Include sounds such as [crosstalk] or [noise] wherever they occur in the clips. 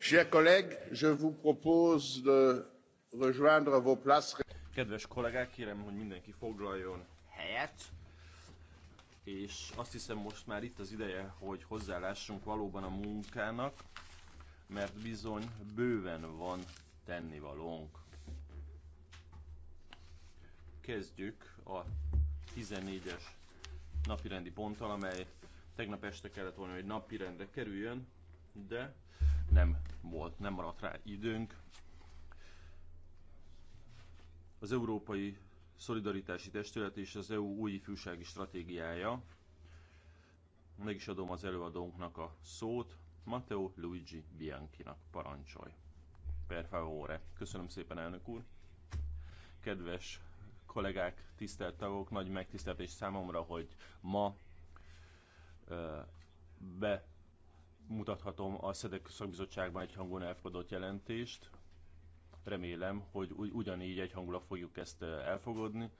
Chers collègues, je vous propose de rejoindre vos places. Kedves kollégák, kérem, hogy mindenki foglaljon helyet, és azt hiszem most már itt az ideje, hogy hozzálássunk valóban a munkának, mert bizony bőven van tennivalónk. Kezdjük a 14-es napirendi ponttal, amely Tegnap este kellett volna, hogy napirendre kerüljön, de nem volt, nem maradt rá időnk. Az Európai Szolidaritási Testület és az EU új ifjúsági stratégiája. Meg is adom az előadónknak a szót, Matteo Luigi Bianchinak parancsolj. Per favore. Köszönöm szépen, elnök úr. Kedves kollégák, tisztelt tagok, nagy megtiszteltés számomra, hogy ma bemutathatom a SZEDEK szakbizottságban egy hangon elfogadott jelentést. Remélem, hogy ugyanígy egy hangulat fogjuk ezt elfogadni.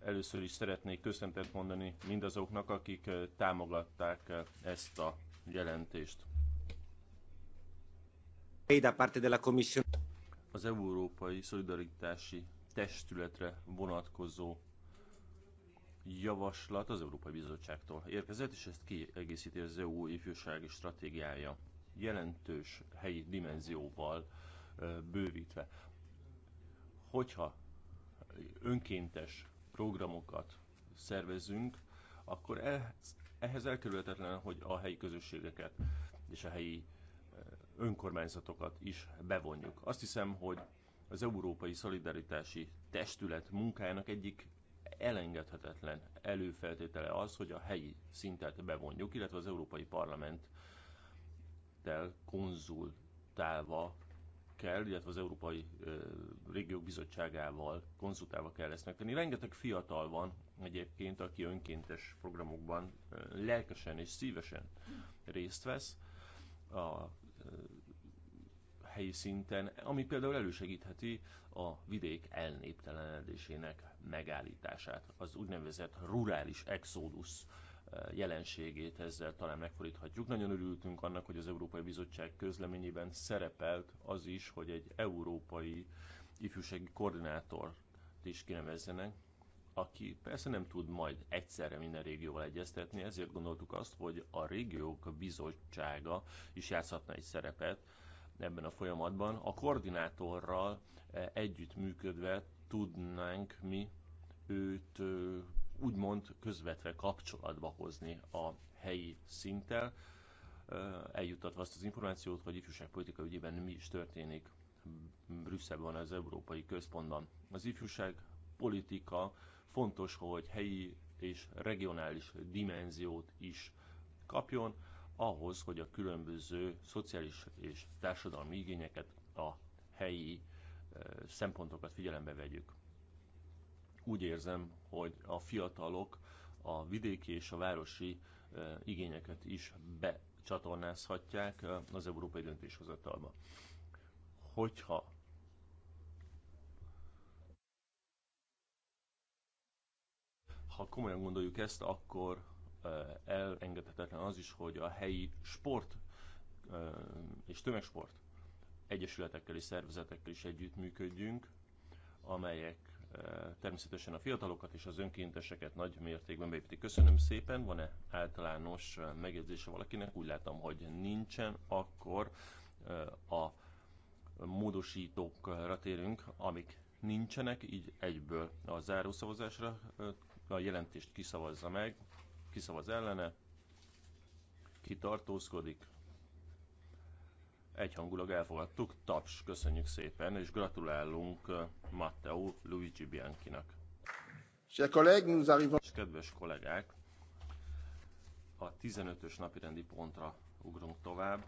Először is szeretnék köszöntet mondani mindazoknak, akik támogatták ezt a jelentést. Az Európai Szolidaritási Testületre vonatkozó javaslat az Európai Bizottságtól érkezett, és ezt kiegészíti az EU ifjúsági stratégiája jelentős helyi dimenzióval bővítve. Hogyha önkéntes programokat szervezünk, akkor ehhez, ehhez elkerülhetetlen, hogy a helyi közösségeket és a helyi önkormányzatokat is bevonjuk. Azt hiszem, hogy az Európai Szolidaritási Testület munkájának egyik elengedhetetlen előfeltétele az, hogy a helyi szintet bevonjuk, illetve az Európai Parlamenttel konzultálva kell, illetve az Európai régió Régiók Bizottságával konzultálva kell ezt megtenni. Rengeteg fiatal van egyébként, aki önkéntes programokban lelkesen és szívesen részt vesz. A helyi szinten, ami például elősegítheti a vidék elnéptelenedésének megállítását. Az úgynevezett rurális exodus eh, jelenségét ezzel talán megfordíthatjuk. Nagyon örültünk annak, hogy az Európai Bizottság közleményében szerepelt az is, hogy egy európai ifjúsági koordinátort is kinevezzenek, aki persze nem tud majd egyszerre minden régióval egyeztetni, ezért gondoltuk azt, hogy a régiók bizottsága is játszhatna egy szerepet, ebben a folyamatban. A koordinátorral eh, együttműködve tudnánk mi őt úgymond közvetve kapcsolatba hozni a helyi szinttel, eljutatva azt az információt, hogy ifjúságpolitika ügyében mi is történik Brüsszelben, az Európai Központban. Az ifjúságpolitika fontos, hogy helyi és regionális dimenziót is kapjon, ahhoz, hogy a különböző szociális és társadalmi igényeket, a helyi eh, szempontokat figyelembe vegyük. Úgy érzem, hogy a fiatalok a vidéki és a városi eh, igényeket is becsatornázhatják eh, az európai döntéshozatalba. Hogyha ha komolyan gondoljuk ezt, akkor elengedhetetlen az is, hogy a helyi sport és tömegsport egyesületekkel és szervezetekkel is együttműködjünk, amelyek természetesen a fiatalokat és az önkénteseket nagy mértékben beépítik. Köszönöm szépen, van-e általános megjegyzése valakinek? Úgy látom, hogy nincsen, akkor a módosítókra térünk, amik nincsenek, így egyből a zárószavazásra a jelentést kiszavazza meg, kiszavaz ellene, ki tartózkodik. Egyhangulag elfogadtuk, taps, köszönjük szépen, és gratulálunk uh, Matteo Luigi Bianchinak. És kedves kollégák, a 15-ös napirendi pontra ugrunk tovább.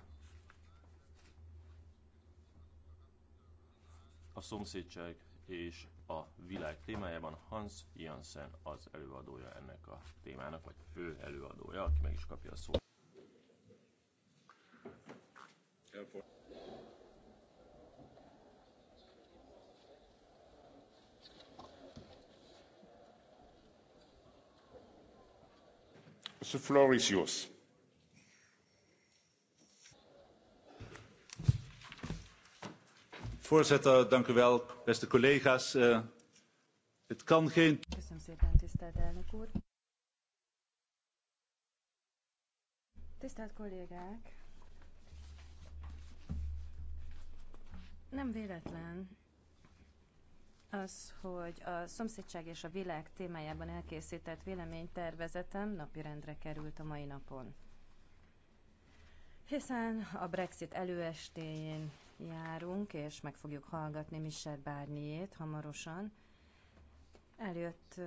A szomszédság és a világ témájában. Hans Janssen az előadója ennek a témának, vagy fő előadója, aki meg is kapja a szót. The floor is yours. voorzitter beste collega's eh, het kan geen. köszönöm szépen tisztelt kollégák nem véletlen az, hogy a szomszédság és a világ témájában elkészített véleménytervezetem napirendre került a mai napon. Hiszen a Brexit előestéjén járunk, és meg fogjuk hallgatni Michel Barnier-t hamarosan. Eljött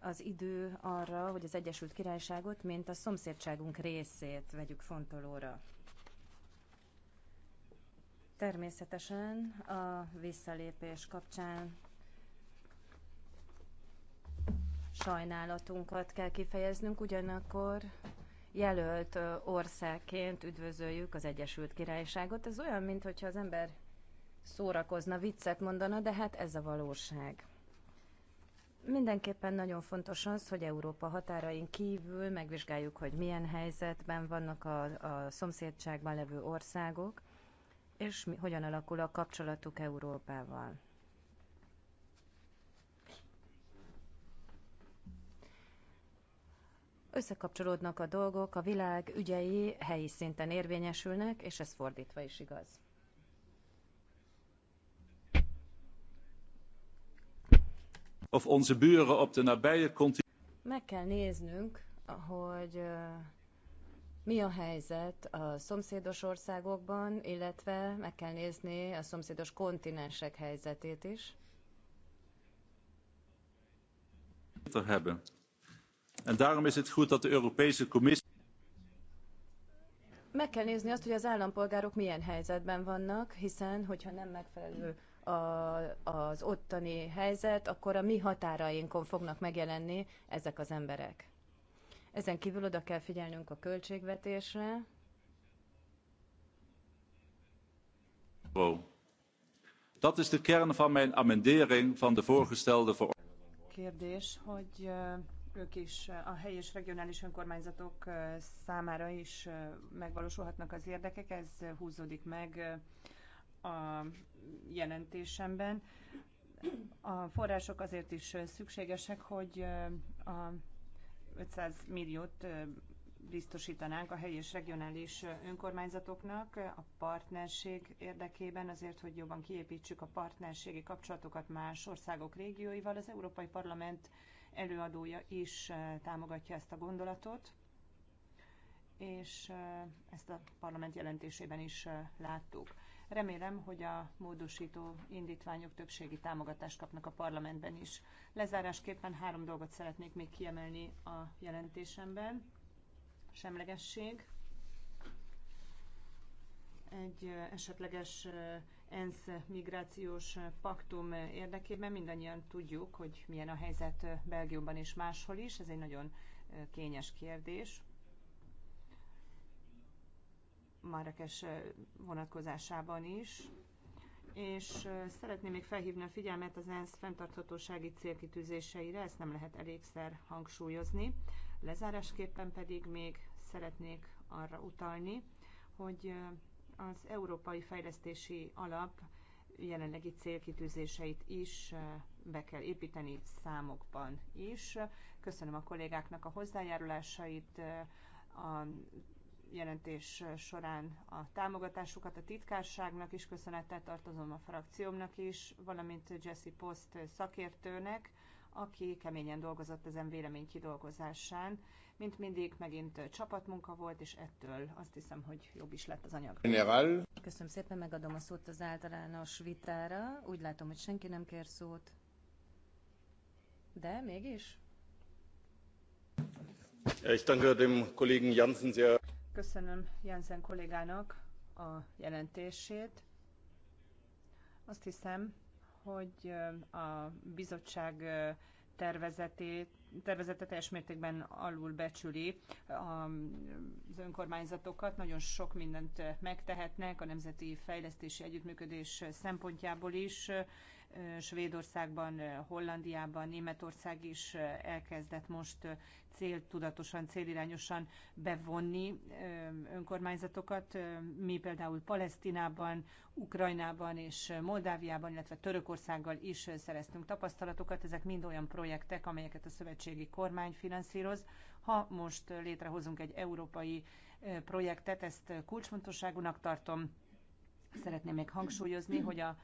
az idő arra, hogy az Egyesült Királyságot, mint a szomszédságunk részét vegyük fontolóra. Természetesen a visszalépés kapcsán sajnálatunkat kell kifejeznünk, ugyanakkor jelölt országként üdvözöljük az Egyesült Királyságot. Ez olyan, mintha az ember szórakozna, viccet mondana, de hát ez a valóság. Mindenképpen nagyon fontos az, hogy Európa határain kívül megvizsgáljuk, hogy milyen helyzetben vannak a, a szomszédságban levő országok, és mi, hogyan alakul a kapcsolatuk Európával. Összekapcsolódnak a dolgok, a világ ügyei helyi szinten érvényesülnek, és ez fordítva is igaz. Of onze buren op de nabije Meg kell néznünk, hogy mi a helyzet a szomszédos országokban, illetve meg kell nézni a szomszédos kontinensek helyzetét is. Hebben. En daarom is het goed dat de Europese Commissie. Meg kell nézni azt, hogy az állampolgárok milyen helyzetben vannak, hiszen hogyha nem megfelelő a, az ottani helyzet, akkor a mi határainkon fognak megjelenni ezek az emberek. Ezen kívül oda kell figyelnünk a költségvetésre. Wow. Dat is de kern van mijn amendering van de voorgestelde verordening. Kérdés, hogy eh, ők is a helyi és regionális önkormányzatok számára is megvalósulhatnak az érdekek, ez húzódik meg a jelentésemben. A források azért is szükségesek, hogy a 500 milliót biztosítanánk a helyi és regionális önkormányzatoknak a partnerség érdekében, azért, hogy jobban kiépítsük a partnerségi kapcsolatokat más országok régióival. Az Európai Parlament előadója is eh, támogatja ezt a gondolatot, és eh, ezt a parlament jelentésében is eh, láttuk. Remélem, hogy a módosító indítványok többségi támogatást kapnak a parlamentben is. Lezárásképpen három dolgot szeretnék még kiemelni a jelentésemben. Semlegesség, egy esetleges ENSZ migrációs paktum érdekében mindannyian tudjuk, hogy milyen a helyzet Belgiumban és máshol is. Ez egy nagyon kényes kérdés. Marrakes vonatkozásában is. És szeretném még felhívni a figyelmet az ENSZ fenntarthatósági célkitűzéseire, ezt nem lehet elégszer hangsúlyozni. Lezárásképpen pedig még szeretnék arra utalni, hogy az Európai Fejlesztési Alap jelenlegi célkitűzéseit is be kell építeni számokban is. Köszönöm a kollégáknak a hozzájárulásait, a jelentés során a támogatásukat a titkárságnak is köszönettel tartozom a frakciómnak is, valamint Jesse Post szakértőnek, aki keményen dolgozott ezen vélemény kidolgozásán, mint mindig, megint csapatmunka volt, és ettől azt hiszem, hogy jobb is lett az anyag. General. Köszönöm szépen, megadom a szót az általános vitára. Úgy látom, hogy senki nem kér szót. De mégis? Ich danke dem Kollegen sehr. Köszönöm Janssen kollégának a jelentését. Azt hiszem, hogy a bizottság tervezetét tervezete teljes mértékben becsüli az önkormányzatokat. Nagyon sok mindent megtehetnek a nemzeti fejlesztési együttműködés szempontjából is. Svédországban, Hollandiában, Németország is elkezdett most céltudatosan, célirányosan bevonni önkormányzatokat. Mi például Palesztinában, Ukrajnában és Moldáviában, illetve Törökországgal is szereztünk tapasztalatokat. Ezek mind olyan projektek, amelyeket a szövetségi kormány finanszíroz. Ha most létrehozunk egy európai projektet, ezt kulcsfontosságúnak tartom. Szeretném még hangsúlyozni, hogy a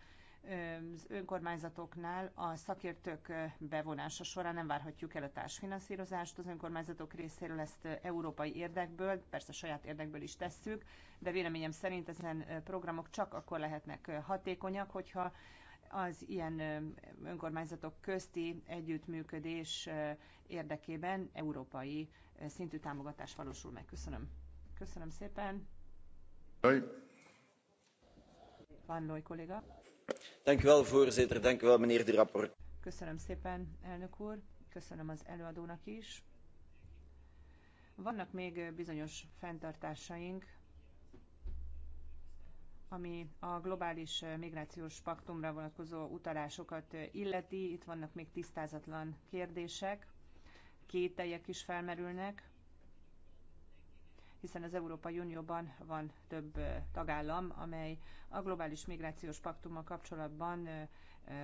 az önkormányzatoknál a szakértők bevonása során nem várhatjuk el a társfinanszírozást az önkormányzatok részéről, ezt európai érdekből, persze saját érdekből is tesszük, de véleményem szerint ezen programok csak akkor lehetnek hatékonyak, hogyha az ilyen önkormányzatok közti együttműködés érdekében európai szintű támogatás valósul meg. Köszönöm. Köszönöm szépen. Van Lój kolléga voorzitter mijnheer de rapporteur. köszönöm szépen köszönöm az előadónak is. vannak még bizonyos fenntartásaink ami a globális migrációs paktumra vonatkozó utalásokat illeti. Itt vannak még tisztázatlan kérdések, kételjek is felmerülnek hiszen az Európai Unióban van több tagállam, amely a globális migrációs paktummal kapcsolatban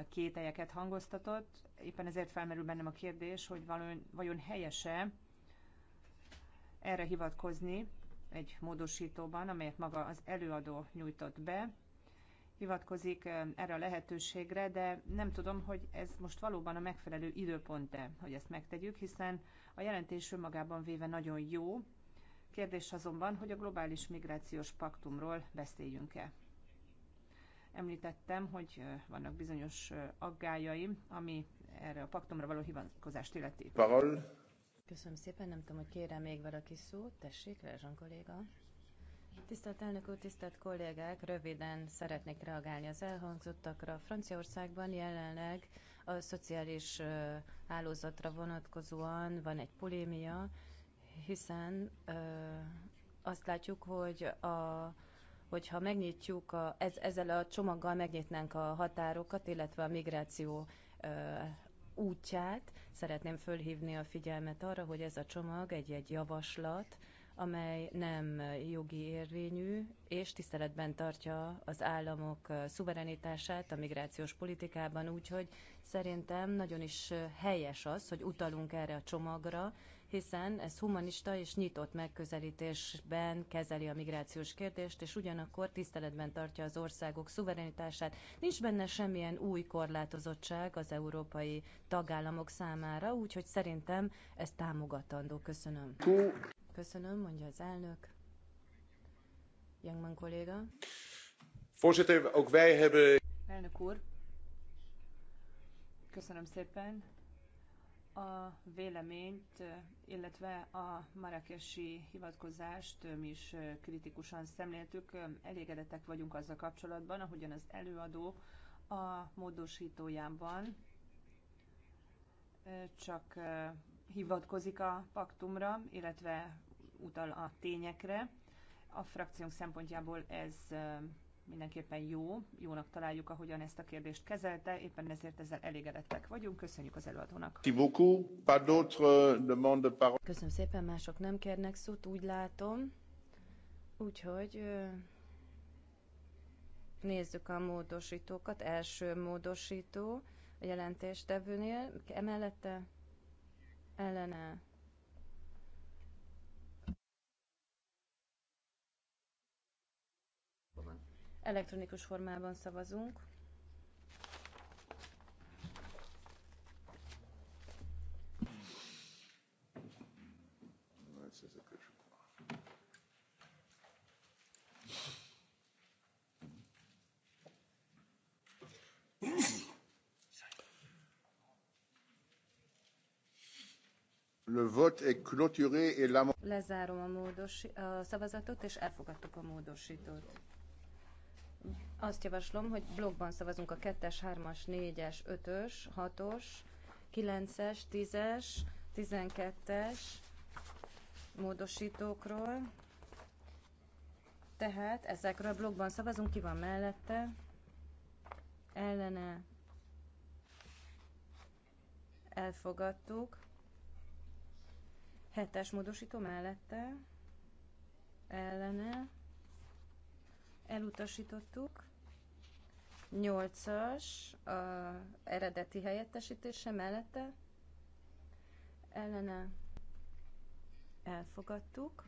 kételyeket hangoztatott. Éppen ezért felmerül bennem a kérdés, hogy valójában, vajon helyese erre hivatkozni egy módosítóban, amelyet maga az előadó nyújtott be, hivatkozik erre a lehetőségre, de nem tudom, hogy ez most valóban a megfelelő időpont-e, hogy ezt megtegyük, hiszen a jelentés önmagában véve nagyon jó, Kérdés azonban, hogy a globális migrációs paktumról beszéljünk-e. Említettem, hogy vannak bizonyos aggájaim, ami erre a paktumra való hivatkozást illeti. Parol. Köszönöm szépen, nem tudom, hogy kérem még valaki szót. Tessék, Rezsan kolléga. Tisztelt elnök úr, tisztelt kollégák! Röviden szeretnék reagálni az elhangzottakra. Franciaországban jelenleg a szociális hálózatra vonatkozóan van egy polémia, hiszen ö, azt látjuk, hogy a, hogyha megnyitjuk, a, ez, ezzel a csomaggal megnyitnánk a határokat, illetve a migráció ö, útját, szeretném fölhívni a figyelmet arra, hogy ez a csomag egy-egy javaslat, amely nem jogi érvényű, és tiszteletben tartja az államok szuverenitását a migrációs politikában, úgyhogy szerintem nagyon is helyes az, hogy utalunk erre a csomagra, hiszen ez humanista és nyitott megközelítésben kezeli a migrációs kérdést, és ugyanakkor tiszteletben tartja az országok szuverenitását. Nincs benne semmilyen új korlátozottság az európai tagállamok számára, úgyhogy szerintem ez támogatandó. Köszönöm. Köszönöm, mondja az elnök. Jengman kolléga. Elnök úr, köszönöm szépen a véleményt, illetve a marakesi hivatkozást mi is kritikusan szemléltük. Elégedettek vagyunk azzal kapcsolatban, ahogyan az előadó a módosítójában csak hivatkozik a paktumra, illetve utal a tényekre. A frakciónk szempontjából ez mindenképpen jó, jónak találjuk, ahogyan ezt a kérdést kezelte, éppen ezért ezzel elégedettek vagyunk. Köszönjük az előadónak. Euh, Köszönöm szépen, mások nem kérnek szót, úgy látom. Úgyhogy nézzük a módosítókat. Első módosító a jelentéstevőnél, emellette ellene Elektronikus formában szavazunk. Le vote est clôturé et la... Lezárom a, módos, a szavazatot, és elfogadtuk a módosítót. Azt javaslom, hogy blogban szavazunk a 2-es, 3-as, 4-es, 5-ös, 6-os, 9-es, 10-es, 12-es módosítókról. Tehát ezekről a blogban szavazunk, ki van mellette, ellene elfogadtuk, 7-es módosító mellette, ellene elutasítottuk. 8-as a eredeti helyettesítése mellette ellene elfogadtuk.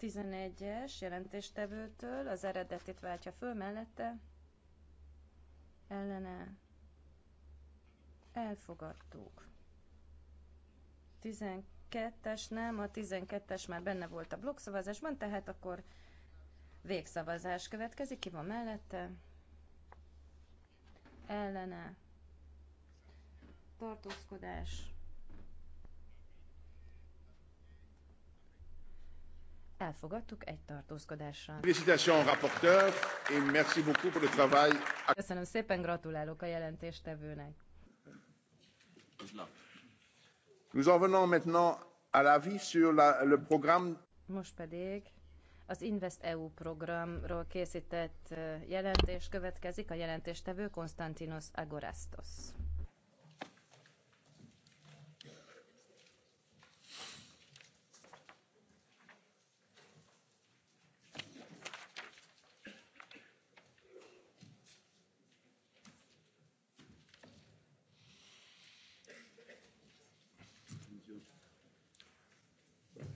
11-es jelentéstevőtől az eredetit váltja föl mellette ellene elfogadtuk. 12-es nem, a 12-es már benne volt a blokkszavazásban, tehát akkor Végszavazás következik, ki van mellette? Ellene. Tartózkodás. Elfogadtuk egy tartózkodással. Félicitations, rapporteur, et merci beaucoup pour le travail. Köszönöm szépen, gratulálok a jelentéstevőnek. Nous en venons maintenant à l'avis sur la, le programme. Most pedig az Invest EU programról készített jelentés következik, a jelentéstevő Konstantinos Agorastos.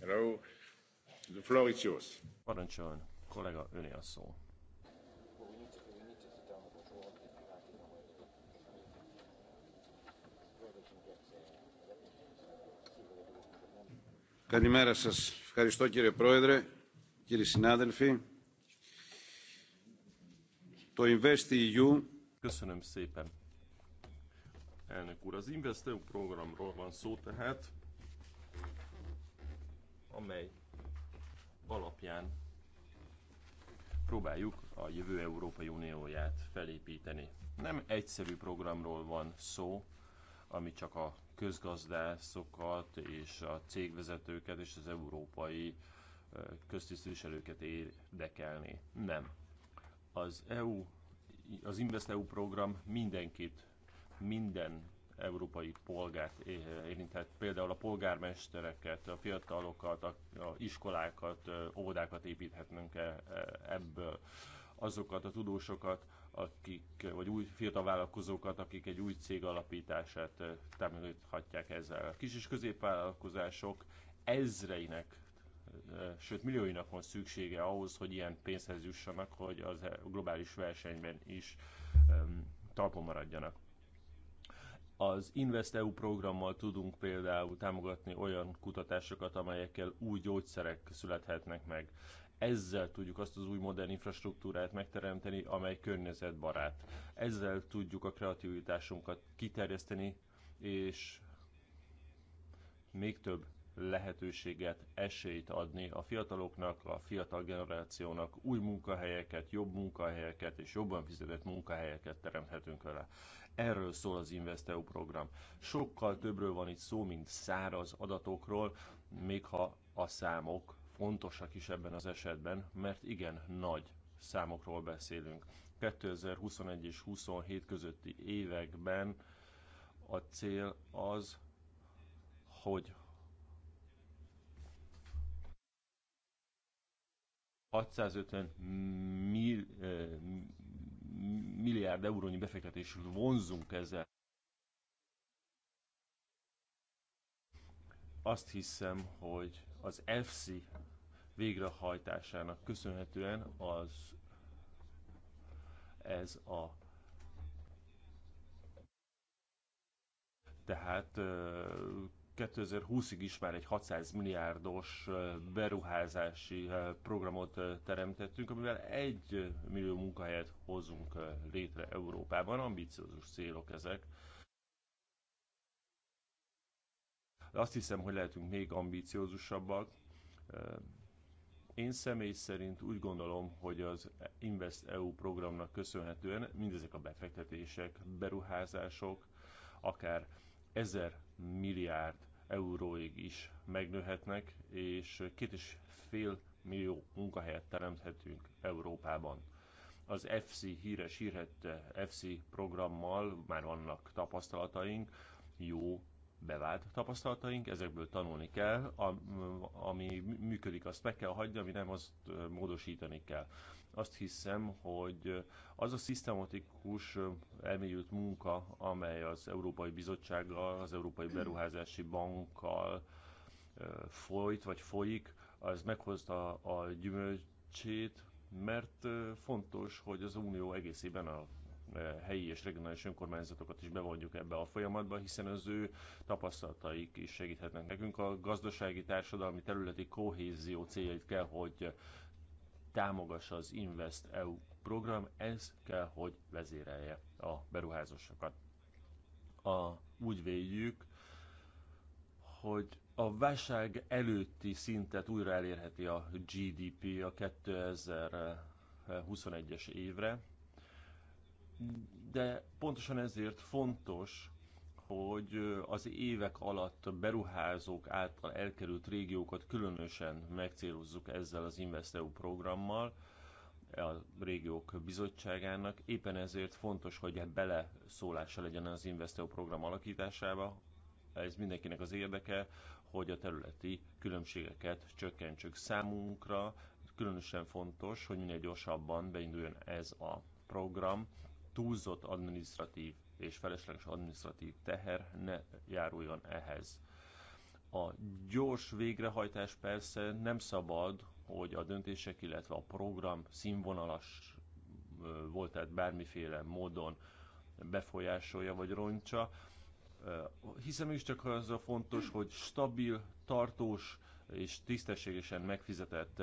Hello, the floor is yours. Parancsoljon, kollega, öné a szó. Καλημέρα σας. Ευχαριστώ κύριε Πρόεδρε, κύριοι συνάδελφοι. Το InvestEU... Köszönöm szépen. Elnök úr, az InvestEU programról van szó tehát, amely alapján próbáljuk a jövő Európai Unióját felépíteni. Nem egyszerű programról van szó, ami csak a közgazdászokat és a cégvezetőket és az európai köztisztviselőket érdekelni. Nem. Az EU, az InvestEU program mindenkit, minden európai polgárt érintett. Például a polgármestereket, a fiatalokat, a, a iskolákat, óvodákat építhetnünk e, e, ebből. Azokat a tudósokat, akik, vagy új fiatal vállalkozókat, akik egy új cég alapítását támogathatják ezzel. A kis és középvállalkozások ezreinek sőt millióinak van szüksége ahhoz, hogy ilyen pénzhez jussanak, hogy az e, globális versenyben is talpon maradjanak. Az InvestEU programmal tudunk például támogatni olyan kutatásokat, amelyekkel új gyógyszerek születhetnek meg. Ezzel tudjuk azt az új modern infrastruktúrát megteremteni, amely környezetbarát. Ezzel tudjuk a kreativitásunkat kiterjeszteni, és még több lehetőséget, esélyt adni a fiataloknak, a fiatal generációnak új munkahelyeket, jobb munkahelyeket és jobban fizetett munkahelyeket teremthetünk vele. Erről szól az InvestEU program. Sokkal többről van itt szó, mint száraz adatokról, még ha a számok fontosak is ebben az esetben, mert igen nagy számokról beszélünk. 2021 és 27 közötti években a cél az, hogy ...650 mill, eh, milliárd eurónyi befektetés vonzunk ezzel. Azt hiszem, hogy az FC végrehajtásának köszönhetően az ez a tehát 2020-ig is már egy 600 milliárdos beruházási programot teremtettünk, amivel egy millió munkahelyet hozunk létre Európában. Ambiciózus célok ezek. De azt hiszem, hogy lehetünk még ambiciózusabbak. Én személy szerint úgy gondolom, hogy az Invest EU programnak köszönhetően mindezek a befektetések, beruházások, akár 1000 milliárd euróig is megnőhetnek, és két és fél millió munkahelyet teremthetünk Európában. Az FC híres, hírhet FC programmal már vannak tapasztalataink, jó bevált tapasztalataink, ezekből tanulni kell, ami működik, azt meg kell hagyni, ami nem, azt módosítani kell. Azt hiszem, hogy az a szisztematikus elmélyült munka, amely az Európai Bizottsággal, az Európai Beruházási Bankkal folyt vagy folyik, az meghozta a gyümölcsét, mert fontos, hogy az Unió egészében a helyi és regionális önkormányzatokat is bevonjuk ebbe a folyamatba, hiszen az ő tapasztalataik is segíthetnek nekünk. A gazdasági, társadalmi, területi kohézió céljait kell, hogy támogassa az Invest EU program, ez kell, hogy vezérelje a beruházásokat. A, úgy véljük, hogy a válság előtti szintet újra elérheti a GDP a 2021-es évre, de pontosan ezért fontos, hogy az évek alatt beruházók által elkerült régiókat különösen megcélozzuk ezzel az InvestEU programmal, a régiók bizottságának. Éppen ezért fontos, hogy szólása legyen az InvestEU program alakításába. Ez mindenkinek az érdeke, hogy a területi különbségeket csökkentsük számunkra. Különösen fontos, hogy minél gyorsabban beinduljon ez a program. Túlzott administratív és felesleges administratív teher ne járuljon ehhez. A gyors végrehajtás persze nem szabad, hogy a döntések, illetve a program színvonalas volt, tehát bármiféle módon befolyásolja vagy rontsa, hiszen is csak az a fontos, hogy stabil, tartós és tisztességesen megfizetett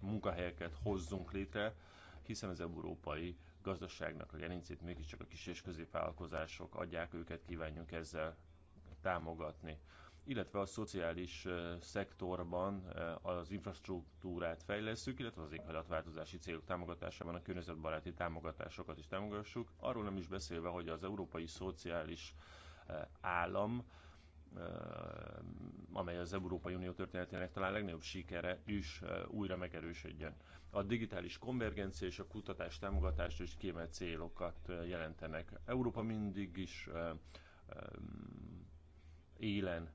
munkahelyeket hozzunk létre, hiszen az európai gazdaságnak a gerincét mégiscsak a kis és középvállalkozások adják, őket kívánjunk ezzel támogatni illetve a szociális szektorban az infrastruktúrát fejlesztjük, illetve az éghajlatváltozási célok támogatásában a környezetbaráti támogatásokat is támogassuk. Arról nem is beszélve, hogy az európai szociális állam Eh, amely az Európai Unió történetének talán legnagyobb sikere is eh, újra megerősödjön. A digitális konvergencia és a kutatás támogatást is kiemelt célokat eh, jelentenek. Európa mindig is élen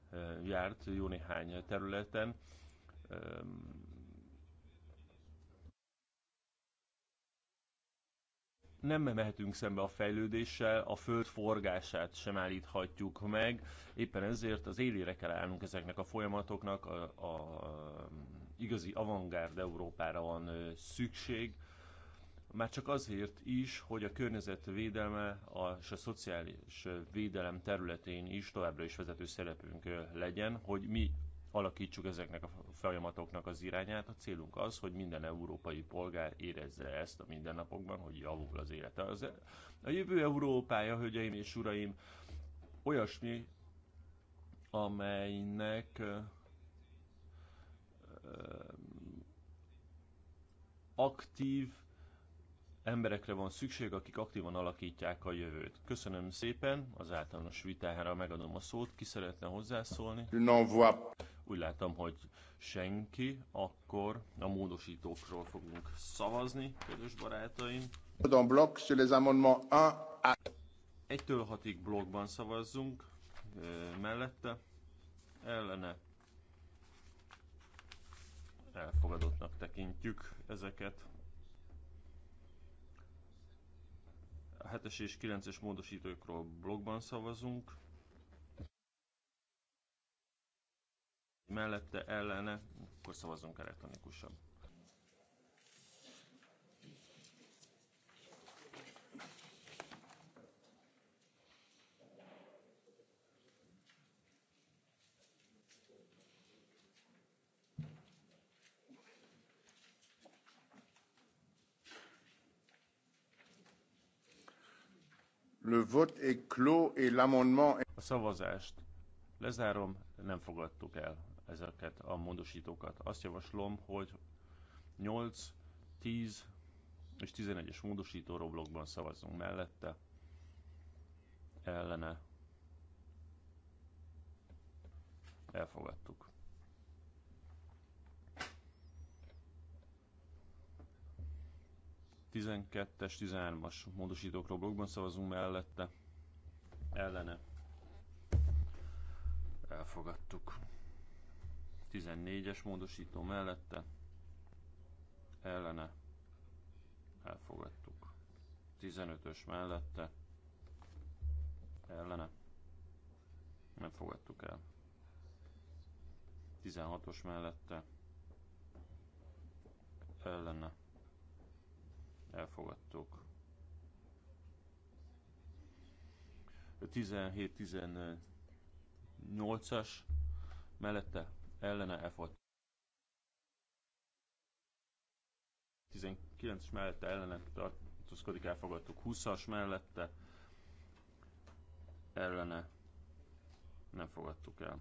járt jó néhány területen, nem mehetünk szembe a fejlődéssel, a föld forgását sem állíthatjuk meg. Éppen ezért az élére kell állnunk ezeknek a folyamatoknak, a, a igazi avantgárd Európára van szükség. Már csak azért is, hogy a környezet védelme a, és a szociális védelem területén is továbbra is vezető szerepünk legyen, hogy mi alakítsuk ezeknek a folyamatoknak az irányát. A célunk az, hogy minden európai polgár érezze ezt a mindennapokban, hogy javul az élete. Az, a jövő Európája, hölgyeim és uraim, olyasmi, amelynek aktív emberekre van szükség, akik aktívan alakítják a jövőt. Köszönöm szépen, az általános vitára megadom a szót, ki szeretne hozzászólni? Úgy látom, hogy senki, akkor a módosítókról fogunk szavazni, kedves barátaim. Egytől hatig sur 1 blogban szavazzunk, mellette, ellene, elfogadottnak tekintjük ezeket. A 7-es és 9-es módosítókról blogban szavazunk. Mellette ellene, akkor szavazunk elektronikusan. Le vote est clos et l'amendement... A szavazást lezárom, nem fogadtuk el ezeket a módosítókat. Azt javaslom, hogy 8, 10 és 11-es módosító roblokban szavazzunk mellette, ellene elfogadtuk. 12-es, 13-as módosítókról blogban szavazunk mellette, ellene elfogadtuk. 14-es módosító mellette, ellene elfogadtuk. 15-ös mellette, ellene nem fogadtuk el. 16-os mellette, ellene elfogadtuk. 17-18-as mellette ellene elfogadtuk. 19-es mellette ellene tartózkodik, elfogadtuk. 20-as mellette ellene nem fogadtuk el.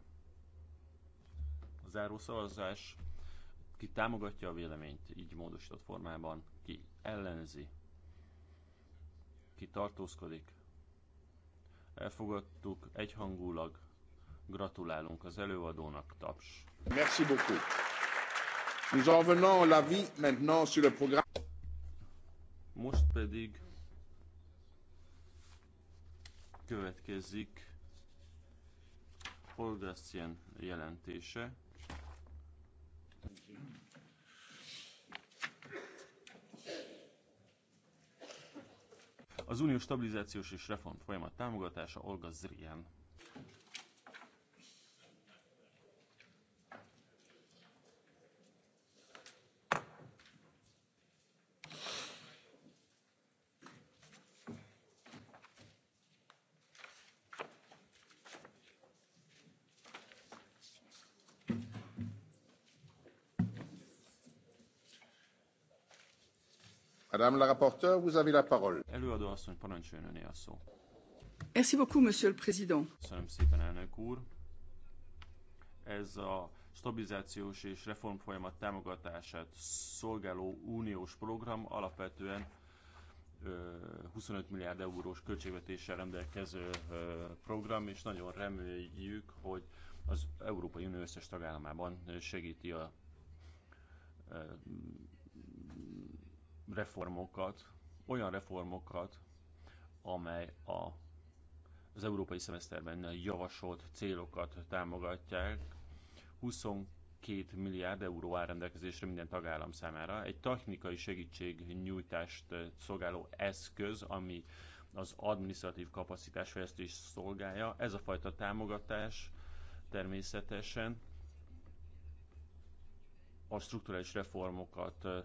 A zárószavazás ki támogatja a véleményt így módosított formában, ki ellenzi, ki tartózkodik. Elfogadtuk egyhangulag. Gratulálunk az előadónak, taps. Merci beaucoup. Nous en venons vie maintenant sur le programme. Most pedig következik Holgrassien jelentése. Az unió stabilizációs és reform folyamat támogatása Olga Zrian Madame la rapporteure, vous avez la parole. Előadó asszony, parancsoljon öné a szó. Merci beaucoup, monsieur le président. Köszönöm szépen, elnök úr. Ez a stabilizációs és reformfolyamat támogatását szolgáló uniós program alapvetően 25 milliárd eurós költségvetéssel rendelkező program, és nagyon reméljük, hogy az Európai Unió összes tagállamában segíti a reformokat, olyan reformokat, amely a, az európai szemeszterben javasolt célokat támogatják. 22 milliárd euró áll rendelkezésre minden tagállam számára. Egy technikai segítségnyújtást eh, szolgáló eszköz, ami az administratív fejlesztés szolgálja. Ez a fajta támogatás természetesen a strukturális reformokat eh,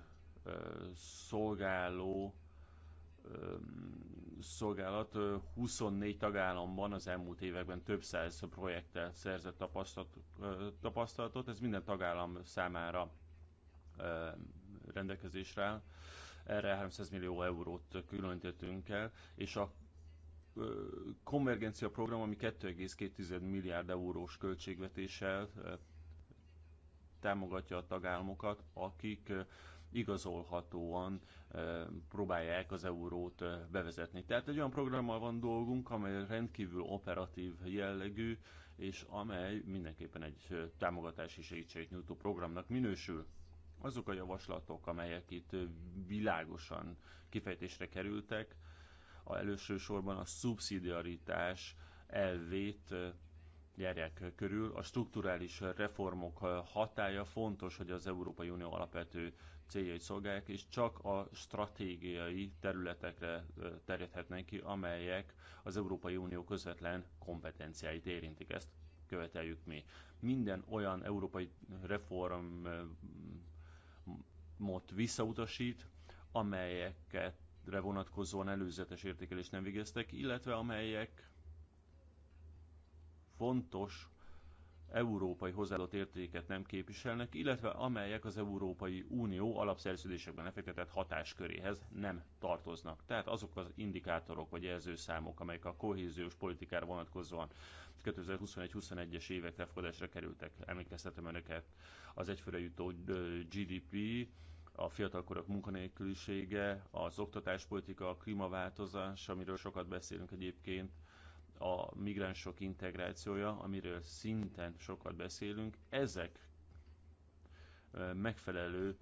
szolgáló szolgálat 24 tagállamban az elmúlt években több száz projekttel szerzett tapasztalatot. Ez minden tagállam számára rendelkezésre áll. Erre 300 millió eurót különítettünk el, és a konvergencia program, ami 2,2 milliárd eurós költségvetéssel támogatja a tagállamokat, akik igazolhatóan próbálják az eurót bevezetni. Tehát egy olyan programmal van dolgunk, amely rendkívül operatív jellegű, és amely mindenképpen egy támogatási nyújtó programnak minősül. Azok a javaslatok, amelyek itt világosan kifejtésre kerültek, a elsősorban a szubszidiaritás elvét járják körül. A strukturális reformok hatája fontos, hogy az Európai Unió alapvető céljait szolgálják, és csak a stratégiai területekre terjedhetnek ki, amelyek az Európai Unió közvetlen kompetenciáit érintik. Ezt követeljük mi. Minden olyan európai reformot visszautasít, amelyeket vonatkozóan előzetes értékelést nem végeztek, illetve amelyek fontos európai hozzáadott értéket nem képviselnek, illetve amelyek az Európai Unió alapszerződésekben lefektetett hatásköréhez nem tartoznak. Tehát azok az indikátorok vagy jelzőszámok, amelyek a kohéziós politikára vonatkozóan 2021-21-es évek elfogadásra kerültek, emlékeztetem önöket, az egyfőre jutó GDP, a fiatalkorok munkanélkülisége, az oktatáspolitika, a klímaváltozás, amiről sokat beszélünk egyébként, a migránsok integrációja, amiről szinten sokat beszélünk, ezek megfelelő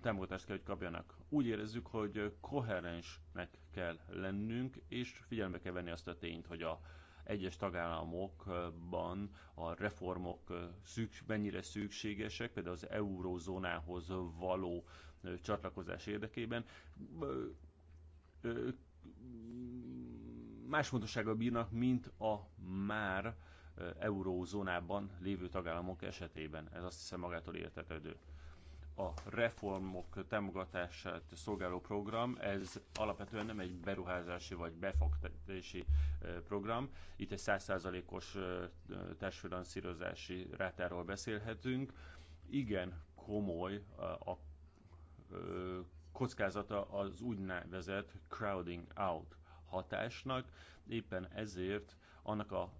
támogatást kell, hogy kapjanak. Úgy érezzük, hogy koherensnek kell lennünk, és figyelembe kell venni azt a tényt, hogy a egyes tagállamokban a reformok szüks, mennyire szükségesek, például az eurózónához való csatlakozás érdekében más fontossággal bírnak, mint a már eurózónában lévő tagállamok esetében. Ez azt hiszem magától értetődő. A reformok támogatását szolgáló program, ez alapvetően nem egy beruházási vagy befektetési program. Itt egy 100%-os társfinanszírozási rátáról beszélhetünk. Igen komoly a, a kockázata az úgynevezett crowding out hatásnak, éppen ezért annak a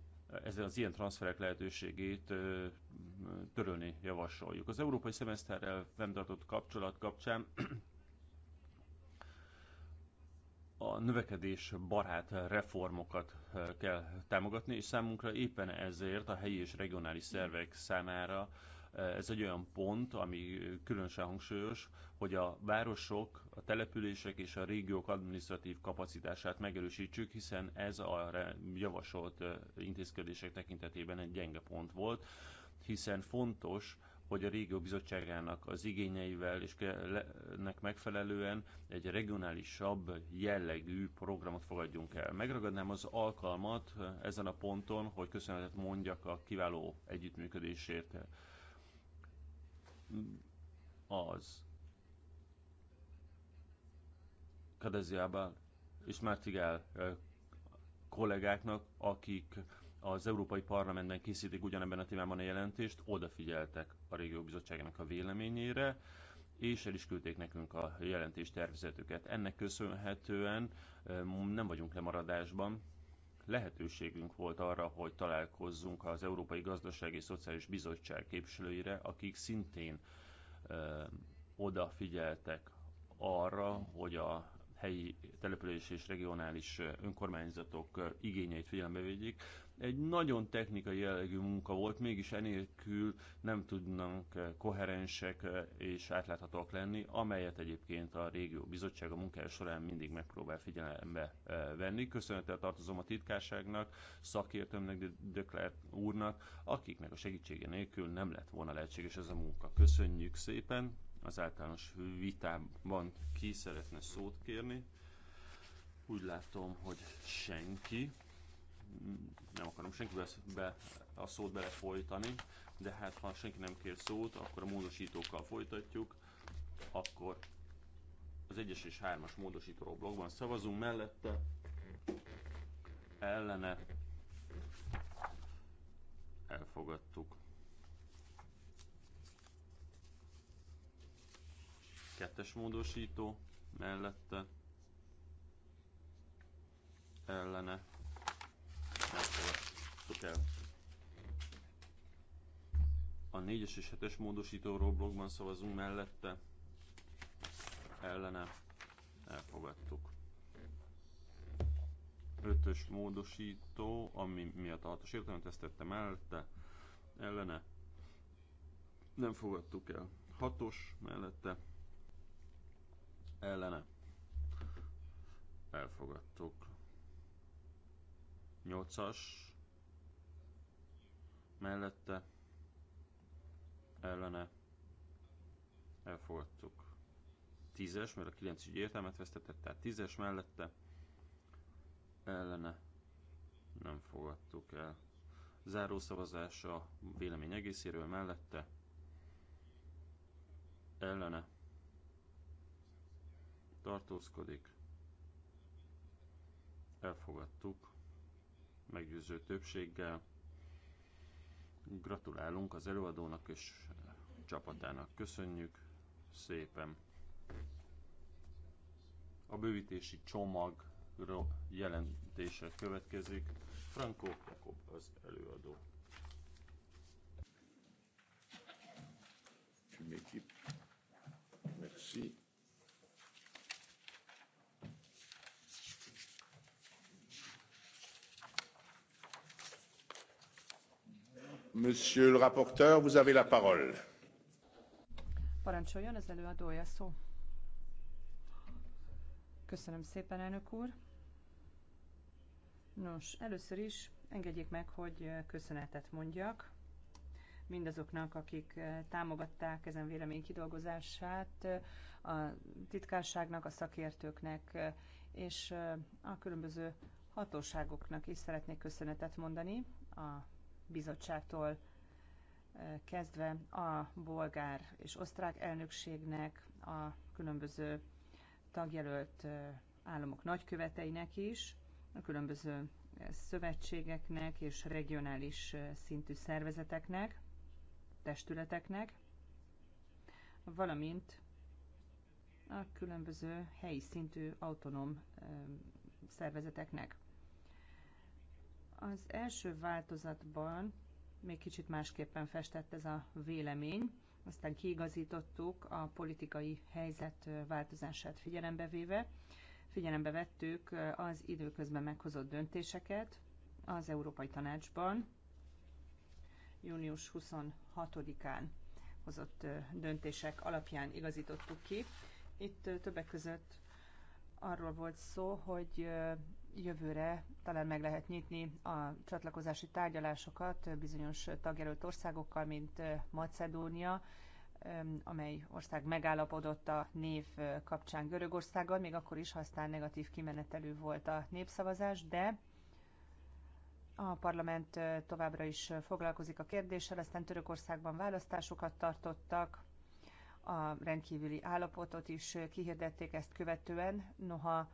ezzel az ilyen transferek lehetőségét törölni javasoljuk. Az európai szemeszterrel fenntartott kapcsolat kapcsán a növekedés barát reformokat kell támogatni, és számunkra éppen ezért a helyi és regionális szervek számára ez egy olyan pont, ami különösen hangsúlyos, hogy a városok, a települések és a régiók administratív kapacitását megerősítsük, hiszen ez a javasolt intézkedések tekintetében egy gyenge pont volt, hiszen fontos, hogy a régió bizottságának az igényeivel és nek megfelelően egy regionálisabb jellegű programot fogadjunk el. Megragadnám az alkalmat ezen a ponton, hogy köszönetet mondjak a kiváló együttműködésért az Kadeziában és Mártigál kollégáknak, akik az Európai Parlamentben készítik ugyanebben a témában a jelentést, odafigyeltek a Régió Bizottságának a véleményére, és el is küldték nekünk a jelentés tervezetüket. Ennek köszönhetően nem vagyunk lemaradásban, lehetőségünk volt arra, hogy találkozzunk az Európai Gazdasági és Szociális Bizottság képviselőire, akik szintén ö, odafigyeltek arra, hogy a helyi település és regionális önkormányzatok igényeit figyelembe vegyék. Egy nagyon technikai jellegű munka volt, mégis enélkül nem tudnánk eh, koherensek eh, és átláthatóak lenni, amelyet egyébként a régió bizottsága munkája során mindig megpróbál figyelembe eh, venni. Köszönettel tartozom a titkárságnak, szakértőmnek, Döklert úrnak, akiknek a segítsége nélkül nem lett volna lehetséges ez a munka. Köszönjük szépen! az általános vitában ki szeretne szót kérni. Úgy látom, hogy senki nem akarom senkivel be, a szót belefolytani, de hát ha senki nem kér szót, akkor a módosítókkal folytatjuk, akkor az 1-es és 3-as módosítóról blogban szavazunk mellette, ellene elfogadtuk. Kettes módosító mellette ellene elfogadtuk A 4-es és 7-es módosítóról blogban szavazunk mellette, ellene elfogadtuk. 5-ös módosító, ami miatt a 6-os értelmet vesztette mellette, ellene nem fogadtuk el. 6-os mellette, ellene elfogadtuk. 8-as mellette ellene elfogadtuk. 10-es, mert a 9 ügy értelmet vesztetett, tehát 10-es mellette ellene nem fogadtuk el. Záró szavazás a vélemény egészéről mellette ellene tartózkodik. Elfogadtuk meggyőző többséggel. Gratulálunk az előadónak és eh, csapatának. Köszönjük szépen! A bővítési csomag jelentése következik. Franco Jakob az előadó. Une équipe rapporteur, Parancsoljon az előadója szó. Köszönöm szépen, elnök úr. Nos, először is engedjék meg, hogy köszönetet mondjak mindazoknak, akik támogatták ezen vélemény kidolgozását, a titkárságnak, a szakértőknek és a különböző hatóságoknak is szeretnék köszönetet mondani a bizottságtól kezdve a bolgár és osztrák elnökségnek, a különböző tagjelölt államok nagyköveteinek is, a különböző szövetségeknek és regionális szintű szervezeteknek, testületeknek, valamint a különböző helyi szintű autonóm szervezeteknek. Az első változatban még kicsit másképpen festett ez a vélemény, aztán kiigazítottuk a politikai helyzet változását figyelembe véve. Figyelembe vettük az időközben meghozott döntéseket az Európai Tanácsban, június 26-án hozott döntések alapján igazítottuk ki. Itt többek között arról volt szó, hogy jövőre talán meg lehet nyitni a csatlakozási tárgyalásokat bizonyos tagjelölt országokkal, mint Macedónia, amely ország megállapodott a név kapcsán Görögországgal, még akkor is, ha aztán negatív kimenetelő volt a népszavazás, de a parlament továbbra is foglalkozik a kérdéssel, aztán Törökországban választásokat tartottak, a rendkívüli állapotot is kihirdették ezt követően, noha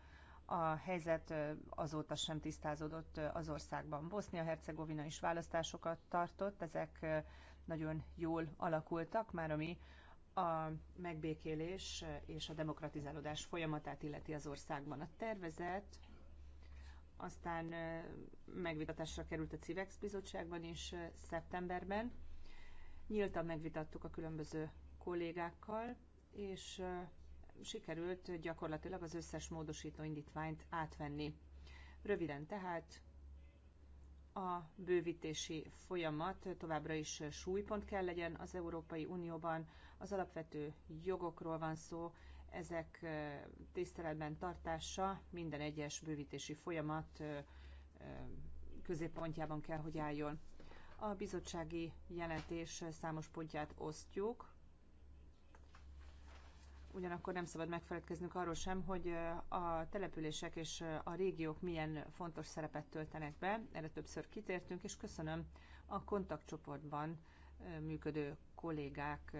a helyzet azóta sem tisztázódott az országban. Bosznia-Hercegovina is választásokat tartott, ezek nagyon jól alakultak, már ami a megbékélés és a demokratizálódás folyamatát illeti az országban. A tervezet aztán megvitatásra került a CIVEX bizottságban is szeptemberben. Nyíltan megvitattuk a különböző kollégákkal, és sikerült gyakorlatilag az összes módosító indítványt átvenni. Röviden tehát a bővítési folyamat továbbra is súlypont kell legyen az Európai Unióban. Az alapvető jogokról van szó, ezek tiszteletben tartása minden egyes bővítési folyamat középpontjában kell, hogy álljon. A bizottsági jelentés számos pontját osztjuk, ugyanakkor nem szabad megfeledkeznünk arról sem, hogy a települések és a régiók milyen fontos szerepet töltenek be. Erre többször kitértünk, és köszönöm a kontaktcsoportban működő kollégák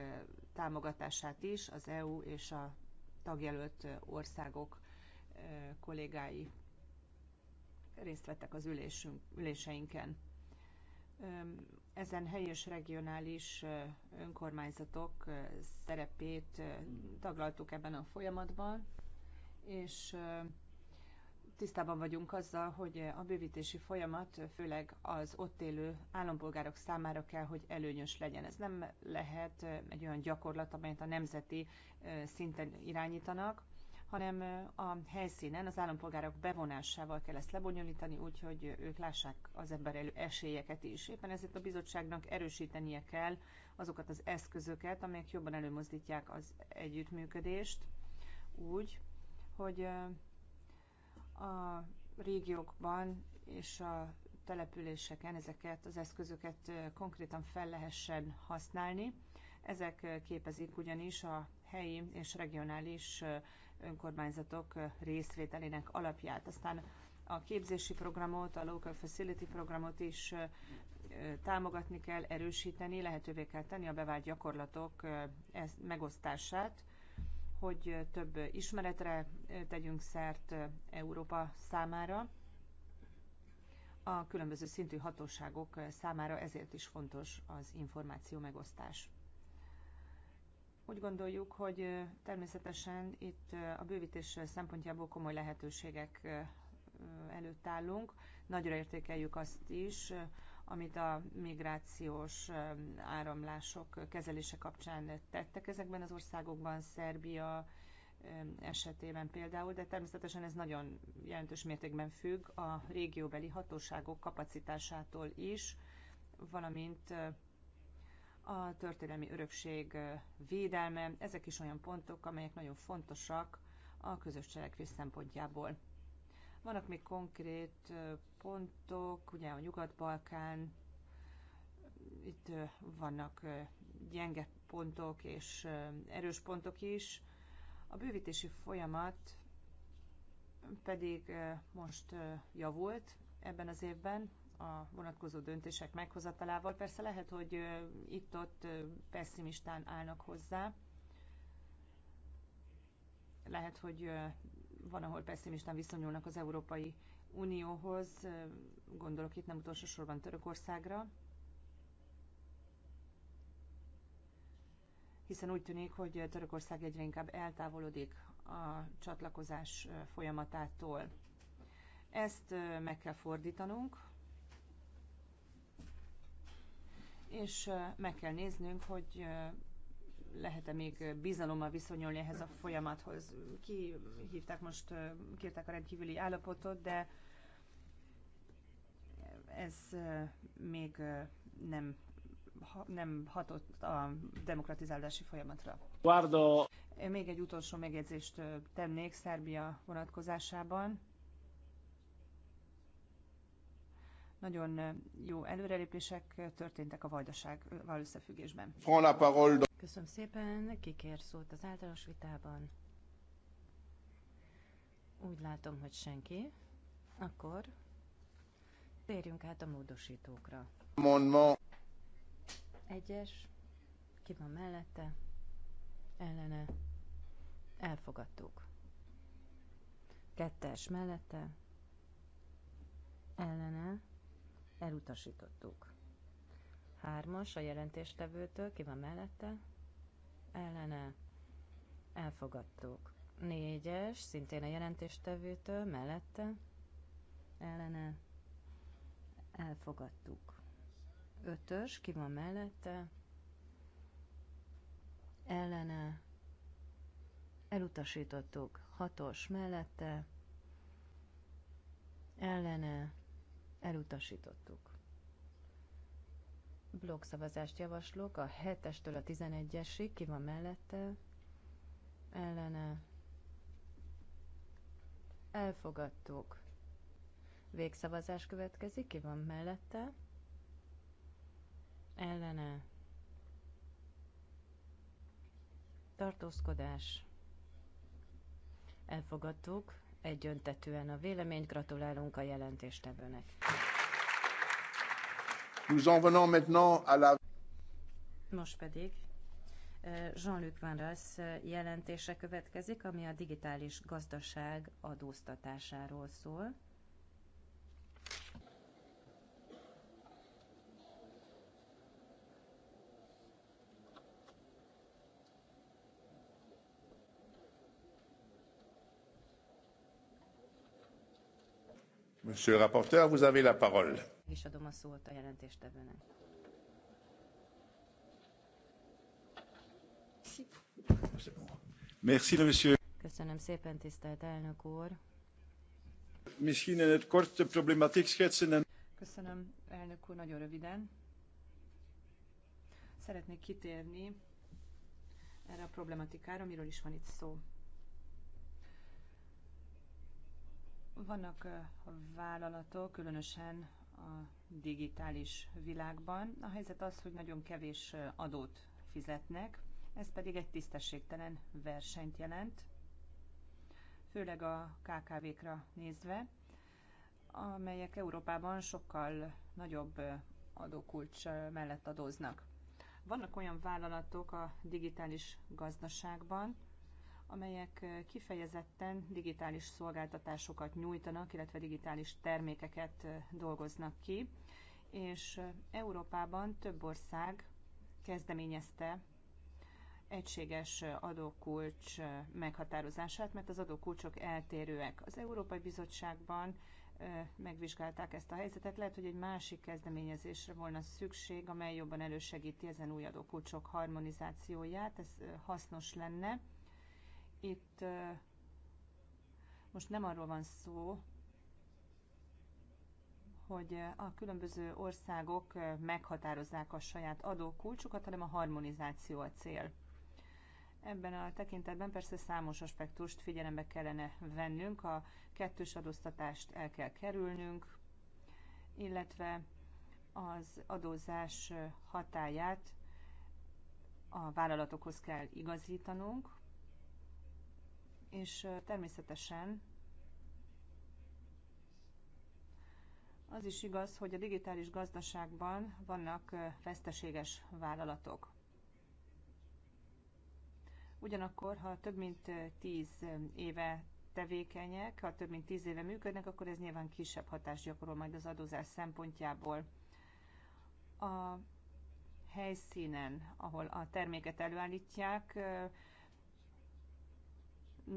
támogatását is, az EU és a tagjelölt országok kollégái részt vettek az ülésünk, üléseinken ezen helyi és regionális önkormányzatok szerepét taglaltuk ebben a folyamatban, és tisztában vagyunk azzal, hogy a bővítési folyamat főleg az ott élő állampolgárok számára kell, hogy előnyös legyen. Ez nem lehet egy olyan gyakorlat, amelyet a nemzeti szinten irányítanak, hanem a helyszínen az állampolgárok bevonásával kell ezt lebonyolítani, úgyhogy ők lássák az ember elő esélyeket is. Éppen ezért a bizottságnak erősítenie kell azokat az eszközöket, amelyek jobban előmozdítják az együttműködést, úgy, hogy a régiókban és a településeken ezeket az eszközöket konkrétan fel lehessen használni. Ezek képezik ugyanis a helyi és regionális önkormányzatok részvételének alapját. Aztán a képzési programot, a Local Facility programot is támogatni kell, erősíteni, lehetővé kell tenni a bevált gyakorlatok megosztását, hogy több ismeretre tegyünk szert Európa számára. A különböző szintű hatóságok számára ezért is fontos az információ megosztás. Úgy gondoljuk, hogy természetesen itt a bővítés szempontjából komoly lehetőségek előtt állunk. Nagyra értékeljük azt is, amit a migrációs áramlások kezelése kapcsán tettek ezekben az országokban, Szerbia esetében például, de természetesen ez nagyon jelentős mértékben függ a régióbeli hatóságok kapacitásától is, valamint a történelmi örökség védelme, ezek is olyan pontok, amelyek nagyon fontosak a közös cselekvés szempontjából. Vannak még konkrét pontok, ugye a Nyugat-Balkán, itt vannak gyenge pontok és erős pontok is. A bővítési folyamat pedig most javult ebben az évben, a vonatkozó döntések meghozatalával. Persze lehet, hogy itt-ott pessimistán állnak hozzá. Lehet, hogy van, ahol pessimistán viszonyulnak az Európai Unióhoz, gondolok itt nem utolsó sorban Törökországra, hiszen úgy tűnik, hogy Törökország egyre inkább eltávolodik a csatlakozás folyamatától. Ezt meg kell fordítanunk, és meg kell néznünk, hogy lehet-e még bizalommal viszonyulni ehhez a folyamathoz. hívták most, kértek a rendkívüli állapotot, de ez még nem nem hatott a demokratizálási folyamatra. Guardo. Még egy utolsó megjegyzést tennék Szerbia vonatkozásában. Nagyon jó előrelépések történtek a vajdasággal összefüggésben. Köszönöm szépen, kikér szólt az általános vitában. Úgy látom, hogy senki. Akkor térjünk át a módosítókra. Egyes. Ki van mellette? Ellene. Elfogadtuk. Kettes mellette. Ellene. Elutasítottuk. Hármas a jelentéstevőtől, ki van mellette? Ellene. Elfogadtuk. Négyes, szintén a jelentéstevőtől, mellette? Ellene. Elfogadtuk. Ötös, ki van mellette? Ellene. Elutasítottuk. Hatos mellette. Ellene elutasítottuk. Blogszavazást javaslok a 7-estől a 11-esig, ki van mellette, ellene, elfogadtuk. Végszavazás következik, ki van mellette, ellene, tartózkodás, elfogadtuk, egyöntetően a véleményt. Gratulálunk a jelentéstevőnek. Nous en venons maintenant à la... Most pedig eh, Jean-Luc Van Rass eh, jelentése következik, ami a digitális gazdaság adóztatásáról szól. Monsieur le rapporteur, vous avez la parole. És adom a szót a jelentéstevőnek. Merci, monsieur. Köszönöm szépen, tisztelt elnök úr. Misschien in het kort de problematiek schetsen en... Köszönöm, elnök úr, nagyon röviden. Szeretnék kitérni erre a problematikára, amiről is van itt szó. Vannak vállalatok, különösen a digitális világban. A helyzet az, hogy nagyon kevés adót fizetnek, ez pedig egy tisztességtelen versenyt jelent, főleg a KKV-kra nézve, amelyek Európában sokkal nagyobb adókulcs mellett adóznak. Vannak olyan vállalatok a digitális gazdaságban, amelyek eh, kifejezetten digitális szolgáltatásokat nyújtanak, illetve digitális termékeket eh, dolgoznak ki, és eh, Európában több ország kezdeményezte egységes adókulcs meghatározását, mert az adókulcsok eltérőek. Az Európai Bizottságban megvizsgálták ezt a helyzetet. Lehet, hogy egy másik kezdeményezésre volna szükség, amely jobban elősegíti ezen új adókulcsok harmonizációját. Ez hasznos lenne itt most nem arról van szó, hogy a különböző országok meghatározzák a saját adókulcsukat, hanem a harmonizáció a cél. Ebben a tekintetben persze számos aspektust figyelembe kellene vennünk, a kettős adóztatást el kell kerülnünk, illetve az adózás hatáját a vállalatokhoz kell igazítanunk, és természetesen az is igaz, hogy a digitális gazdaságban vannak veszteséges vállalatok. Ugyanakkor, ha több mint 10 éve tevékenyek, ha több mint 10 éve működnek, akkor ez nyilván kisebb hatást gyakorol majd az adózás szempontjából. A helyszínen, ahol a terméket előállítják,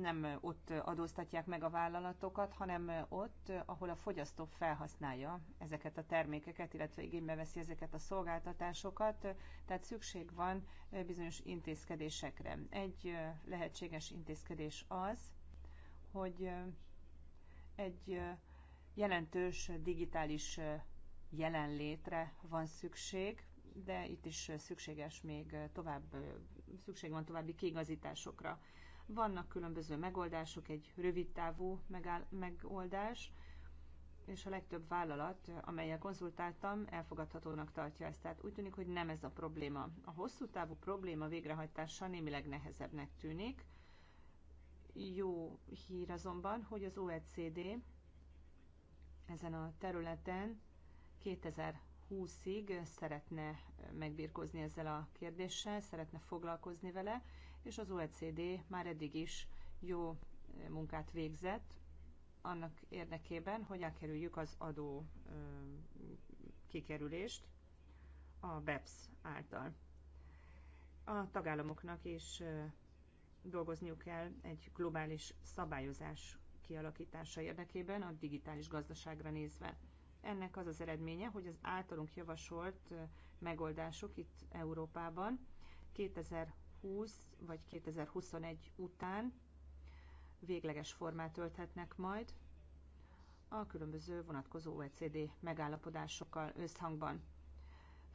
nem ott adóztatják meg a vállalatokat, hanem ott, ahol a fogyasztó felhasználja ezeket a termékeket, illetve igénybe veszi ezeket a szolgáltatásokat, tehát szükség van bizonyos intézkedésekre. Egy lehetséges intézkedés az, hogy egy jelentős digitális jelenlétre van szükség, de itt is szükséges még tovább, szükség van további kiigazításokra. Vannak különböző megoldások, egy rövid távú megoldás, és a legtöbb vállalat, amelyel konzultáltam, elfogadhatónak tartja ezt. Tehát úgy tűnik, hogy nem ez a probléma. A hosszú távú probléma végrehajtása némileg nehezebbnek tűnik. Jó hír azonban, hogy az OECD ezen a területen 2020-ig szeretne megbírkozni ezzel a kérdéssel, szeretne foglalkozni vele, és az OECD már eddig is jó eh, munkát végzett annak érdekében, hogy elkerüljük az adó eh, kikerülést a BEPS által. A tagállamoknak is eh, dolgozniuk kell egy globális szabályozás kialakítása érdekében a digitális gazdaságra nézve. Ennek az az eredménye, hogy az általunk javasolt megoldások itt Európában 2020 vagy 2021 után végleges formát ölthetnek majd a különböző vonatkozó OECD megállapodásokkal összhangban.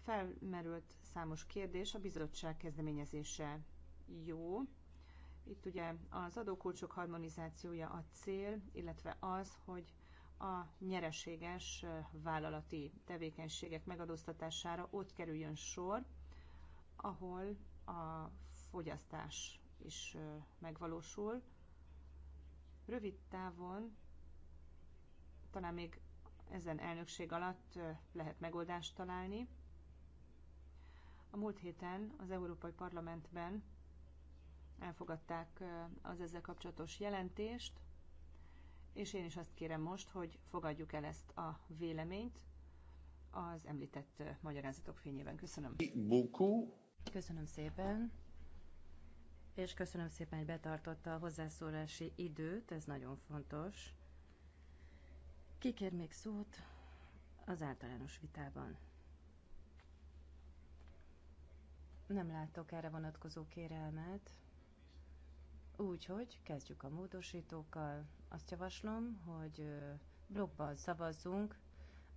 Felmerült számos kérdés, a bizottság kezdeményezése jó. Itt ugye az adókulcsok harmonizációja a cél, illetve az, hogy a nyereséges vállalati tevékenységek megadóztatására ott kerüljön sor, ahol a fogyasztás is megvalósul. Rövid távon, talán még ezen elnökség alatt lehet megoldást találni. A múlt héten az Európai Parlamentben elfogadták az ezzel kapcsolatos jelentést, és én is azt kérem most, hogy fogadjuk el ezt a véleményt az említett magyarázatok fényében. Köszönöm. Köszönöm szépen és köszönöm szépen, hogy betartotta a hozzászólási időt, ez nagyon fontos. Kikér még szót az általános vitában? Nem látok erre vonatkozó kérelmet, úgyhogy kezdjük a módosítókkal. Azt javaslom, hogy blogban szavazzunk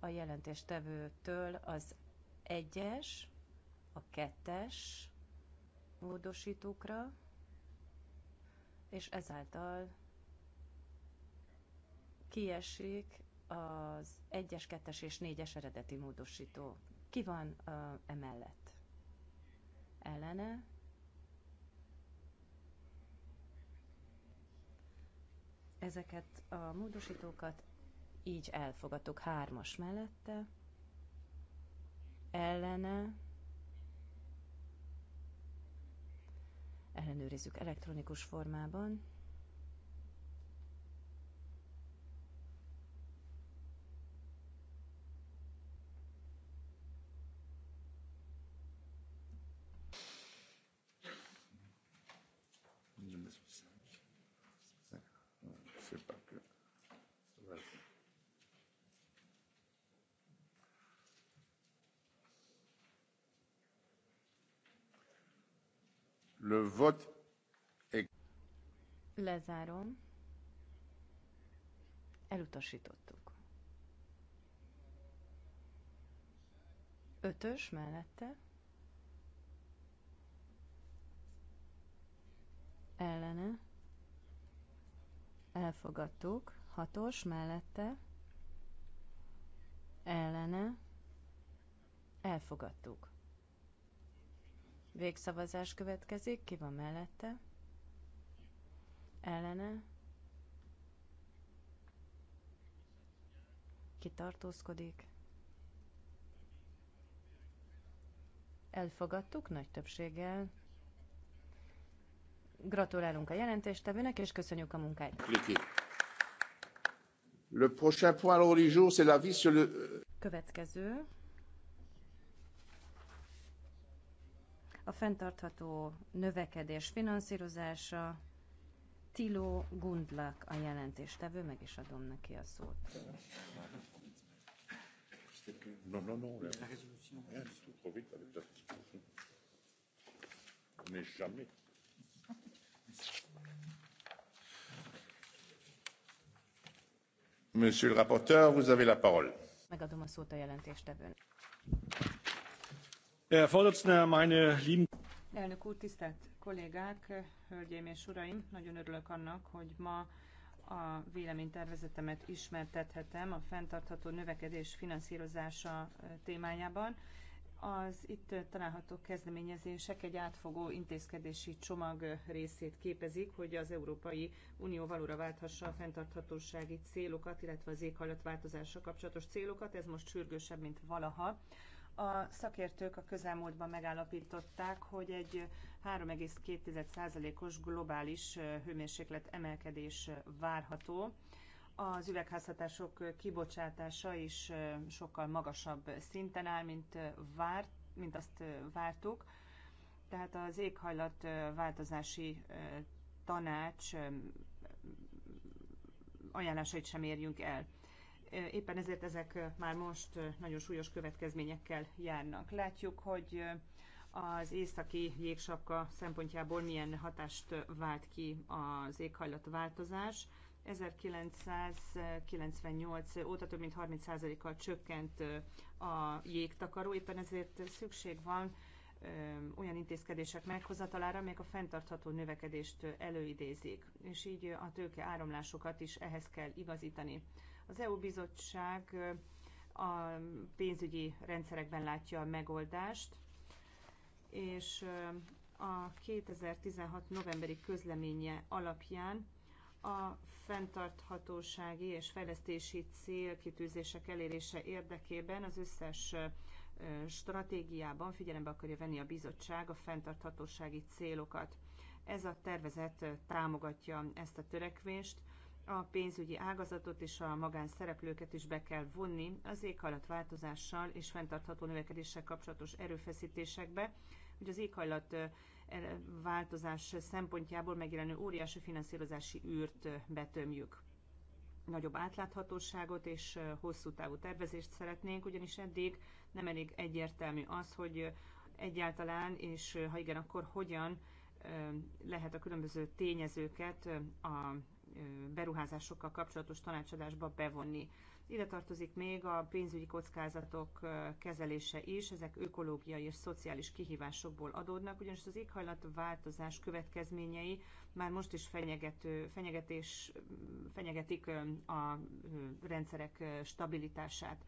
a jelentéstevőtől az egyes, a kettes módosítókra, és ezáltal kiesik az 1-es, 2-es és 4-es eredeti módosító. Ki van uh, emellett? Ellene? Ezeket a módosítókat így elfogadok hármas mellette, ellene, ellenőrizzük elektronikus formában. vote est... Lezárom. Elutasítottuk. Ötös mellette. Ellene. Elfogadtuk. Hatos mellette. Ellene. Elfogadtuk. Végszavazás következik. Ki van mellette? Ellene? Ki tartózkodik? Elfogadtuk nagy többséggel. Gratulálunk a jelentéstevőnek, és köszönjük a munkáját. Le prochain point à sur le... Következő a fenntartható növekedés finanszírozása, Tilo Gundlak a jelentéstevő, meg is adom neki a szót. Monsieur le rapporteur, vous avez la parole. Megadom a szót a jelentéstevőnek. Elnök úr, tisztelt kollégák, hölgyeim és uraim! Nagyon örülök annak, hogy ma a véleménytervezetemet ismertethetem a fenntartható növekedés finanszírozása eh, témájában. Az itt eh, található kezdeményezések egy átfogó intézkedési csomag eh, részét képezik, hogy az Európai Unió valóra válthassa a fenntarthatósági célokat, illetve az éghajlatváltozással kapcsolatos célokat. Ez most sürgősebb, mint valaha a szakértők a közelmúltban megállapították, hogy egy 3,2%-os globális hőmérséklet emelkedés várható. Az üvegházhatások kibocsátása is sokkal magasabb szinten áll, mint, várt, mint azt vártuk. Tehát az éghajlat változási tanács ajánlásait sem érjünk el éppen ezért ezek már most nagyon súlyos következményekkel járnak. Látjuk, hogy az északi jégsapka szempontjából milyen hatást vált ki az éghajlatváltozás. 1998 óta több mint 30%-kal csökkent a jégtakaró, éppen ezért szükség van olyan intézkedések meghozatalára, amelyek a fenntartható növekedést előidézik, és így a tőke áramlásokat is ehhez kell igazítani. Az EU bizottság a pénzügyi rendszerekben látja a megoldást, és a 2016. novemberi közleménye alapján a fenntarthatósági és fejlesztési célkitűzések elérése érdekében az összes stratégiában figyelembe akarja venni a bizottság a fenntarthatósági célokat. Ez a tervezet támogatja ezt a törekvést, a pénzügyi ágazatot és a magánszereplőket is be kell vonni az éghajlatváltozással és fenntartható növekedéssel kapcsolatos erőfeszítésekbe, hogy az éghajlat változás szempontjából megjelenő óriási finanszírozási űrt betömjük. Nagyobb átláthatóságot és hosszú távú tervezést szeretnénk, ugyanis eddig nem elég egyértelmű az, hogy egyáltalán, és ha igen, akkor hogyan lehet a különböző tényezőket a beruházásokkal kapcsolatos tanácsadásba bevonni. Ide tartozik még a pénzügyi kockázatok kezelése is, ezek ökológiai és szociális kihívásokból adódnak, ugyanis az éghajlatváltozás következményei már most is fenyegető, fenyegetés, fenyegetik a rendszerek stabilitását.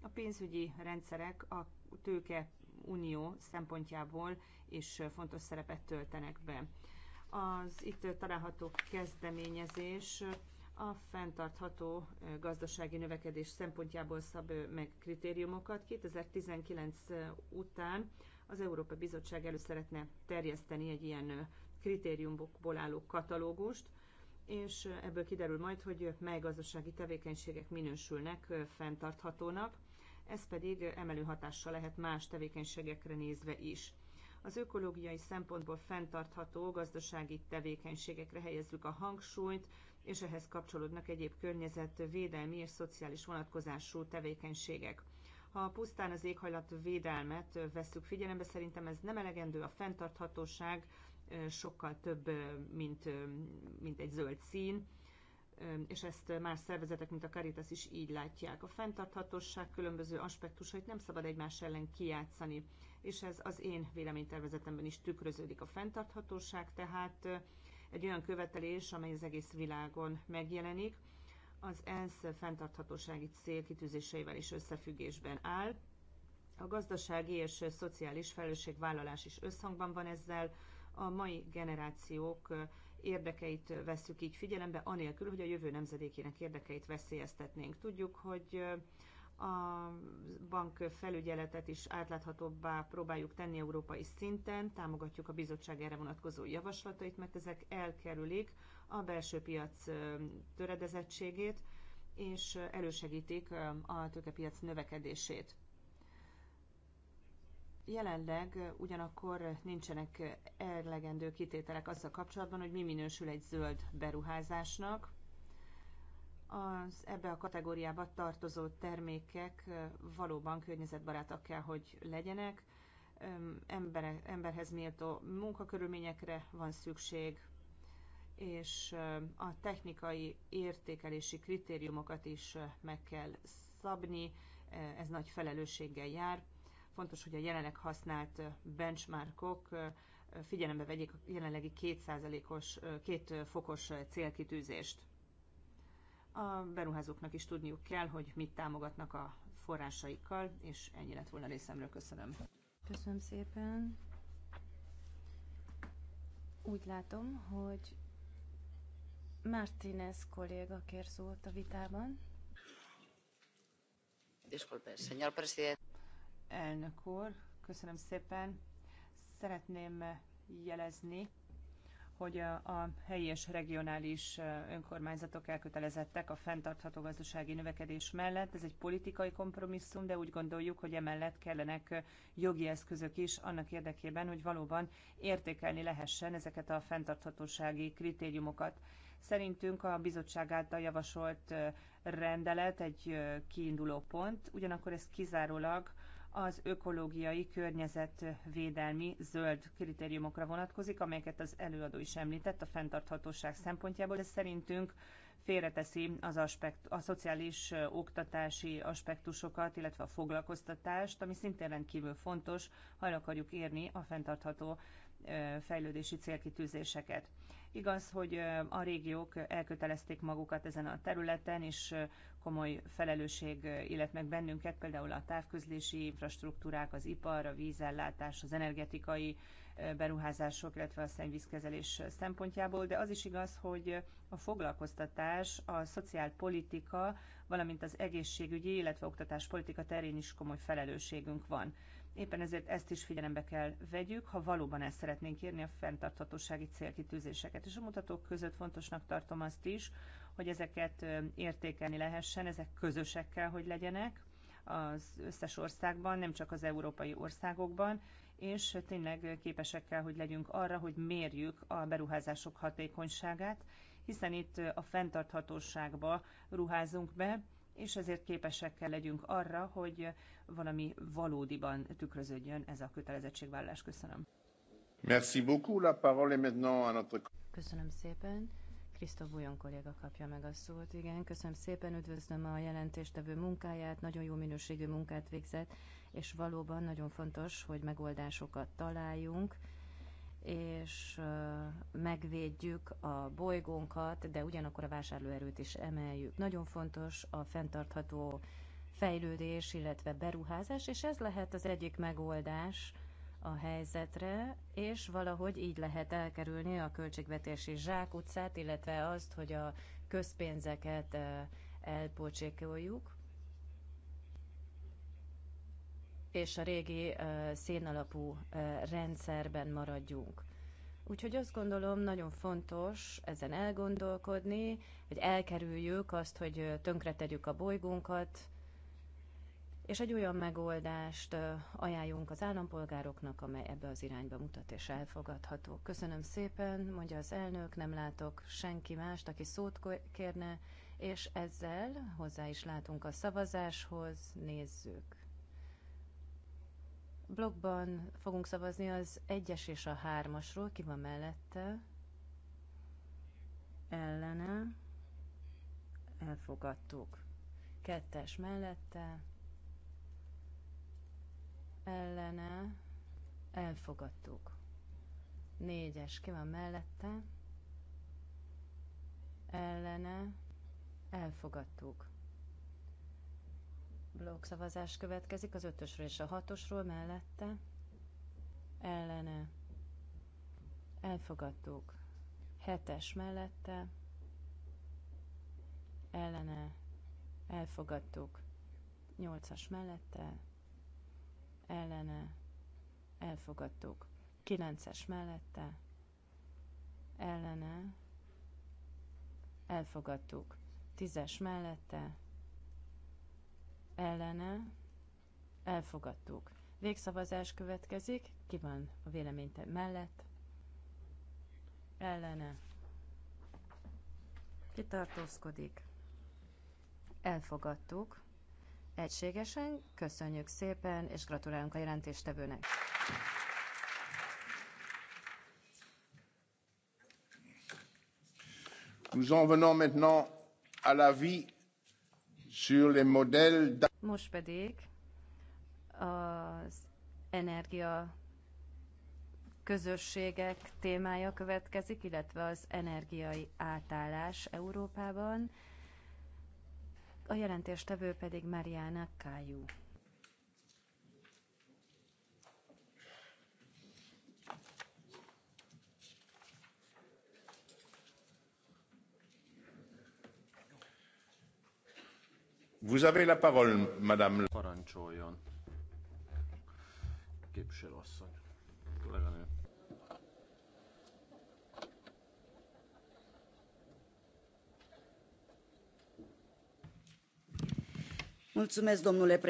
A pénzügyi rendszerek a tőke unió szempontjából is fontos szerepet töltenek be az itt található kezdeményezés a fenntartható gazdasági növekedés szempontjából szab meg kritériumokat. 2019 után az Európa Bizottság elő szeretne terjeszteni egy ilyen kritériumokból álló katalógust, és ebből kiderül majd, hogy mely gazdasági tevékenységek minősülnek fenntarthatónak, ez pedig emelő hatással lehet más tevékenységekre nézve is az ökológiai szempontból fenntartható gazdasági tevékenységekre helyezzük a hangsúlyt, és ehhez kapcsolódnak egyéb környezetvédelmi és szociális vonatkozású tevékenységek. Ha pusztán az éghajlat védelmet veszük figyelembe, szerintem ez nem elegendő, a fenntarthatóság sokkal több, mint, mint egy zöld szín, és ezt más szervezetek, mint a Caritas is így látják. A fenntarthatóság különböző aspektusait nem szabad egymás ellen kijátszani és ez az én véleménytervezetemben is tükröződik a fenntarthatóság, tehát egy olyan követelés, amely az egész világon megjelenik, az ENSZ fenntarthatósági célkitűzéseivel is összefüggésben áll. A gazdasági és szociális felelősségvállalás is összhangban van ezzel. A mai generációk érdekeit veszük így figyelembe, anélkül, hogy a jövő nemzedékének érdekeit veszélyeztetnénk. Tudjuk, hogy a bank felügyeletet is átláthatóbbá próbáljuk tenni európai szinten, támogatjuk a bizottság erre vonatkozó javaslatait, mert ezek elkerülik a belső piac töredezettségét, és elősegítik a tőkepiac növekedését. Jelenleg ugyanakkor nincsenek elegendő kitételek azzal kapcsolatban, hogy mi minősül egy zöld beruházásnak, az ebbe a kategóriába tartozó termékek valóban környezetbarátak kell, hogy legyenek. Embere, emberhez méltó munkakörülményekre van szükség, és a technikai értékelési kritériumokat is meg kell szabni, ez nagy felelősséggel jár. Fontos, hogy a jelenleg használt benchmarkok figyelembe vegyék a jelenlegi 2%-os, 2 fokos célkitűzést a beruházóknak is tudniuk kell, hogy mit támogatnak a forrásaikkal, és ennyi lett volna részemről. Köszönöm. Köszönöm szépen. Úgy látom, hogy Martínez kolléga kér szólt a vitában. Disculpe, señor presidente. Elnök úr, köszönöm szépen. Szeretném jelezni, hogy a, a helyi és regionális önkormányzatok elkötelezettek a fenntartható gazdasági növekedés mellett. Ez egy politikai kompromisszum, de úgy gondoljuk, hogy emellett kellenek jogi eszközök is annak érdekében, hogy valóban értékelni lehessen ezeket a fenntarthatósági kritériumokat. Szerintünk a bizottság által javasolt rendelet egy kiinduló pont, ugyanakkor ez kizárólag az ökológiai környezetvédelmi zöld kritériumokra vonatkozik, amelyeket az előadó is említett a fenntarthatóság szempontjából, de szerintünk félreteszi az aspekt, a szociális oktatási aspektusokat, illetve a foglalkoztatást, ami szintén rendkívül fontos, ha el akarjuk érni a fenntartható fejlődési célkitűzéseket. Igaz, hogy a régiók elkötelezték magukat ezen a területen, és komoly felelősség illet meg bennünket, például a távközlési infrastruktúrák, az ipar, a vízellátás, az energetikai beruházások, illetve a szennyvízkezelés szempontjából, de az is igaz, hogy a foglalkoztatás, a szociálpolitika, valamint az egészségügyi, illetve oktatáspolitika terén is komoly felelősségünk van. Éppen ezért ezt is figyelembe kell vegyük, ha valóban ezt szeretnénk írni a fenntarthatósági célkitűzéseket. És a mutatók között fontosnak tartom azt is, hogy ezeket értékelni lehessen, ezek közösek kell, hogy legyenek az összes országban, nem csak az európai országokban, és tényleg képesek kell, hogy legyünk arra, hogy mérjük a beruházások hatékonyságát, hiszen itt a fenntarthatóságba ruházunk be, és ezért képesek kell legyünk arra, hogy valami valódiban tükröződjön ez a kötelezettségvállalás. Köszönöm. Merci beaucoup. La parole est maintenant à notre... Köszönöm szépen. Krisztó Bujon kolléga kapja meg a szót. Igen, köszönöm szépen, üdvözlöm a jelentéstevő munkáját, nagyon jó minőségű munkát végzett, és valóban nagyon fontos, hogy megoldásokat találjunk és megvédjük a bolygónkat, de ugyanakkor a vásárlóerőt is emeljük. Nagyon fontos a fenntartható fejlődés, illetve beruházás, és ez lehet az egyik megoldás a helyzetre, és valahogy így lehet elkerülni a költségvetési zsákutcát, illetve azt, hogy a közpénzeket elpocsékoljuk. és a régi szénalapú rendszerben maradjunk. Úgyhogy azt gondolom, nagyon fontos ezen elgondolkodni, hogy elkerüljük azt, hogy tönkretegyük a bolygónkat, és egy olyan megoldást ajánljunk az állampolgároknak, amely ebbe az irányba mutat és elfogadható. Köszönöm szépen, mondja az elnök, nem látok senki mást, aki szót kérne, és ezzel hozzá is látunk a szavazáshoz, nézzük. Blogban fogunk szavazni az egyes és a hármasról. Ki van mellette? Ellene. Elfogadtuk. Kettes mellette. Ellene. Elfogadtuk. Négyes. Ki van mellette? Ellene. Elfogadtuk szavazás következik az ötösről és a hatosról mellette. Ellene. Elfogadtuk. Hetes mellette. Ellene. Elfogadtuk. Nyolcas mellette. Ellene. Elfogadtuk. Kilences mellette. Ellene. Elfogadtuk. Tízes mellette ellene elfogadtuk. Végszavazás következik, ki van a véleményt mellett, ellene tartózkodik? Elfogadtuk. Egységesen köszönjük szépen, és gratulálunk a jelentéstevőnek. Nous en venons maintenant à l'avis most pedig az energia közösségek témája következik, illetve az energiai átállás Európában. A jelentéstevő pedig Mariana Kájú. Vous avez Kolléganő. domnule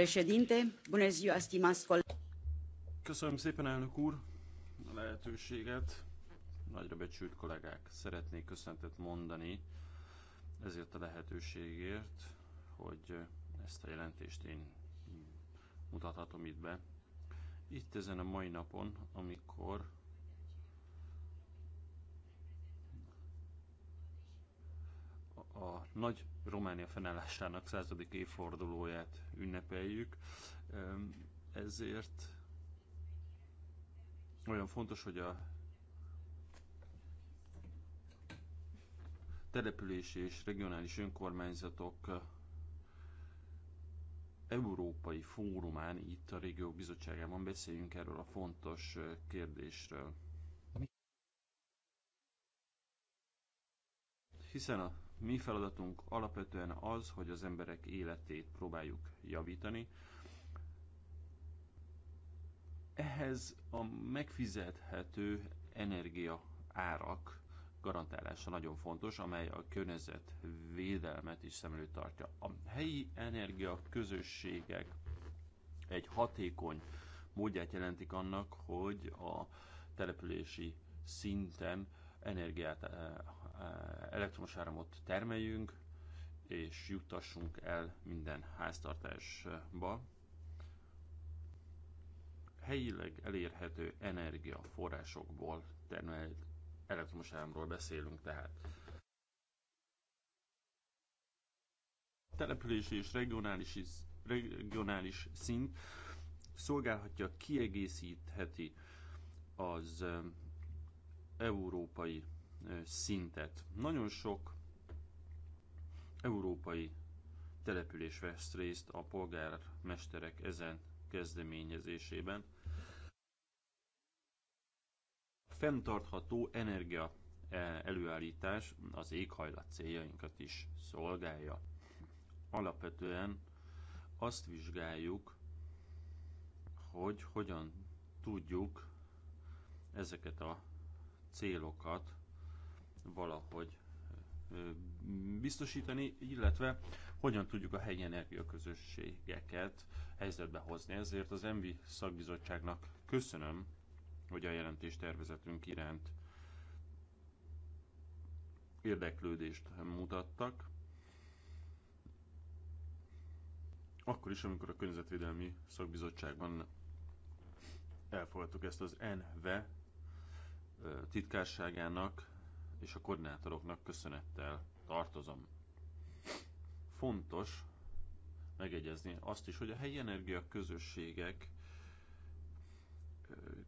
Köszönöm szépen, elnök úr, a lehetőséget. Nagyra becsült kollégák, szeretnék köszöntet mondani ezért a lehetőségért, hogy ezt a jelentést én mutathatom itt be. Itt ezen a mai napon, amikor a nagy Románia fennállásának századik évfordulóját ünnepeljük, ezért olyan fontos, hogy a települési és regionális önkormányzatok Európai Fórumán, itt a régió Bizottságában beszéljünk erről a fontos kérdésről. Hiszen a mi feladatunk alapvetően az, hogy az emberek életét próbáljuk javítani. Ehhez a megfizethető energia árak garantálása nagyon fontos, amely a környezet védelmet is szem előtt tartja. A helyi energia közösségek egy hatékony módját jelentik annak, hogy a települési szinten energiát, e, e, elektromos áramot termeljünk, és juttassunk el minden háztartásba. Helyileg elérhető energiaforrásokból termelt Elektromos áramról beszélünk tehát. Települési és regionális, regionális szint szolgálhatja, kiegészítheti az európai szintet. Nagyon sok európai település vesz részt a polgármesterek ezen kezdeményezésében. fenntartható energia eh, előállítás az éghajlat céljainkat is szolgálja. Alapvetően azt vizsgáljuk, hogy hogyan tudjuk ezeket a célokat valahogy eh, biztosítani, illetve hogyan tudjuk a helyi energiaközösségeket helyzetbe hozni. Ezért az ENVI szakbizottságnak köszönöm hogy a jelentés tervezetünk iránt érdeklődést mutattak. Akkor is, amikor a Környezetvédelmi Szakbizottságban elfogadtuk ezt az NV titkárságának és a koordinátoroknak köszönettel tartozom. Fontos megegyezni azt is, hogy a helyi energiaközösségek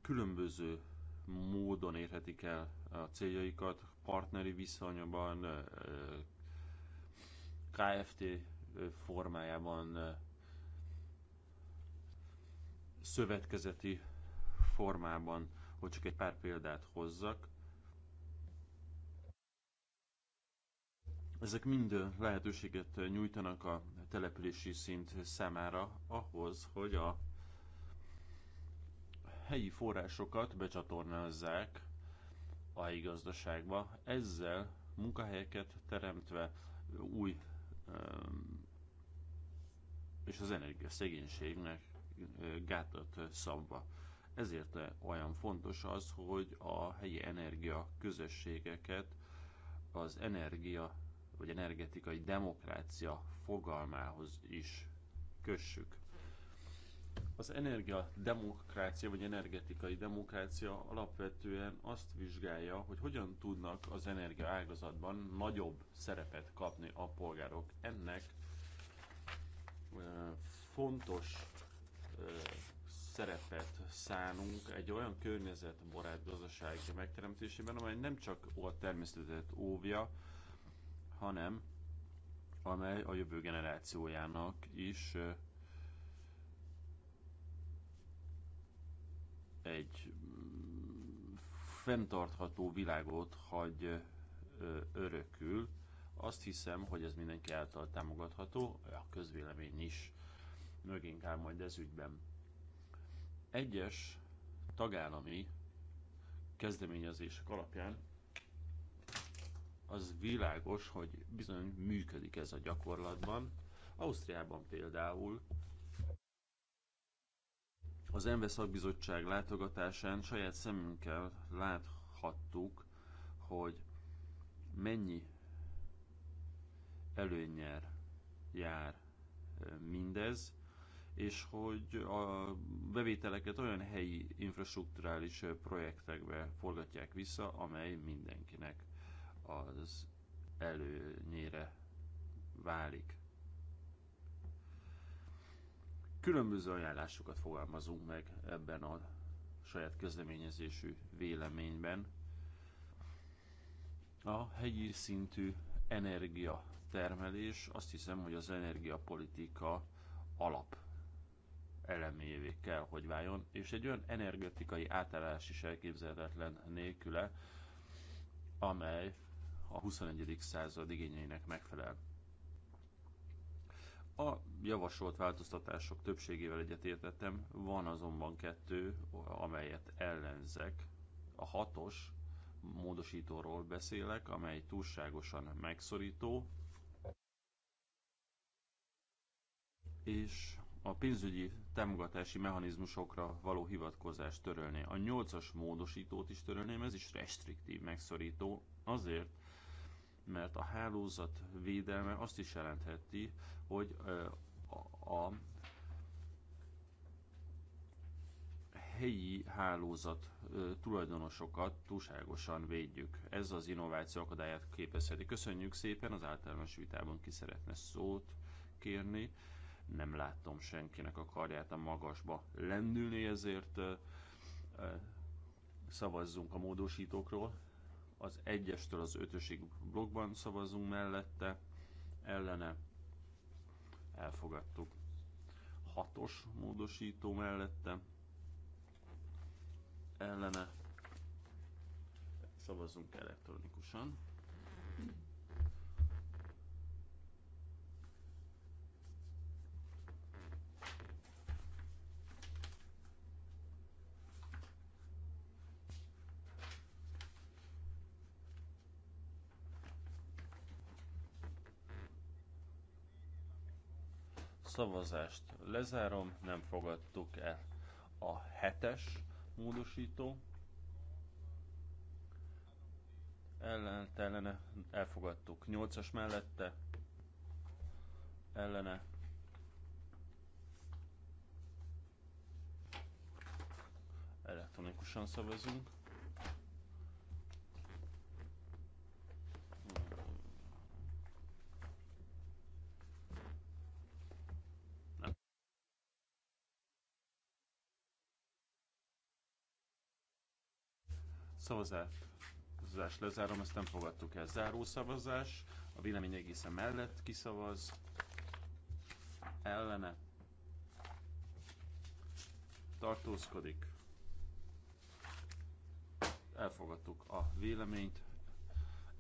különböző módon érhetik el a céljaikat, partneri viszonyban, KFT formájában, szövetkezeti formában, hogy csak egy pár példát hozzak. Ezek mind lehetőséget nyújtanak a települési szint számára ahhoz, hogy a helyi forrásokat becsatornázzák a helyi gazdaságba, ezzel munkahelyeket teremtve új és az energia szegénységnek gátat szabva. Ezért olyan fontos az, hogy a helyi energia közösségeket az energia vagy energetikai demokrácia fogalmához is kössük. Az energia vagy energetikai demokrácia alapvetően azt vizsgálja, hogy hogyan tudnak az energia ágazatban nagyobb szerepet kapni a polgárok. Ennek fontos szerepet szánunk egy olyan környezetbarát gazdaság megteremtésében, amely nem csak a természetet óvja, hanem amely a jövő generációjának is egy mm, fenntartható világot hagy örökül. Azt hiszem, hogy ez mindenki által támogatható, a közvélemény is mögénk áll majd ez ügyben. Egyes tagállami kezdeményezések alapján az világos, hogy bizony működik ez a gyakorlatban. Ausztriában például az ENVE szakbizottság látogatásán saját szemünkkel láthattuk, hogy mennyi előnyer jár mindez, és hogy a bevételeket olyan helyi infrastruktúrális projektekbe forgatják vissza, amely mindenkinek az előnyére válik. Különböző ajánlásokat fogalmazunk meg ebben a saját közleményezésű véleményben. A hegyi szintű energiatermelés azt hiszem, hogy az energiapolitika alap elemévé kell, hogy váljon, és egy olyan energetikai átállás is elképzelhetetlen nélküle, amely a 21. század igényeinek megfelel. A javasolt változtatások többségével egyetértettem, van azonban kettő, amelyet ellenzek. A hatos módosítóról beszélek, amely túlságosan megszorító, és a pénzügyi támogatási mechanizmusokra való hivatkozást törölné. A nyolcas módosítót is törölném, ez is restriktív, megszorító, azért, mert a hálózat védelme azt is jelentheti, hogy a, helyi hálózat tulajdonosokat túlságosan védjük. Ez az innováció akadályát képezheti. Köszönjük szépen, az általános vitában ki szeretne szót kérni. Nem látom senkinek a karját a magasba lendülni, ezért szavazzunk a módosítókról az 1-estől az 5-ösig blogban szavazunk mellette, ellene elfogadtuk. 6-os módosító mellette, ellene szavazunk elektronikusan. szavazást lezárom, nem fogadtuk el. A hetes módosító ellent ellene elfogadtuk. 8-as mellette ellene elektronikusan szavazunk. Szavazás lezárom, ezt nem fogadtuk el. Záró szavazás, a vélemény egészen mellett kiszavaz, ellene, tartózkodik. Elfogadtuk a véleményt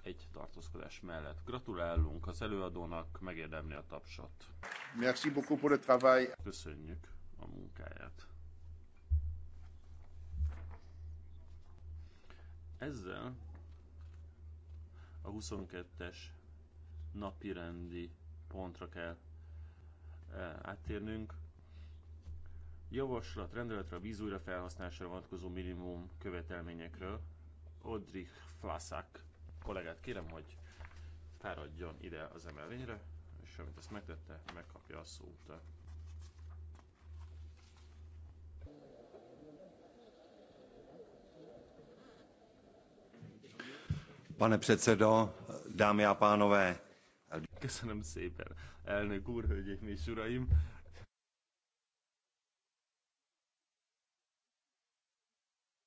egy tartózkodás mellett. Gratulálunk az előadónak, megérdemli a tapsot. Merci beaucoup pour le travail. Köszönjük a munkáját. Ezzel a 22-es napi rendi pontra kell e, áttérnünk. Javaslat rendeletre a víz újrafelhasználásra vonatkozó minimum követelményekről. Odrich Flaszak, kollégát kérem, hogy fáradjon ide az emelvényre, és amit ezt megtette, megkapja a szót. Pane předsedo, dámy a pánové. Köszönöm szépen, elnök úr, hölgyeim és uraim.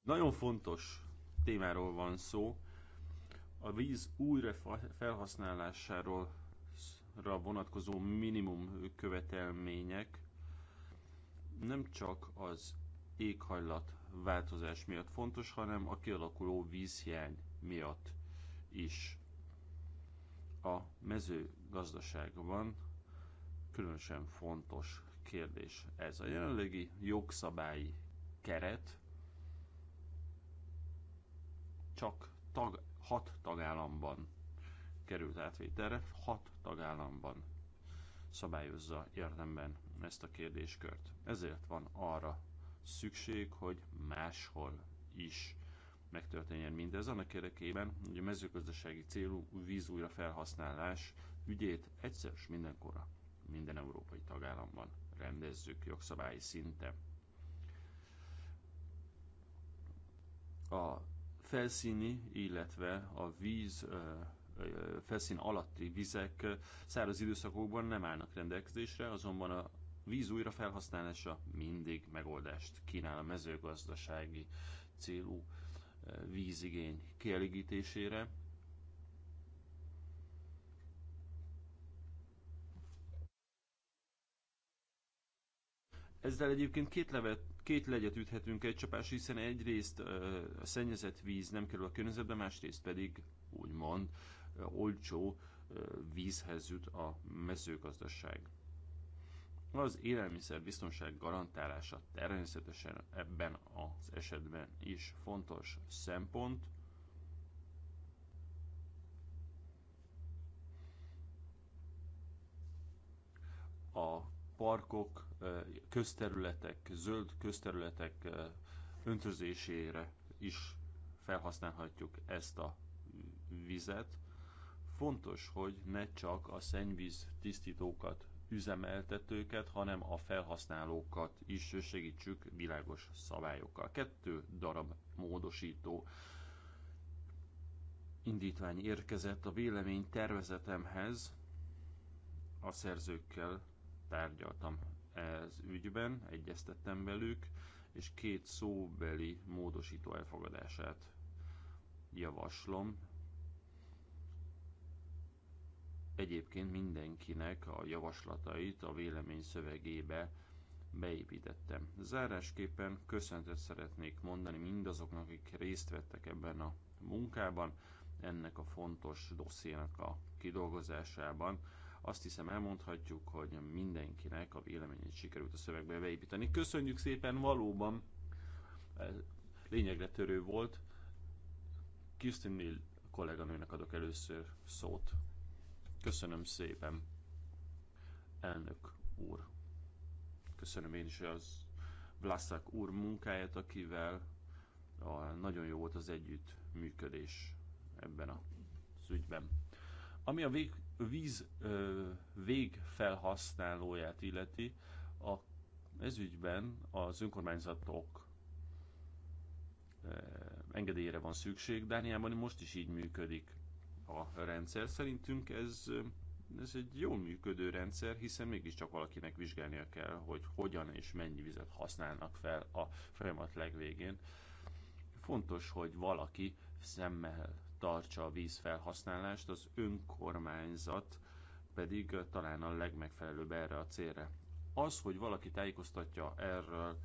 Nagyon fontos témáról van szó. A víz újra felhasználásáról vonatkozó minimum követelmények nem csak az éghajlat változás miatt fontos, hanem a kialakuló vízhiány miatt is. A mezőgazdaságban különösen fontos kérdés ez. A jelenlegi jogszabályi keret csak tag, hat tagállamban került átvételre, hat tagállamban szabályozza érdemben ezt a kérdéskört. Ezért van arra szükség, hogy máshol is megtörténjen mindez, annak érdekében, hogy a mezőgazdasági célú vízújra felhasználás ügyét egyszer és mindenkorra minden európai tagállamban rendezzük jogszabályi szinten. A felszíni, illetve a víz felszín alatti vizek száraz időszakokban nem állnak rendelkezésre, azonban a víz újra felhasználása mindig megoldást kínál a mezőgazdasági célú vízigény kielégítésére. Ezzel egyébként két, levet, két legyet üthetünk egy csapás, hiszen egyrészt a szennyezett víz nem kerül a környezetbe, másrészt pedig úgymond olcsó vízhez jut a mezőgazdaság. Az élelmiszer biztonság garantálása természetesen ebben az esetben is fontos szempont. A parkok, közterületek, zöld közterületek öntözésére is felhasználhatjuk ezt a vizet. Fontos, hogy ne csak a szennyvíz tisztítókat üzemeltetőket, hanem a felhasználókat is segítsük világos szabályokkal. Kettő darab módosító indítvány érkezett a vélemény tervezetemhez, a szerzőkkel tárgyaltam ez ügyben, egyeztettem velük, és két szóbeli módosító elfogadását javaslom, egyébként mindenkinek a javaslatait a vélemény szövegébe beépítettem. Zárásképpen köszöntet szeretnék mondani mindazoknak, akik részt vettek ebben a munkában, ennek a fontos dossziénak a kidolgozásában. Azt hiszem elmondhatjuk, hogy mindenkinek a véleményét sikerült a szövegbe beépíteni. Köszönjük szépen, valóban eh, lényegre törő volt. Kisztinnél kolléganőnek adok először szót. Köszönöm szépen, elnök úr. Köszönöm én is az Vlaszak úr munkáját, akivel a, nagyon jó volt az együttműködés ebben az ügyben. Ami a vég, víz ö, végfelhasználóját illeti, a, ez ügyben az önkormányzatok ö, engedélyére van szükség. Dániában most is így működik a rendszer. Szerintünk ez, ez egy jól működő rendszer, hiszen mégiscsak valakinek vizsgálnia kell, hogy hogyan és mennyi vizet használnak fel a folyamat legvégén. Fontos, hogy valaki szemmel tartsa a vízfelhasználást, az önkormányzat pedig talán a legmegfelelőbb erre a célra. Az, hogy valaki tájékoztatja erről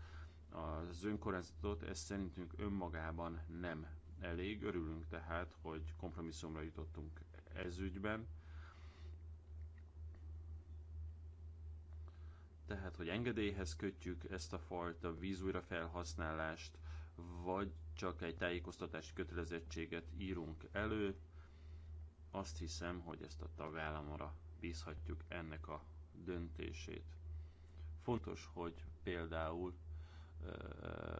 az önkormányzatot, ez szerintünk önmagában nem elég. Örülünk tehát, hogy kompromisszumra jutottunk ez ügyben. Tehát, hogy engedélyhez kötjük ezt a fajta vízújra felhasználást, vagy csak egy tájékoztatási kötelezettséget írunk elő, azt hiszem, hogy ezt a tagállamra bízhatjuk ennek a döntését. Fontos, hogy például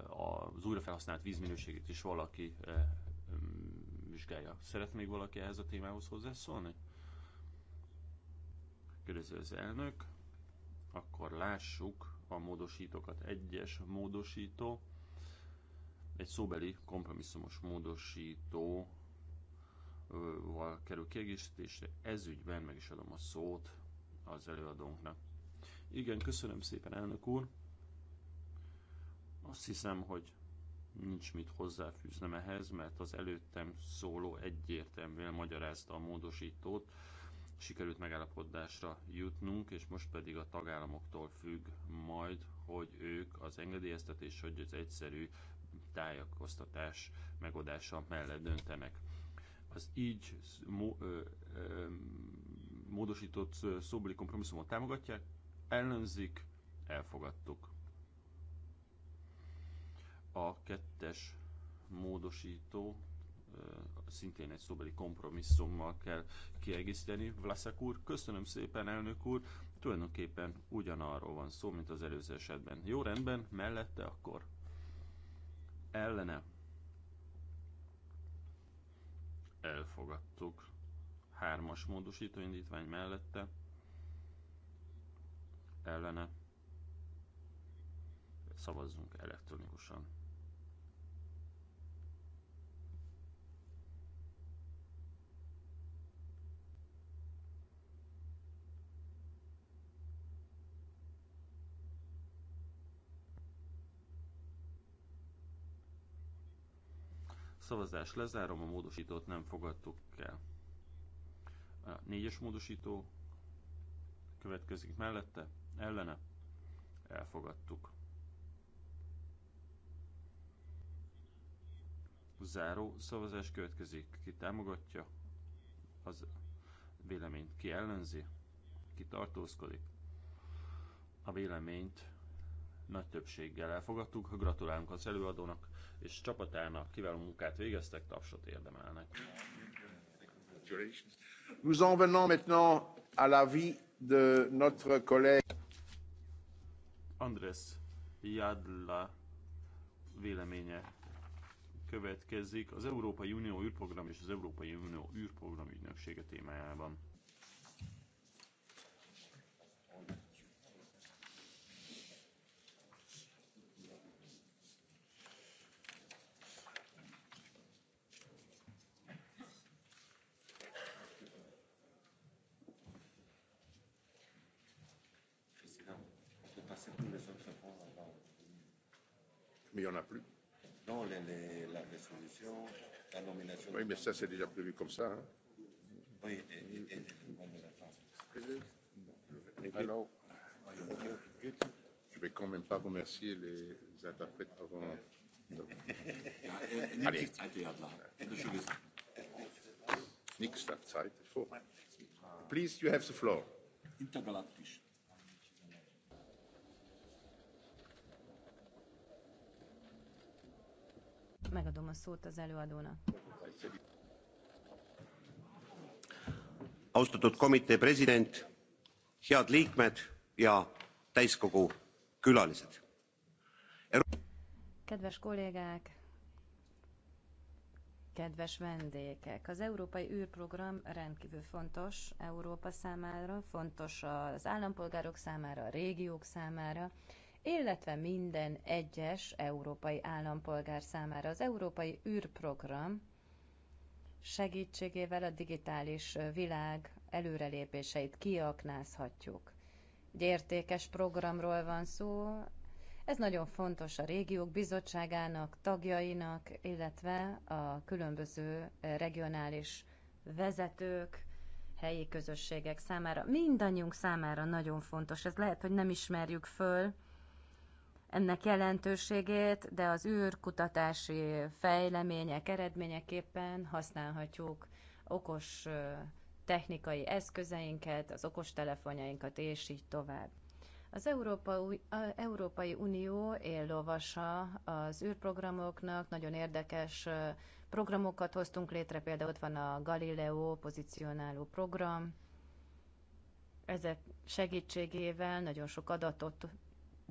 az újra felhasznált vízminőségét is valaki vizsgálja. Szeret még valaki ehhez a témához hozzászólni? Kérdező az elnök. Akkor lássuk a módosítókat. Egyes módosító, egy szóbeli kompromisszumos módosító val kerül kiegészítésre. Ez ügyben meg is adom a szót az előadónknak. Igen, köszönöm szépen, elnök úr. Azt hiszem, hogy nincs mit hozzáfűznem ehhez, mert az előttem szóló egyértelműen magyarázta a módosítót, sikerült megállapodásra jutnunk, és most pedig a tagállamoktól függ majd, hogy ők az engedélyeztetés, hogy az egyszerű tájakoztatás megoldása mellett döntenek. Az így mo- ö, ö, módosított szóbeli kompromisszumot támogatják, ellenzik, elfogadtuk. A kettes módosító szintén egy szóbeli kompromisszummal kell kiegészíteni. Vlaszek úr, köszönöm szépen, elnök úr, tulajdonképpen ugyanarról van szó, mint az előző esetben. Jó rendben, mellette akkor ellene elfogadtuk. Hármas módosító indítvány mellette ellene szavazzunk elektronikusan. Szavazás lezárom, a módosítót nem fogadtuk el. A négyes módosító következik mellette, ellene, elfogadtuk. Záró szavazás következik, ki támogatja, az véleményt ki ellenzi, ki tartózkodik. A véleményt nagy többséggel elfogadtuk, gratulálunk az előadónak, és csapatának kiváló munkát végeztek, tapsot érdemelnek. Nous en venons maintenant à l'avis de notre collègue Andrés Jadla véleménye következik az Európai Unió űrprogram és az Európai Unió űrprogram ügynöksége témájában. il n'y en a plus. Non, les, les, la résolution, la nomination. Oui, mais ça, c'est déjà prévu comme ça. Hein. Oui, et, et, et Alors, je ne vais quand même pas remercier les interprètes avant. [laughs] Allez. Nix Zeit. Please, you have the floor. Intergalactisch. megadom a szót az előadónak. Austatud komitee president, head liikmed ja täiskogu külalised. Kedves kollégák, kedves vendégek! Az Európai űrprogram rendkívül fontos Európa számára, fontos az állampolgárok számára, a régiók számára, illetve minden egyes európai állampolgár számára. Az Európai űrprogram segítségével a digitális világ előrelépéseit kiaknázhatjuk. Egy értékes programról van szó, ez nagyon fontos a régiók bizottságának, tagjainak, illetve a különböző regionális vezetők, helyi közösségek számára. Mindannyiunk számára nagyon fontos. Ez lehet, hogy nem ismerjük föl, ennek jelentőségét, de az űrkutatási fejlemények eredményeképpen használhatjuk okos technikai eszközeinket, az okostelefonjainkat, és így tovább. Az Európa, Európai Unió éllovasa az űrprogramoknak, nagyon érdekes programokat hoztunk létre, például ott van a Galileo pozícionáló program. Ezek segítségével nagyon sok adatot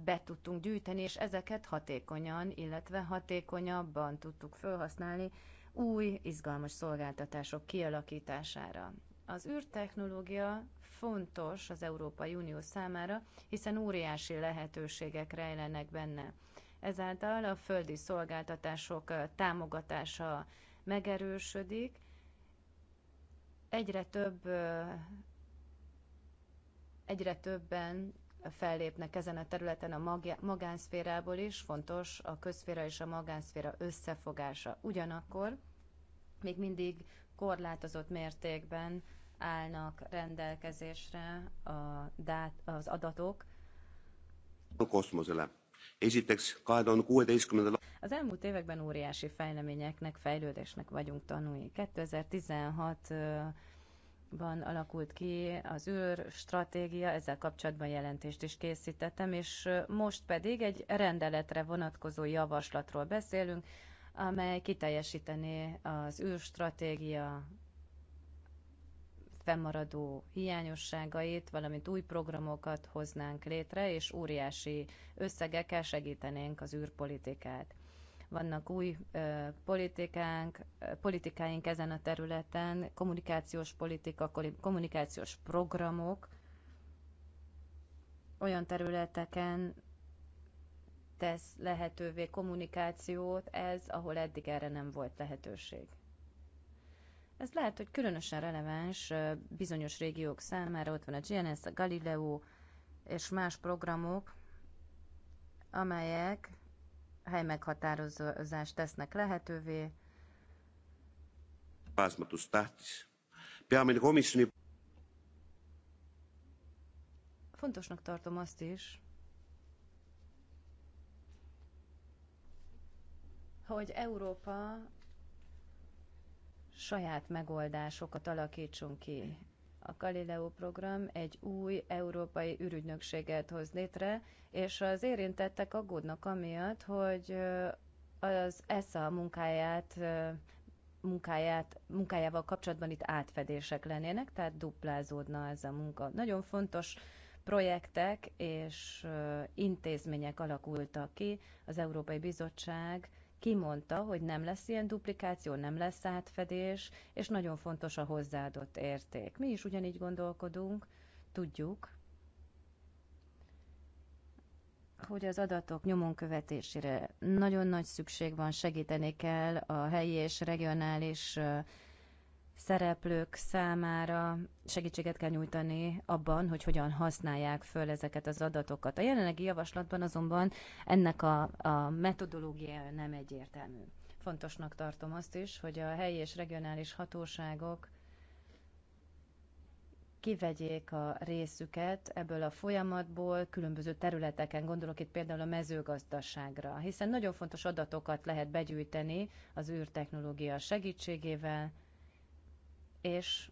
be tudtunk gyűjteni, és ezeket hatékonyan, illetve hatékonyabban tudtuk felhasználni új, izgalmas szolgáltatások kialakítására. Az űrtechnológia fontos az Európai Unió számára, hiszen óriási lehetőségek rejlenek benne. Ezáltal a földi szolgáltatások támogatása megerősödik, egyre több egyre többen fellépnek ezen a területen a magánszférából is, fontos a közszféra és a magánszféra összefogása. Ugyanakkor még mindig korlátozott mértékben állnak rendelkezésre a dát, az adatok. Az elmúlt években óriási fejleményeknek, fejlődésnek vagyunk tanulni. 2016 2016-ban alakult ki az űr stratégia, ezzel kapcsolatban jelentést is készítettem, és most pedig egy rendeletre vonatkozó javaslatról beszélünk, amely kiteljesítené az űrstratégia fennmaradó hiányosságait, valamint új programokat hoznánk létre, és óriási összegekkel segítenénk az űrpolitikát vannak új politikánk, politikáink ezen a területen, kommunikációs politika, kommunikációs programok, olyan területeken tesz lehetővé kommunikációt, ez, ahol eddig erre nem volt lehetőség. Ez lehet, hogy különösen releváns bizonyos régiók számára, ott van a GNS, a Galileo és más programok, amelyek helymeghatározást tesznek lehetővé. Fontosnak tartom azt is, hogy Európa saját megoldásokat alakítson ki a Galileo program egy új európai űrügynökséget hoz létre, és az érintettek aggódnak amiatt, hogy az ESA munkáját, munkáját, munkájával kapcsolatban itt átfedések lennének, tehát duplázódna ez a munka. Nagyon fontos projektek és intézmények alakultak ki. Az Európai Bizottság kimondta, hogy nem lesz ilyen duplikáció, nem lesz átfedés, és nagyon fontos a hozzáadott érték. Mi is ugyanígy gondolkodunk, tudjuk, hogy az adatok nyomon követésére nagyon nagy szükség van, segíteni kell a helyi és regionális szereplők számára segítséget kell nyújtani abban, hogy hogyan használják föl ezeket az adatokat. A jelenlegi javaslatban azonban ennek a, a metodológia nem egyértelmű. Fontosnak tartom azt is, hogy a helyi és regionális hatóságok kivegyék a részüket ebből a folyamatból, különböző területeken, gondolok itt például a mezőgazdaságra, hiszen nagyon fontos adatokat lehet begyűjteni az űrtechnológia segítségével, és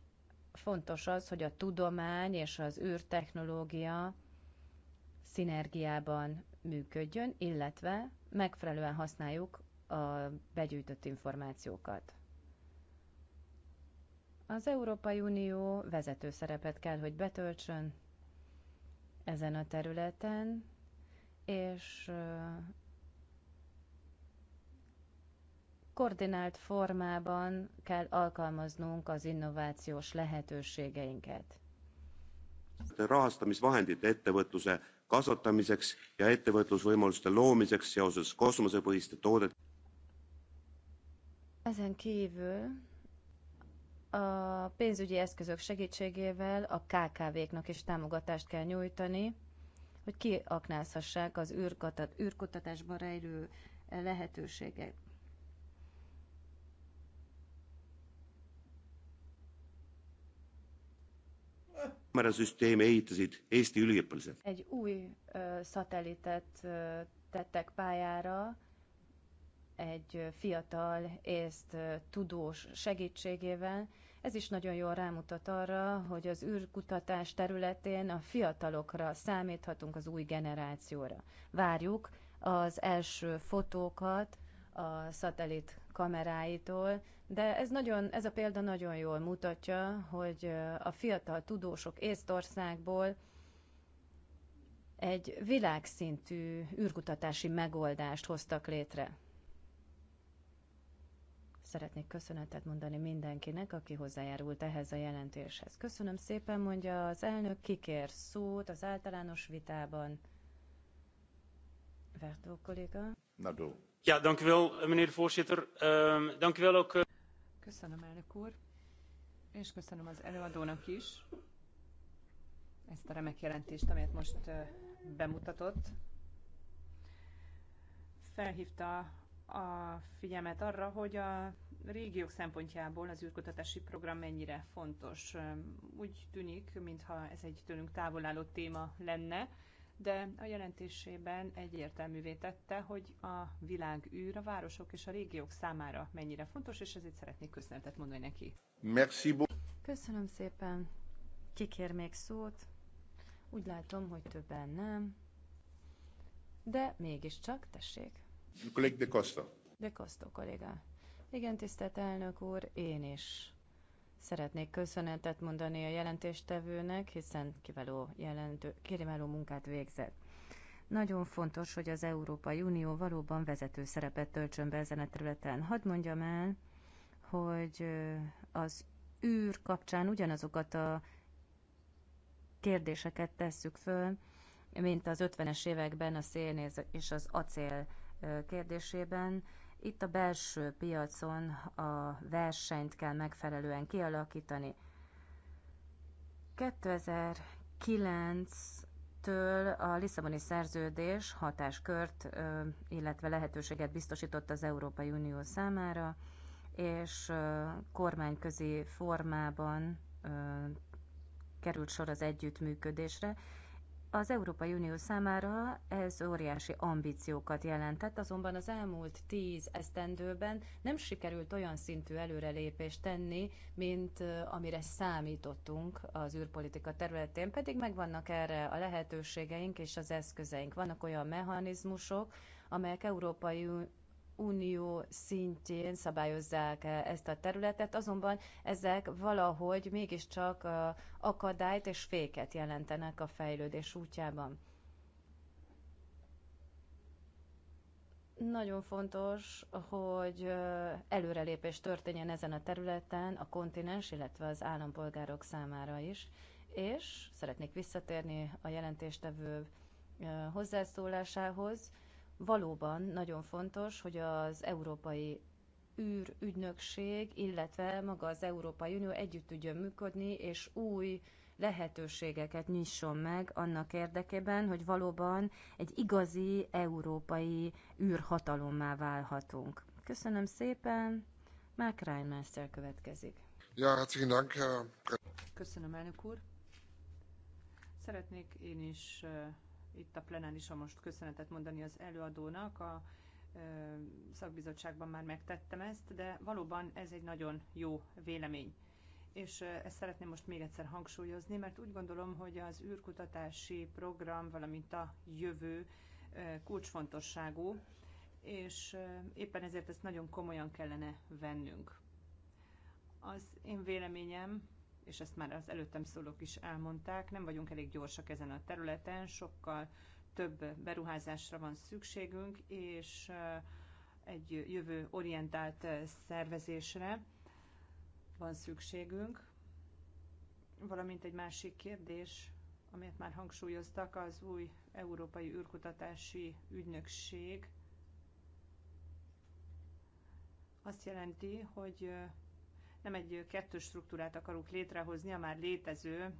fontos az, hogy a tudomány és az űrtechnológia szinergiában működjön, illetve megfelelően használjuk a begyűjtött információkat. Az Európai Unió vezető szerepet kell, hogy betöltsön ezen a területen, és koordinált formában kell alkalmaznunk az innovációs lehetőségeinket. rahastamisvahendid ettevõtluse kasvatamiseks ja ettevõtlusvõimaluste loomiseks seoses kosmosepõhiste toodet. Ezen kívül a pénzügyi eszközök segítségével a KKV-knak is támogatást kell nyújtani, hogy kiaknázhassák az űrkutatásban rejlő lehetőséget. Egy új ö, ö, tettek pályára, egy fiatal észt tudós segítségével. Ez is nagyon jól rámutat arra, hogy az űrkutatás területén a fiatalokra számíthatunk az új generációra. Várjuk az első fotókat a szatellit kameráitól, de ez, nagyon, ez a példa nagyon jól mutatja, hogy a fiatal tudósok Észtországból egy világszintű űrkutatási megoldást hoztak létre. Szeretnék köszönetet mondani mindenkinek, aki hozzájárult ehhez a jelentéshez. Köszönöm szépen, mondja az elnök, kikér szót az általános vitában. Vertó kolléga. Nadó. Ja, dank u wel, meneer de voorzitter. Uh, dank u wel ook. Uh... Köszönöm, elnök úr, és köszönöm az előadónak is ezt a remek jelentést, amelyet most bemutatott. Felhívta a figyelmet arra, hogy a régiók szempontjából az űrkutatási program mennyire fontos. Úgy tűnik, mintha ez egy tőlünk távolálló téma lenne, de a jelentésében egyértelművé tette, hogy a világűr a városok és a régiók számára mennyire fontos, és ezért szeretnék köszönetet mondani neki. Merci Köszönöm szépen. Kikér még szót? Úgy látom, hogy többen nem. De mégiscsak, tessék. Kollég de Costa. De Costa kolléga. Igen, tisztelt elnök úr, én is Szeretnék köszönetet mondani a jelentéstevőnek, hiszen kiváló, jelentő, kiváló munkát végzett. Nagyon fontos, hogy az Európai Unió valóban vezető szerepet töltsön be ezen a területen. Hadd mondjam el, hogy az űr kapcsán ugyanazokat a kérdéseket tesszük föl, mint az 50-es években a szén és az acél kérdésében. Itt a belső piacon a versenyt kell megfelelően kialakítani. 2009-től a Lisszaboni szerződés hatáskört, illetve lehetőséget biztosított az Európai Unió számára, és kormányközi formában került sor az együttműködésre, az Európai Unió számára ez óriási ambíciókat jelentett, azonban az elmúlt tíz esztendőben nem sikerült olyan szintű előrelépést tenni, mint amire számítottunk az űrpolitika területén, pedig megvannak erre a lehetőségeink és az eszközeink. Vannak olyan mechanizmusok, amelyek Európai Unió szintjén szabályozzák -e ezt a területet, azonban ezek valahogy mégiscsak akadályt és féket jelentenek a fejlődés útjában. Nagyon fontos, hogy előrelépés történjen ezen a területen a kontinens, illetve az állampolgárok számára is, és szeretnék visszatérni a jelentéstevő hozzászólásához, valóban nagyon fontos, hogy az európai űrügynökség, illetve maga az Európai Unió együtt tudjon működni, és új lehetőségeket nyisson meg annak érdekében, hogy valóban egy igazi európai űrhatalommá válhatunk. Köszönöm szépen, Mark Reinmeister következik. Ja, hát Köszönöm, elnök úr. Szeretnék én is itt a plenárison most köszönetet mondani az előadónak, a szakbizottságban már megtettem ezt, de valóban ez egy nagyon jó vélemény. És ezt szeretném most még egyszer hangsúlyozni, mert úgy gondolom, hogy az űrkutatási program, valamint a jövő kulcsfontosságú, és éppen ezért ezt nagyon komolyan kellene vennünk. Az én véleményem és ezt már az előttem szólók is elmondták, nem vagyunk elég gyorsak ezen a területen, sokkal több beruházásra van szükségünk, és eh, egy jövő orientált eh, szervezésre van szükségünk. Valamint egy másik kérdés, amelyet már hangsúlyoztak, az új Európai űrkutatási ügynökség. Azt jelenti, hogy eh, nem egy kettős struktúrát akarunk létrehozni a már létező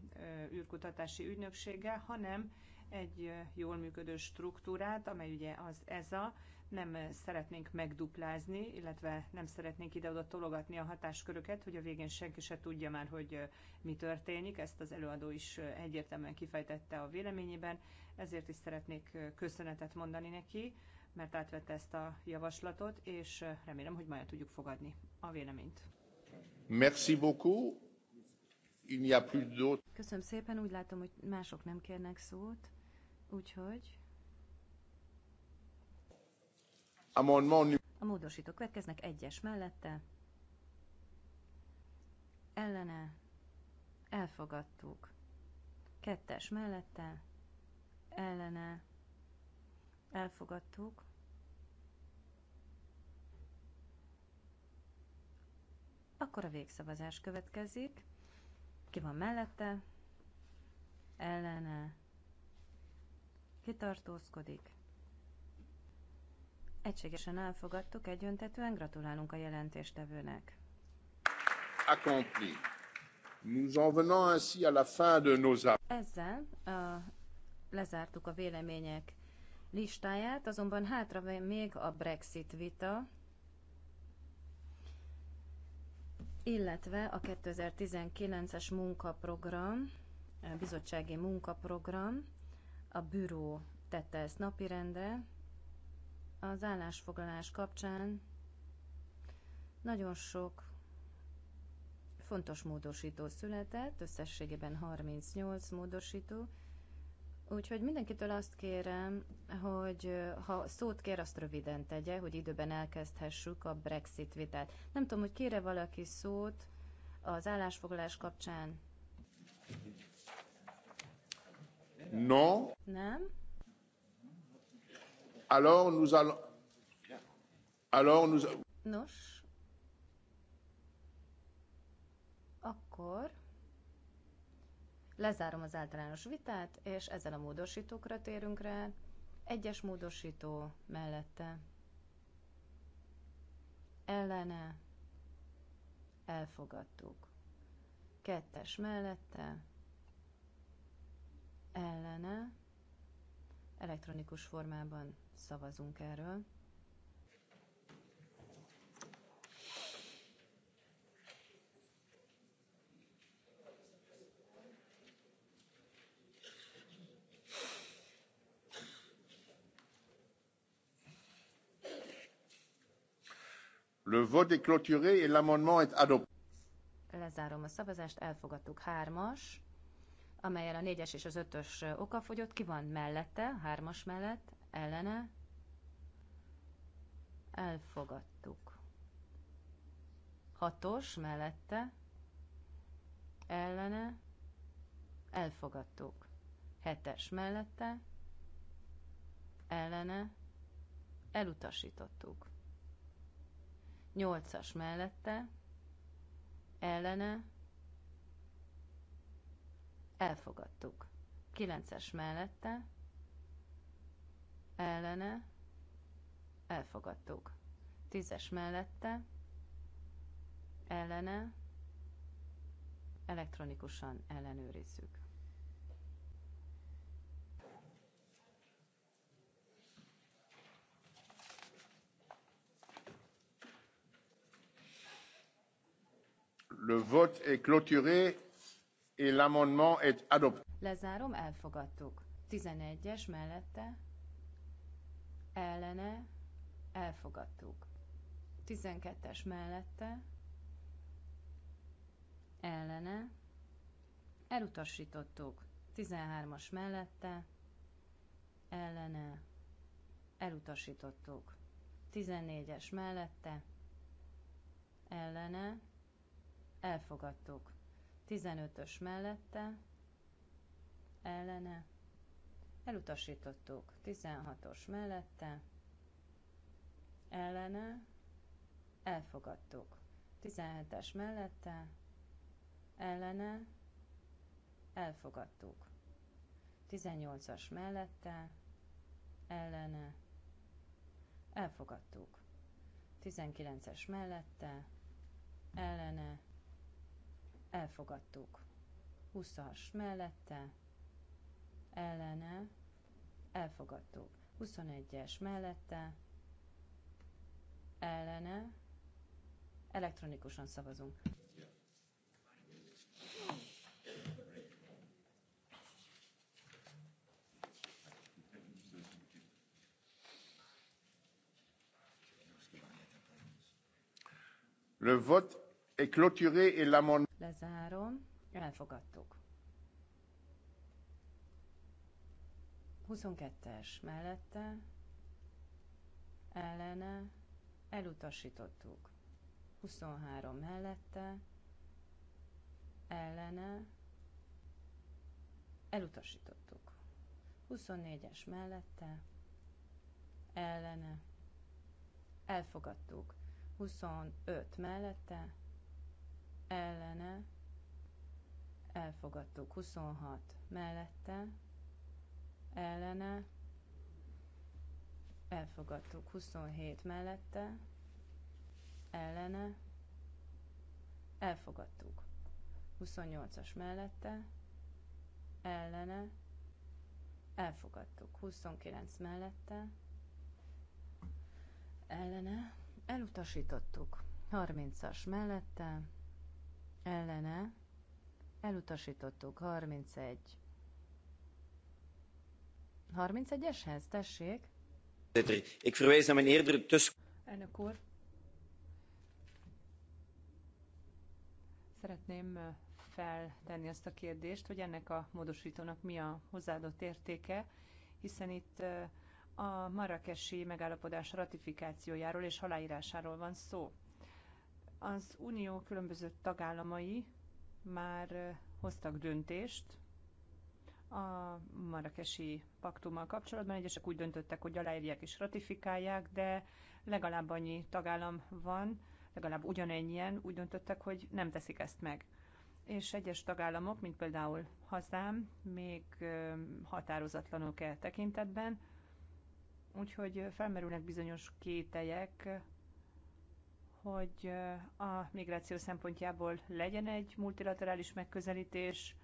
űrkutatási ügynökséggel, hanem egy jól működő struktúrát, amely ugye az e a nem szeretnénk megduplázni, illetve nem szeretnénk ide-oda tologatni a hatásköröket, hogy a végén senki se tudja már, hogy mi történik. Ezt az előadó is egyértelműen kifejtette a véleményében, ezért is szeretnék köszönetet mondani neki, mert átvette ezt a javaslatot, és remélem, hogy majd tudjuk fogadni a véleményt. Köszönöm szépen, úgy látom, hogy mások nem kérnek szót, úgyhogy... A módosítók következnek egyes mellette. Ellene. Elfogadtuk. Kettes mellette. Ellene. Elfogadtuk. Akkor a végszavazás következik. Ki van mellette? Ellene? Kitartózkodik? Egységesen elfogadtuk, egyöntetően gratulálunk a jelentéstevőnek. Accompli. Nous en venons ainsi à la fin de nos Ezzel a, lezártuk a vélemények listáját, azonban hátra még a Brexit vita, illetve a 2019-es munkaprogram, a bizottsági munkaprogram, a büró tette ezt napirendre. Az állásfoglalás kapcsán nagyon sok fontos módosító született, összességében 38 módosító, Úgyhogy mindenkitől azt kérem, hogy ha szót kér, azt röviden tegye, hogy időben elkezdhessük a Brexit vitát. Nem tudom, hogy kére valaki szót az állásfoglalás kapcsán. No. Nem? Alors nous allons... Alors nous... Nos. Akkor Lezárom az általános vitát, és ezzel a módosítókra térünk rá. Egyes módosító mellette. Ellene. Elfogadtuk. Kettes mellette. Ellene. Elektronikus formában szavazunk erről. Le vote est clôturé et l'amendement est adopté. Lezárom a szavazást, elfogadtuk hármas, amelyel a négyes és az ötös fogyott. Ki van mellette, hármas mellett, ellene? Elfogadtuk. Hatos mellette, ellene? Elfogadtuk. Hetes mellette, ellene? Elutasítottuk. Nyolcas mellette, ellene, elfogadtuk. Kilences mellette, ellene, elfogadtuk. Tízes mellette, ellene, elektronikusan ellenőrizzük. Le vote est clôturé et l'amendement est adopté. Lezárom, elfogadtuk. 11-es mellette, ellene, elfogadtuk. 12-es mellette, ellene, elutasítottuk. 13-as mellette, ellene, elutasítottuk. 14-es mellette, ellene, elfogadtuk. 15-ös mellette, ellene, elutasítottuk. 16-os mellette, ellene, elfogadtuk. 17-es mellette, ellene, elfogadtuk. 18-as mellette, ellene, elfogadtuk. 19-es mellette, ellene, elfogadtuk. 20-as mellette, ellene, elfogadtuk. 21-es mellette, ellene, elektronikusan szavazunk. Le vote est clôturé et l'amendement Lezárom. Elfogadtuk. 22-es mellette, ellene, elutasítottuk. 23 mellette, ellene, elutasítottuk. 24-es mellette, ellene, elfogadtuk. 25 mellette, ellene elfogadtuk. 26 mellette ellene elfogadtuk. 27 mellette ellene elfogadtuk. 28-as mellette ellene elfogadtuk. 29 mellette ellene elutasítottuk. 30-as mellette ellene, elutasítottuk, 31. 31-eshez, tessék. Ik verwijs naar mijn eerdere tussen... Elnök úr, szeretném eh, feltenni azt a kérdést, hogy ennek a módosítónak mi a hozzáadott értéke, hiszen itt eh, a marrakesi megállapodás ratifikációjáról és aláírásáról van szó. Az Unió különböző tagállamai már hoztak döntést a marakesi paktummal kapcsolatban. Egyesek úgy döntöttek, hogy aláírják és ratifikálják, de legalább annyi tagállam van, legalább ugyanennyien úgy döntöttek, hogy nem teszik ezt meg. És egyes tagállamok, mint például hazám, még határozatlanok e tekintetben, úgyhogy felmerülnek bizonyos kételyek hogy a migráció szempontjából legyen egy multilaterális megközelítés,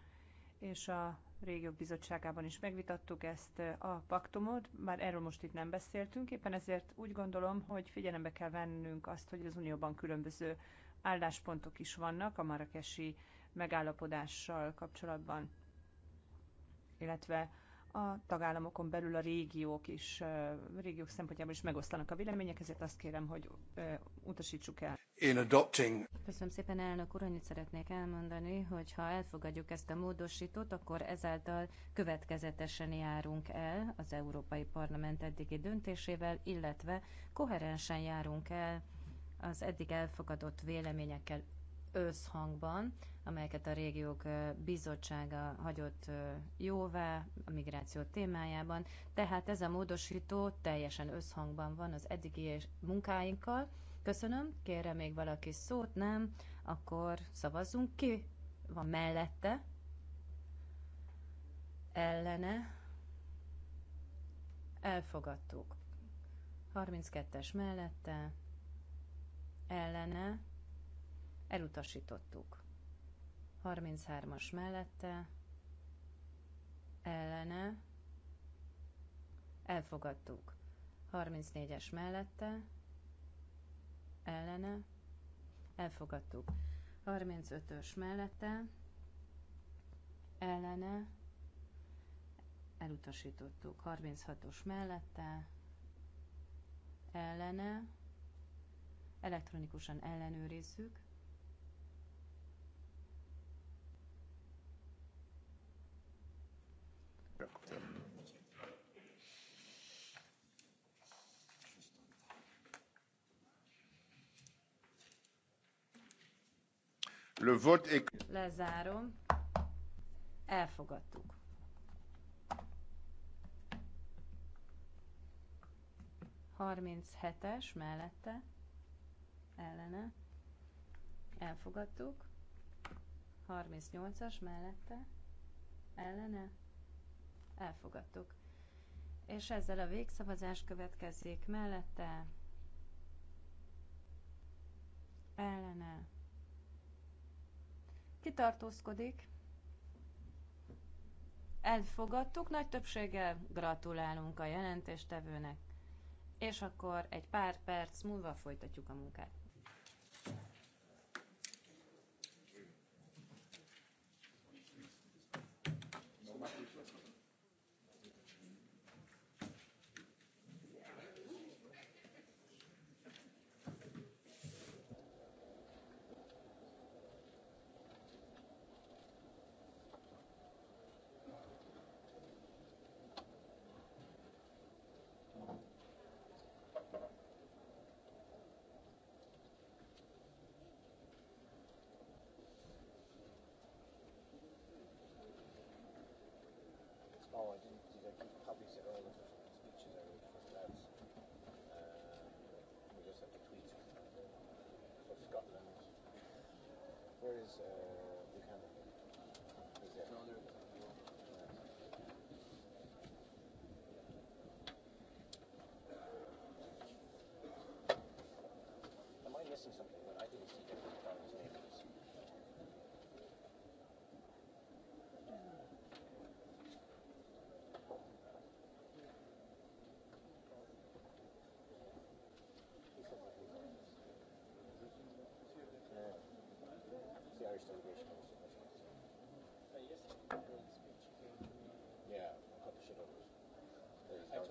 és a régiók bizottságában is megvitattuk ezt a paktumot, már erről most itt nem beszéltünk, éppen ezért úgy gondolom, hogy figyelembe kell vennünk azt, hogy az Unióban különböző álláspontok is vannak a marakesi megállapodással kapcsolatban, illetve a tagállamokon belül a régiók is, a régiók szempontjából is megosztanak a vélemények, ezért azt kérem, hogy utasítsuk el. In adopting. Köszönöm szépen, elnök úr, annyit szeretnék elmondani, hogy ha elfogadjuk ezt a módosítót, akkor ezáltal következetesen járunk el az Európai Parlament eddigi döntésével, illetve koherensen járunk el az eddig elfogadott véleményekkel összhangban, amelyeket a régiók bizottsága hagyott jóvá a migráció témájában. Tehát ez a módosító teljesen összhangban van az eddigi munkáinkkal. Köszönöm, kérre még valaki szót, nem? Akkor szavazzunk ki. Van mellette, ellene, elfogadtuk. 32-es mellette, ellene, elutasítottuk. 33-as mellette, ellene, elfogadtuk. 34-es mellette, ellene, elfogadtuk. 35-ös mellette, ellene, elutasítottuk. 36-os mellette, ellene, elektronikusan ellenőrizzük. Le vote est... Lezárom. Elfogadtuk. Harminc hetes mellette, ellene, elfogadtuk. 38-as mellette, ellene, elfogadtuk. És ezzel a végszavazás következzék mellette, ellene, kitartózkodik. Elfogadtuk, nagy többséggel gratulálunk a jelentéstevőnek, és akkor egy pár perc múlva folytatjuk a munkát.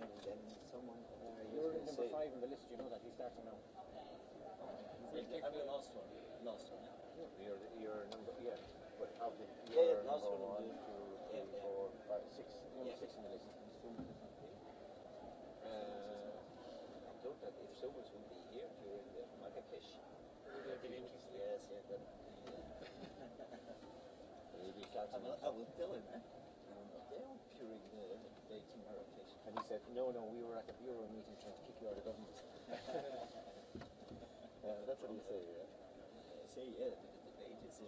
them, and then someone. Uh, You're number say, five on the list. You know that he's starting now. Okay. I'm the last one. Last one. Yeah. You're you're number yeah. But of the you're yeah, last number one, one, two, three, yeah, four, five, six. You're yeah. six in the list. Uh, I thought that if someone would be here during the Marrakesh, it would have been interesting. Yes, yeah, that, yeah. [laughs] Maybe I will, I will tell him. Eh? And he said, no, no, we were at the bureau meeting trying to kick you out of government. [laughs] yeah, that's what he said, yeah. Say, yeah, the debate is in.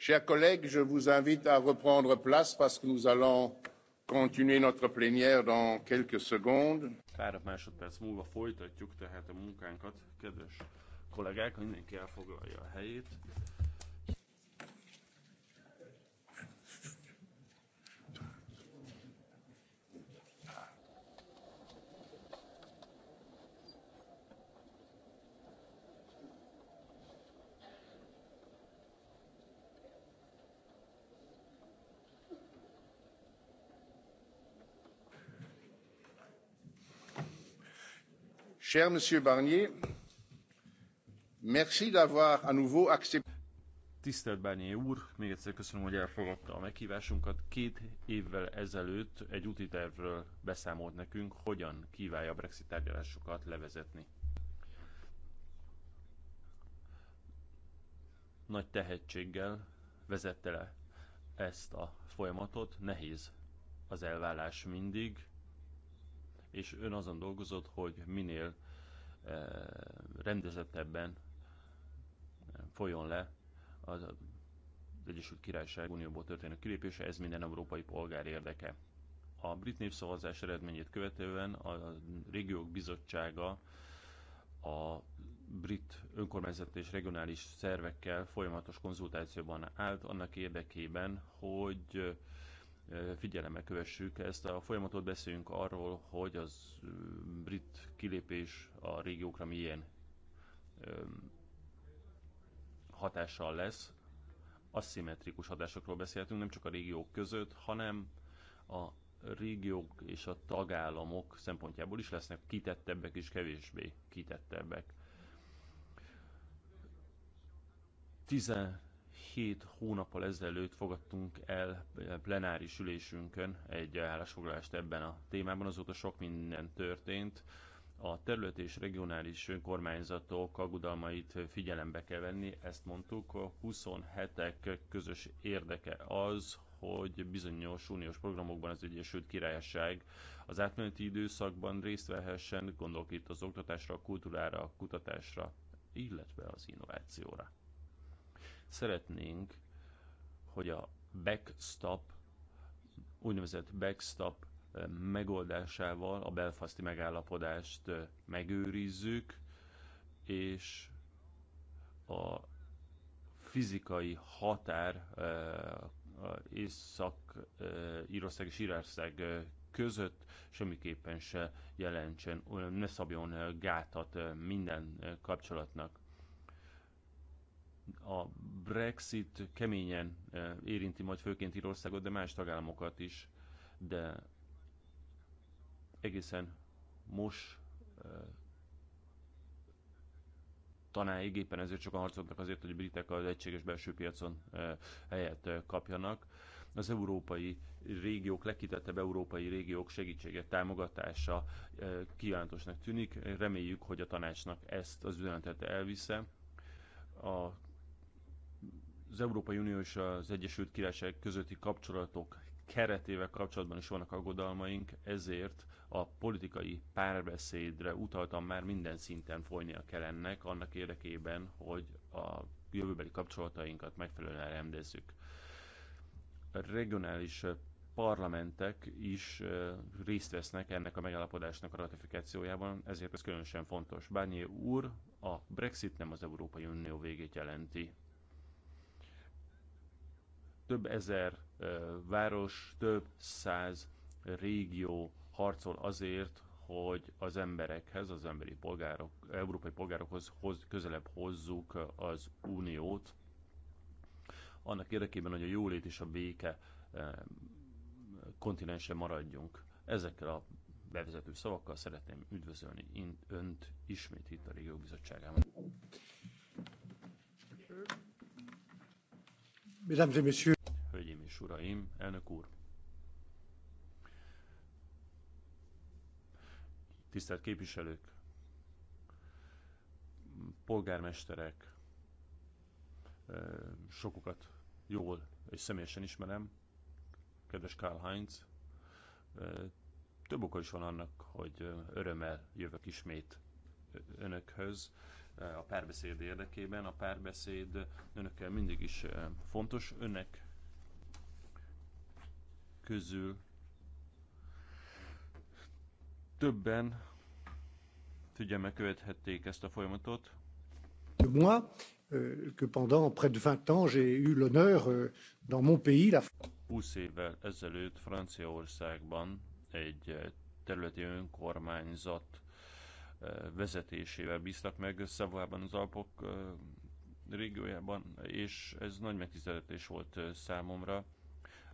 Chers collègues, je vous invite à reprendre place parce que nous allons continuer notre plénière dans quelques secondes. Három másodperc múlva folytatjuk tehát a munkánkat, kedves kollégák, mindenki elfoglalja a helyét. cher monsieur barnier merci d'avoir à nouveau accepté. Tisztelt Bárnyé úr, még egyszer köszönöm, hogy elfogadta a meghívásunkat. Két évvel ezelőtt egy úti tervről beszámolt nekünk, hogyan kívánja a Brexit tárgyalásokat levezetni. Nagy tehetséggel vezette le ezt a folyamatot, nehéz az elvállás mindig, és ön azon dolgozott, hogy minél eh, rendezettebben eh, folyjon le az Egyesült Királyság Unióból történő kilépése, ez minden európai polgár érdeke. A brit népszavazás eredményét követően a régiók bizottsága a brit önkormányzat és regionális szervekkel folyamatos konzultációban állt annak érdekében, hogy eh, figyelemmel kövessük ezt a folyamatot, beszéljünk arról, hogy az brit kilépés a régiókra milyen hatással lesz. Aszimmetrikus hatásokról beszéltünk, nem csak a régiók között, hanem a régiók és a tagállamok szempontjából is lesznek kitettebbek és kevésbé kitettebbek hét hónappal ezelőtt fogadtunk el eh, plenáris ülésünkön egy állásfoglalást ebben a témában, azóta sok minden történt. A terület és regionális önkormányzatok aggodalmait figyelembe kell venni, ezt mondtuk, a 27-ek közös érdeke az, hogy bizonyos uniós programokban az Egyesült Királyság az átmeneti időszakban részt vehessen, gondolok itt az oktatásra, a kultúrára, a kutatásra, illetve az innovációra. Szeretnénk, hogy a backstop, úgynevezett backstop eh, megoldásával a belfaszti megállapodást eh, megőrizzük, és a fizikai határ eh, Észak-Írország és Írország között semmiképpen se jelentsen, ne szabjon gátat minden kapcsolatnak. A Brexit keményen eh, érinti majd főként Írországot, de más tagállamokat is, de egészen most eh, tanáig, éppen ezért sokan harcoltak azért, hogy a britek az egységes belső piacon eh, helyet kapjanak. Az európai régiók, legkitettebb európai régiók segítsége, támogatása kívántosnak tűnik. Reméljük, hogy a tanácsnak ezt az üzenetet elvisze. A az Európai Unió és az Egyesült Királyság közötti kapcsolatok keretével kapcsolatban is vannak aggodalmaink, ezért a politikai párbeszédre utaltam már minden szinten folynia kell ennek, annak érdekében, hogy a jövőbeli kapcsolatainkat megfelelően rendezzük. A regionális parlamentek is részt vesznek ennek a megállapodásnak a ratifikációjában, ezért ez különösen fontos. Bányi úr, a Brexit nem az Európai Unió végét jelenti, több ezer város, több száz régió harcol azért, hogy az emberekhez, az emberi polgárok, európai polgárokhoz hoz, közelebb hozzuk az uniót, annak érdekében, hogy a jólét és a béke kontinensen maradjunk. Ezekkel a bevezető szavakkal szeretném üdvözölni Önt ismét itt a Régiók Bizottságában. Mesdames et Messieurs, Hölgyeim és Uraim, elnök úr! Tisztelt képviselők, polgármesterek, sokukat jól és személyesen ismerem, kedves Karl Heinz. Több oka is van annak, hogy örömmel jövök ismét önökhöz a párbeszéd érdekében. A párbeszéd önökkel mindig is fontos. Önnek közül többen figyelme követhették ezt a folyamatot. Moi, euh, que pendant près de 20 ans, j'ai eu l'honneur euh, dans mon pays, la 20 évvel ezelőtt Franciaországban egy euh, területi önkormányzat vezetésével bíztak meg Szavában az Alpok régiójában, és ez nagy megtiszteltetés volt számomra.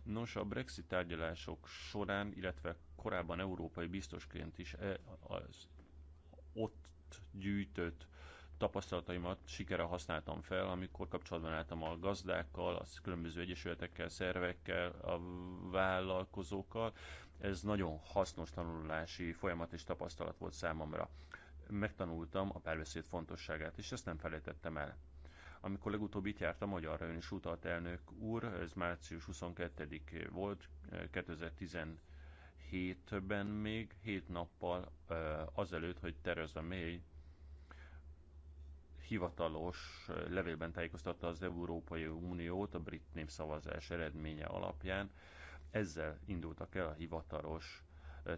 Nos, a Brexit tárgyalások során, illetve korábban európai biztosként is e- az ott gyűjtött tapasztalataimat sikere használtam fel, amikor kapcsolatban álltam a gazdákkal, a különböző egyesületekkel, szervekkel, a vállalkozókkal. Ez nagyon hasznos tanulási folyamat és tapasztalat volt számomra. Megtanultam a párbeszéd fontosságát, és ezt nem felejtettem el. Amikor legutóbb itt járt a magyar ön is utalt elnök úr, ez március 22 volt, 2017-ben eh, még, 7 nappal eh, azelőtt, hogy Tereza May hivatalos eh, levélben tájékoztatta az Európai Uniót a brit népszavazás eredménye alapján. Ezzel indultak el a hivatalos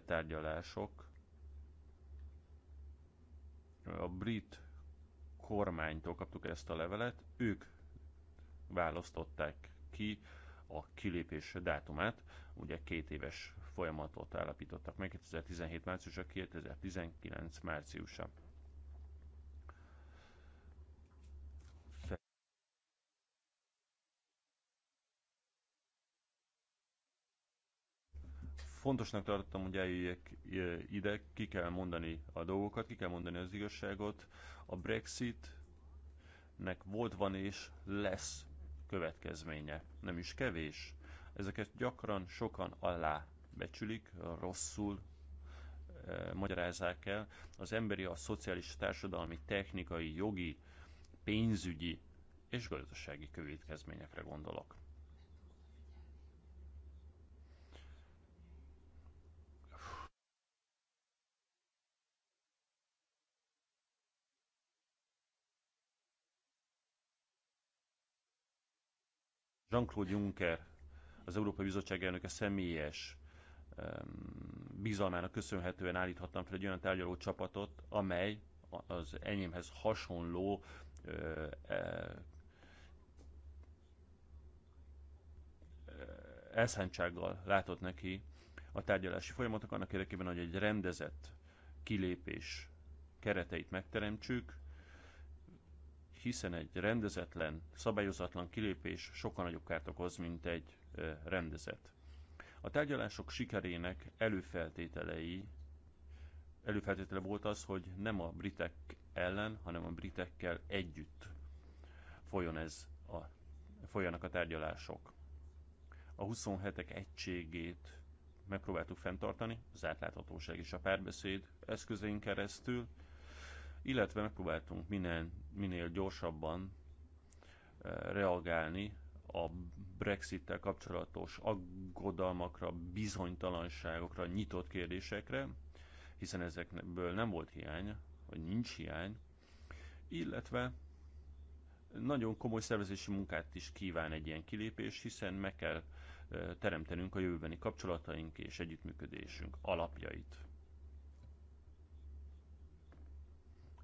tárgyalások. A brit kormánytól kaptuk ezt a levelet, ők választották ki a kilépés dátumát, ugye két éves folyamatot állapítottak meg, 2017 márciusa, 2019 márciusa. Fontosnak tartottam, hogy eljöjjek ide, ki kell mondani a dolgokat, ki kell mondani az igazságot. A Brexitnek volt, van és lesz következménye. Nem is kevés. Ezeket gyakran sokan alá becsülik, rosszul magyarázzák el. Az emberi, a szociális, társadalmi, technikai, jogi, pénzügyi és gazdasági következményekre gondolok. Jean-Claude Juncker, az Európai Bizottság elnöke személyes bizalmának köszönhetően állíthattam fel egy olyan tárgyaló csapatot, amely az enyémhez hasonló e, e, elszántsággal látott neki a tárgyalási folyamatok annak érdekében, hogy egy rendezett kilépés kereteit megteremtsük, hiszen egy rendezetlen, szabályozatlan kilépés sokkal nagyobb kárt okoz, mint egy rendezett. A tárgyalások sikerének előfeltételei előfeltétele volt az, hogy nem a britek ellen, hanem a britekkel együtt folyjon ez a, folyanak a tárgyalások. A 27-ek egységét megpróbáltuk fenntartani, az átláthatóság és a párbeszéd eszközein keresztül, illetve megpróbáltunk minél, minél gyorsabban eh, reagálni a Brexit-tel kapcsolatos aggodalmakra, bizonytalanságokra, nyitott kérdésekre, hiszen ezekből nem volt hiány, vagy nincs hiány, illetve nagyon komoly szervezési munkát is kíván egy ilyen kilépés, hiszen meg kell eh, teremtenünk a jövőbeni kapcsolataink és együttműködésünk alapjait.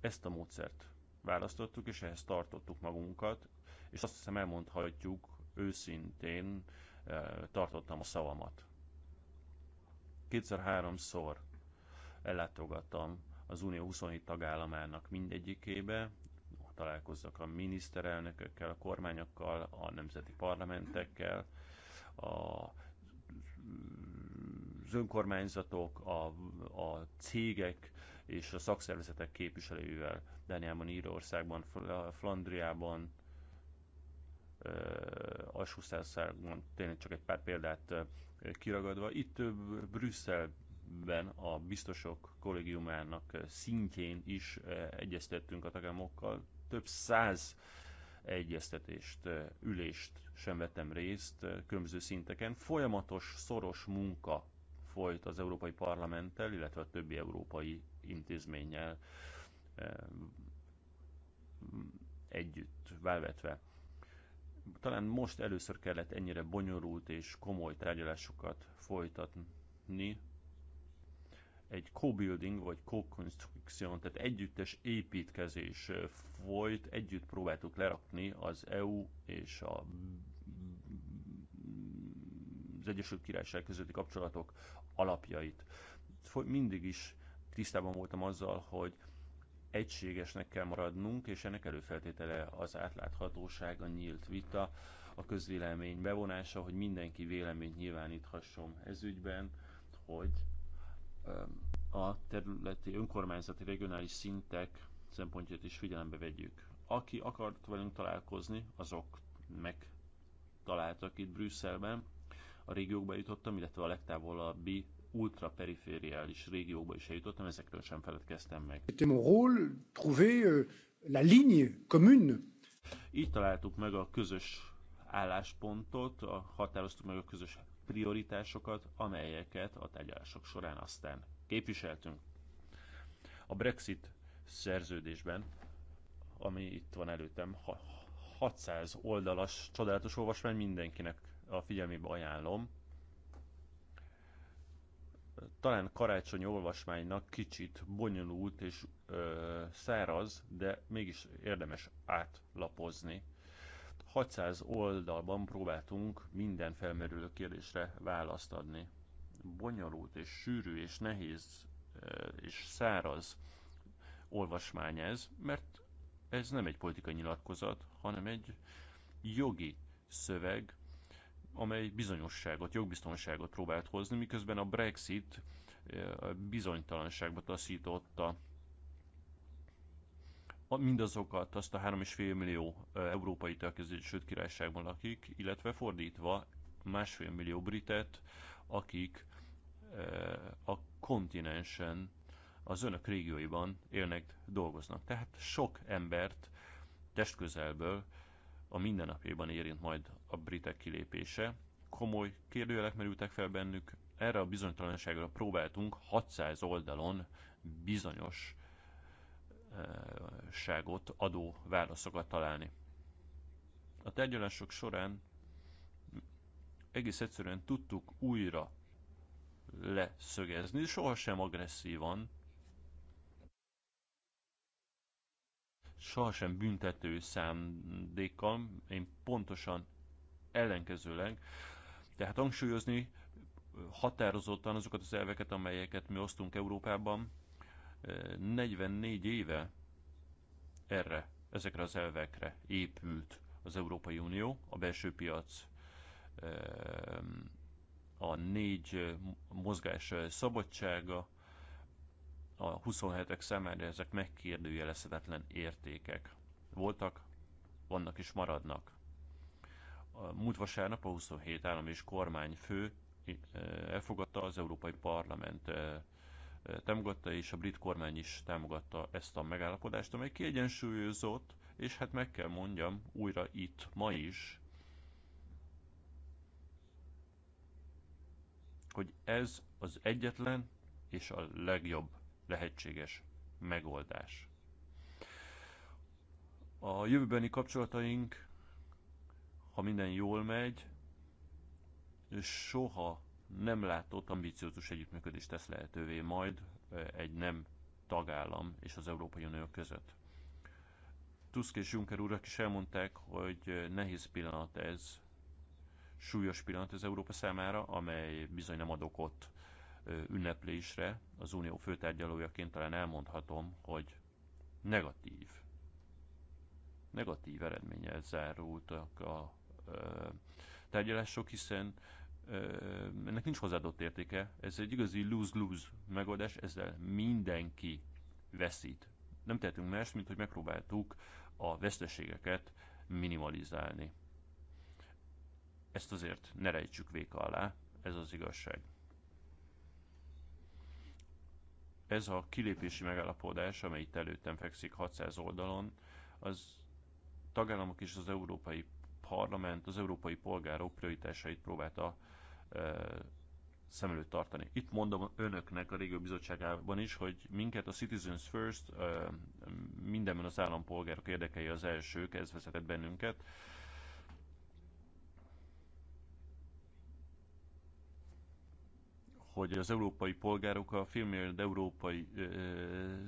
Ezt a módszert választottuk, és ehhez tartottuk magunkat, és azt hiszem elmondhatjuk őszintén, eh, tartottam a szavamat. Kétszer-háromszor ellátogattam az Unió 27 tagállamának mindegyikébe, találkozzak a miniszterelnökökkel, a kormányokkal, a nemzeti parlamentekkel, a az önkormányzatok, a, a cégek és a szakszervezetek képviselőivel Dániában, Írországban, Flandriában, Alsószágban, tényleg csak egy pár példát kiragadva. Itt Brüsszelben a biztosok kollégiumának szintjén is egyeztettünk a tagállamokkal, több száz egyeztetést, ülést sem vettem részt különböző szinteken. Folyamatos, szoros munka folyt az Európai Parlamenttel, illetve a többi európai intézménnyel eh, együtt válvetve. Talán most először kellett ennyire bonyolult és komoly tárgyalásokat folytatni, egy co-building vagy co-construction, tehát együttes építkezés eh, folyt, együtt próbáltuk lerakni az EU és a az Egyesült Királyság közötti kapcsolatok alapjait. Mindig is tisztában voltam azzal, hogy egységesnek kell maradnunk, és ennek előfeltétele az átláthatóság, a nyílt vita, a közvélemény bevonása, hogy mindenki véleményt nyilváníthasson ez ügyben, hogy a területi önkormányzati regionális szintek szempontját is figyelembe vegyük. Aki akart velünk találkozni, azok megtaláltak itt Brüsszelben, a régiókba jutottam, illetve a legtávolabbi ultraperifériális régióba is eljutottam, ezekről sem feledkeztem meg. Euh, Így találtuk meg a közös álláspontot, a, határoztuk meg a közös prioritásokat, amelyeket a tárgyalások során aztán képviseltünk. A Brexit szerződésben, ami itt van előttem, 600 oldalas csodálatos olvasmány mindenkinek a figyelmébe ajánlom, talán karácsonyi olvasmánynak kicsit bonyolult és ö, száraz, de mégis érdemes átlapozni. 600 oldalban próbáltunk minden felmerülő kérdésre választ adni. Bonyolult és sűrű és nehéz ö, és száraz olvasmány ez, mert ez nem egy politikai nyilatkozat, hanem egy jogi szöveg, amely bizonyosságot, jogbiztonságot próbált hozni, miközben a Brexit eh, bizonytalanságba taszította mindazokat, azt a 3,5 millió eh, európai aki sőt királyságban lakik, illetve fordítva másfél millió britet, akik eh, a kontinensen, az önök régióiban élnek, dolgoznak. Tehát sok embert testközelből a mindennapjaiban érint majd a britek kilépése. Komoly kérdőjelek merültek fel bennük, erre a bizonytalanságra próbáltunk 600 oldalon bizonyos eh, ságot adó válaszokat találni. A tárgyalások során egész egyszerűen tudtuk újra leszögezni, sohasem agresszívan, sohasem büntető szándékkal, én pontosan ellenkezőleg, tehát hangsúlyozni határozottan azokat az elveket, amelyeket mi osztunk Európában 44 eh, éve erre, ezekre az elvekre épült az Európai Unió, a belső piac eh, a négy mozgás eh, szabadsága, a 27-ek számára ezek megkérdőjelezhetetlen értékek. Voltak, vannak és maradnak. A múlt vasárnap a 27 állam és kormányfő e, elfogadta az Európai Parlament e, e, támogatta, és a brit kormány is támogatta ezt a megállapodást, amely kiegyensúlyozott, és hát meg kell mondjam, újra itt, ma is, hogy ez az egyetlen és a legjobb lehetséges megoldás. A jövőbeni kapcsolataink, ha minden jól megy, soha nem látott ambiciózus együttműködést tesz lehetővé majd egy nem tagállam és az Európai Unió között. Tusk és Juncker urak is elmondták, hogy nehéz pillanat ez, súlyos pillanat az Európa számára, amely bizony nem ad okot ünneplésre az unió főtárgyalójaként talán elmondhatom, hogy negatív, negatív eredménnyel zárultak a tárgyalások, hiszen ennek nincs hozzáadott értéke, ez egy igazi lose-lose megoldás, ezzel mindenki veszít. Nem tehetünk más, mint hogy megpróbáltuk a veszteségeket minimalizálni. Ezt azért ne rejtsük véka alá, ez az igazság. Ez a kilépési megállapodás, amely itt előttem fekszik 600 oldalon, az tagállamok és az Európai Parlament, az európai polgárok prioritásait próbálta szem előtt tartani. Itt mondom önöknek a régió bizottságában is, hogy minket a Citizens First, mindenben az állampolgárok érdekei az elsők, ez vezetett bennünket. hogy az európai polgárok a filmjelent európai ö, ö,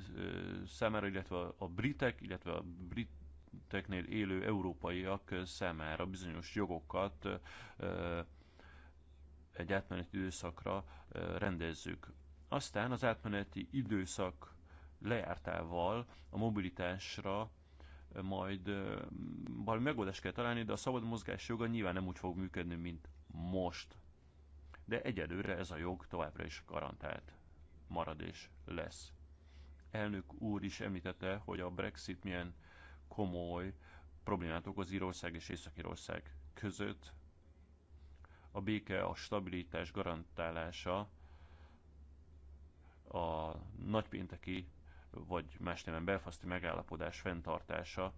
számára, illetve a, a britek, illetve a brit teknél élő európaiak számára bizonyos jogokat ö, egy átmeneti időszakra rendezzük. Aztán az átmeneti időszak lejártával a mobilitásra majd valami megoldást kell találni, de a szabad mozgás joga nyilván nem úgy fog működni, mint most de egyelőre ez a jog továbbra is garantált marad és lesz. Elnök úr is említette, hogy a Brexit milyen komoly problémát okoz Írország és Észak-Írország között. A béke, a stabilitás garantálása a nagypénteki vagy más néven belfaszti megállapodás fenntartása,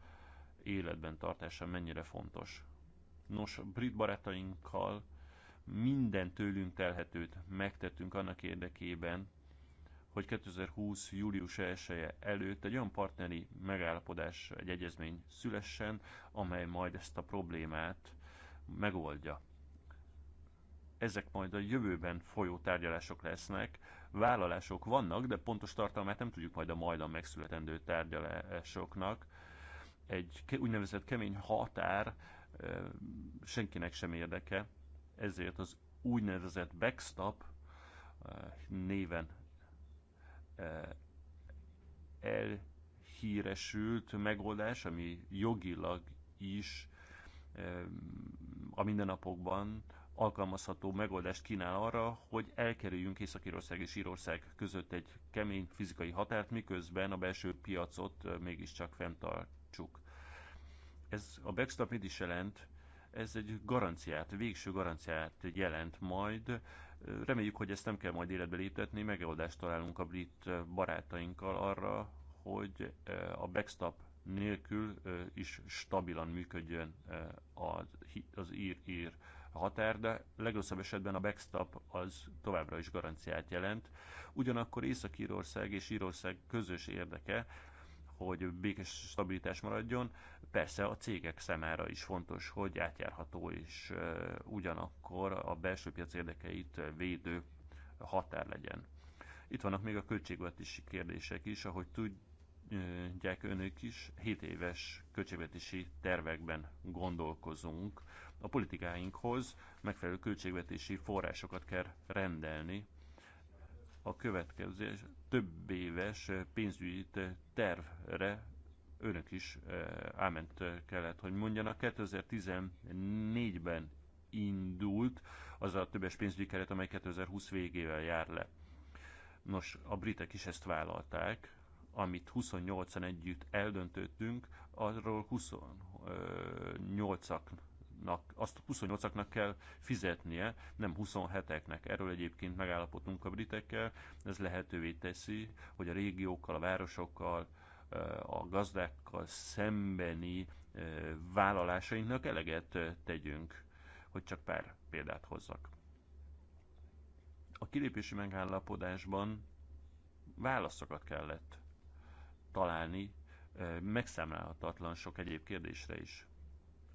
életben tartása mennyire fontos. Nos, brit barátainkkal minden tőlünk telhetőt megtettünk annak érdekében, hogy 2020. július 1 -e előtt egy olyan partneri megállapodás, egy egyezmény szülessen, amely majd ezt a problémát megoldja. Ezek majd a jövőben folyó tárgyalások lesznek, vállalások vannak, de pontos tartalmát nem tudjuk majd a majdan megszületendő tárgyalásoknak. Egy úgynevezett kemény határ senkinek sem érdeke, ezért az úgynevezett backstop eh, néven eh, elhíresült megoldás, ami jogilag is eh, a mindennapokban alkalmazható megoldást kínál arra, hogy elkerüljünk Észak-Írország és Írország között egy kemény fizikai határt, miközben a belső piacot mégiscsak fenntartsuk. Ez a backstop mit is jelent? ez egy garanciát, végső garanciát jelent majd. Reméljük, hogy ezt nem kell majd életbe léptetni, megoldást találunk a brit barátainkkal arra, hogy e, a backstop nélkül e, is stabilan működjön e, az ír-ír határ, de legrosszabb esetben a backstop az továbbra is garanciát jelent. Ugyanakkor Észak-Írország és Írország közös érdeke, hogy békés stabilitás maradjon, Persze a cégek számára is fontos, hogy átjárható és ugyanakkor a belső piac érdekeit védő határ legyen. Itt vannak még a költségvetési kérdések is, ahogy tudják önök is, 7 éves költségvetési tervekben gondolkozunk. A politikáinkhoz megfelelő költségvetési forrásokat kell rendelni. A következő több éves pénzügyi tervre önök is eh, áment eh, kellett, hogy mondjanak. 2014-ben indult az a többes pénzügyi keret, amely 2020 végével jár le. Nos, a britek is ezt vállalták, amit 28-an együtt eldöntöttünk, arról 28-aknak, azt 28-aknak kell fizetnie, nem 27-eknek. Erről egyébként megállapodtunk a britekkel, ez lehetővé teszi, hogy a régiókkal, a városokkal, a gazdákkal szembeni vállalásainknak eleget tegyünk, hogy csak pár példát hozzak. A kilépési megállapodásban válaszokat kellett találni megszámlálhatatlan sok egyéb kérdésre is.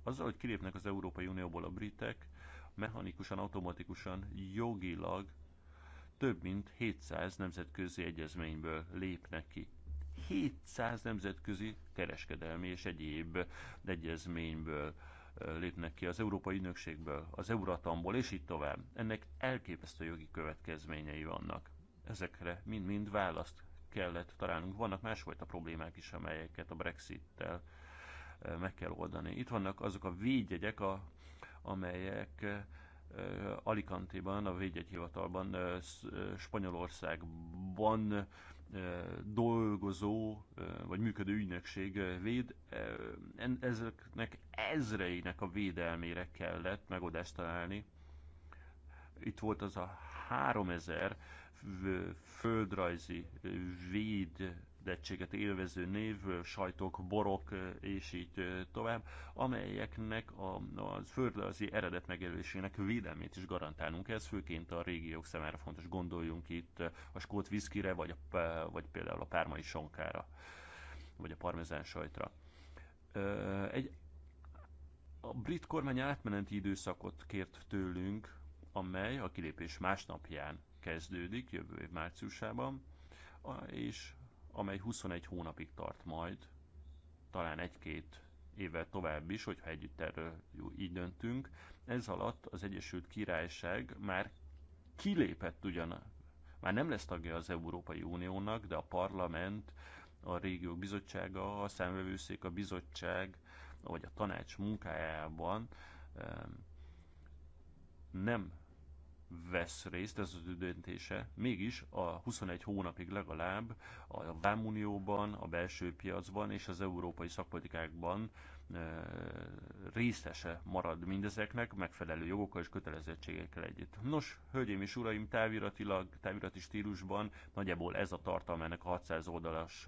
Azzal, hogy kilépnek az Európai Unióból a britek, mechanikusan, automatikusan, jogilag több mint 700 nemzetközi egyezményből lépnek ki. 700 nemzetközi kereskedelmi és egyéb egyezményből lépnek ki az Európai ünökségből, az Euratomból, és így tovább. Ennek elképesztő jogi következményei vannak. Ezekre mind-mind választ kellett találnunk. Vannak másfajta problémák is, amelyeket a Brexit-tel meg kell oldani. Itt vannak azok a védjegyek, a, amelyek Alicantéban, a védjegyhivatalban, Spanyolországban dolgozó vagy működő ügynökség véd, ezeknek ezreinek a védelmére kellett megoldást találni. Itt volt az a 3000 földrajzi véd védettséget élvező név, sajtok, borok és így tovább, amelyeknek a, az földrajzi eredet megjelölésének védelmét is garantálnunk. Ez főként a régiók szemére fontos. Gondoljunk itt a skót viszkire, vagy, a, vagy például a pármai sonkára, vagy a parmezán sajtra. Egy a brit kormány átmeneti időszakot kért tőlünk, amely a kilépés másnapján kezdődik, jövő év márciusában, és amely 21 hónapig tart majd, talán egy-két évvel tovább is, hogyha együtt erről így döntünk. Ez alatt az Egyesült Királyság már kilépett ugyan, már nem lesz tagja az Európai Uniónak, de a parlament, a régiók bizottsága, a számvevőszék, a bizottság, vagy a tanács munkájában nem vesz részt, ez az ő döntése. Mégis a 21 hónapig legalább a Vámunióban, a belső piacban és az európai szakpolitikákban részese marad mindezeknek, megfelelő jogokkal és kötelezettségekkel együtt. Nos, hölgyeim és uraim, táviratilag, távirati stílusban nagyjából ez a tartalma ennek a 600 oldalas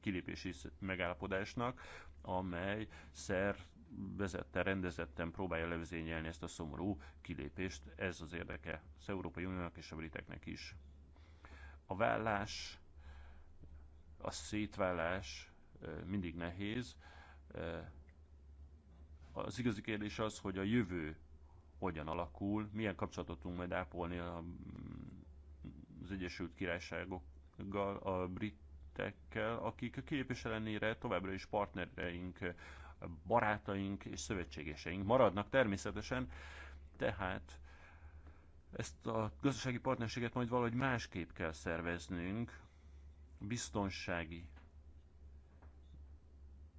kilépési megállapodásnak, amely szert vezetten, rendezetten próbálja levezényelni ezt a szomorú kilépést. Ez az érdeke az Európai Uniónak és a briteknek is. A vállás, a szétvállás mindig nehéz. Az igazi kérdés az, hogy a jövő hogyan alakul, milyen kapcsolatot tudunk majd ápolni az Egyesült Királyságokkal, a britekkel, akik a kilépés ellenére továbbra is partnereink barátaink és szövetségeseink maradnak természetesen, tehát ezt a gazdasági partnerséget majd valahogy másképp kell szerveznünk, biztonsági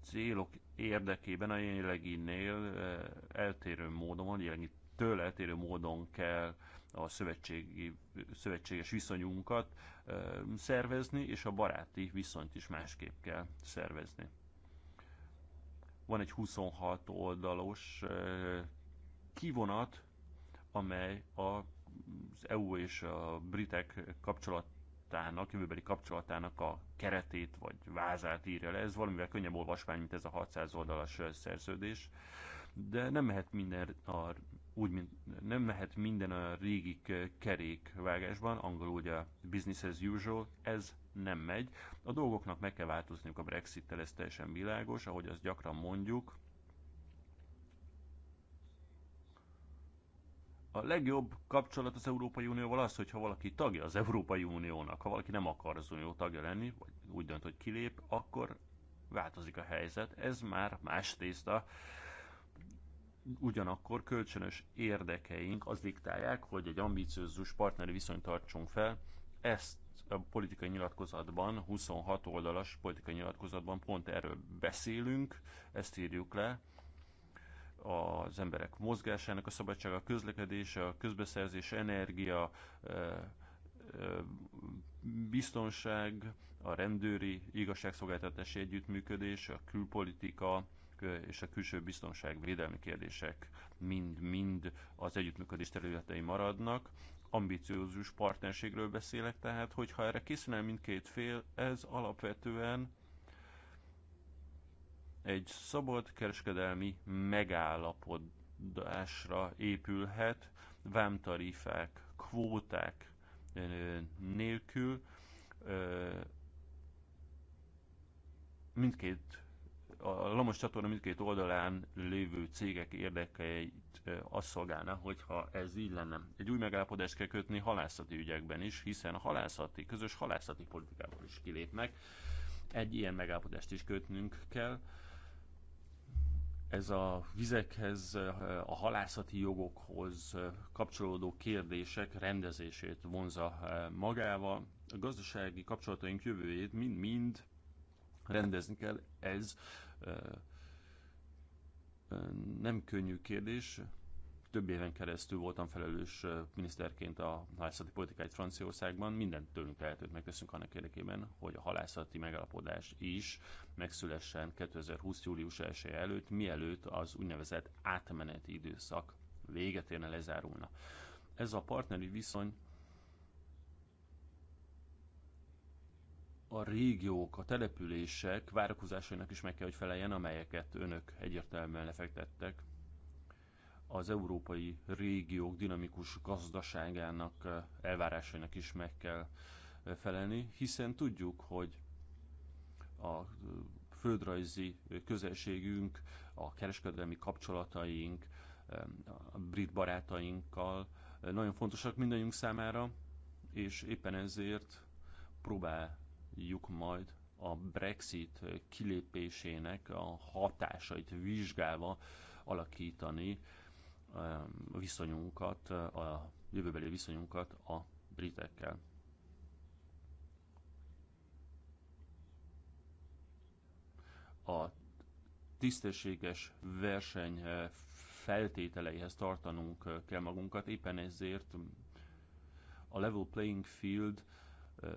célok érdekében a jelenleginél eh, eltérő módon, a jelenlegi től eltérő módon kell a szövetségi, szövetséges viszonyunkat eh, szervezni, és a baráti viszonyt is másképp kell szervezni van egy 26 oldalos kivonat, amely az EU és a britek kapcsolatának, jövőbeli kapcsolatának a keretét vagy vázát írja le. Ez valamivel könnyebb olvasmány, mint ez a 600 oldalas szerződés, de nem mehet minden a úgy, mint nem mehet minden a régi kerékvágásban, angolul ugye business as usual, ez nem megy. A dolgoknak meg kell változniuk a Brexit-tel, ez teljesen világos, ahogy azt gyakran mondjuk. A legjobb kapcsolat az Európai Unióval az, hogyha valaki tagja az Európai Uniónak, ha valaki nem akar az Unió tagja lenni, vagy úgy dönt, hogy kilép, akkor változik a helyzet. Ez már más tészta ugyanakkor kölcsönös érdekeink az diktálják, hogy egy ambiciózus partneri viszonyt tartsunk fel. Ezt a politikai nyilatkozatban, 26 oldalas politikai nyilatkozatban pont erről beszélünk, ezt írjuk le, az emberek mozgásának a szabadsága, a közlekedése, a közbeszerzés, energia, biztonság, a rendőri igazságszolgáltatási együttműködés, a külpolitika, és a külső védelmi kérdések mind-mind az együttműködés területei maradnak. Ambiciózus partnerségről beszélek, tehát hogyha erre készülne mindkét fél, ez alapvetően egy szabad kereskedelmi megállapodásra épülhet, vámtarifák, kvóták nélkül mindkét a Lamos csatorna mindkét oldalán lévő cégek érdekeit azt szolgálna, hogyha ez így lenne. Egy új megállapodást kell kötni halászati ügyekben is, hiszen a halászati, közös halászati politikából is kilépnek. Egy ilyen megállapodást is kötnünk kell. Ez a vizekhez, a halászati jogokhoz kapcsolódó kérdések rendezését vonza magával. A gazdasági kapcsolataink jövőjét mind-mind rendezni kell. Ez nem könnyű kérdés. Több éven keresztül voltam felelős miniszterként a halászati politikáit Franciaországban. Mindent tőlünk tehetőt megteszünk annak érdekében, hogy a halászati megalapodás is megszülessen 2020. július 1 előtt, mielőtt az úgynevezett átmeneti időszak véget érne, lezárulna. Ez a partneri viszony a régiók, a települések várakozásainak is meg kell, hogy feleljen, amelyeket önök egyértelműen lefektettek az európai régiók dinamikus gazdaságának eh, elvárásainak is meg kell eh, felelni, hiszen tudjuk, hogy a eh, földrajzi közelségünk, a kereskedelmi kapcsolataink, a brit barátainkkal nagyon fontosak mindannyiunk számára, és éppen ezért próbál megpróbáljuk majd a Brexit kilépésének a hatásait vizsgálva alakítani a um, viszonyunkat, a jövőbeli viszonyunkat a britekkel. A tisztességes verseny eh, feltételeihez tartanunk eh, kell magunkat, éppen ezért a level playing field eh,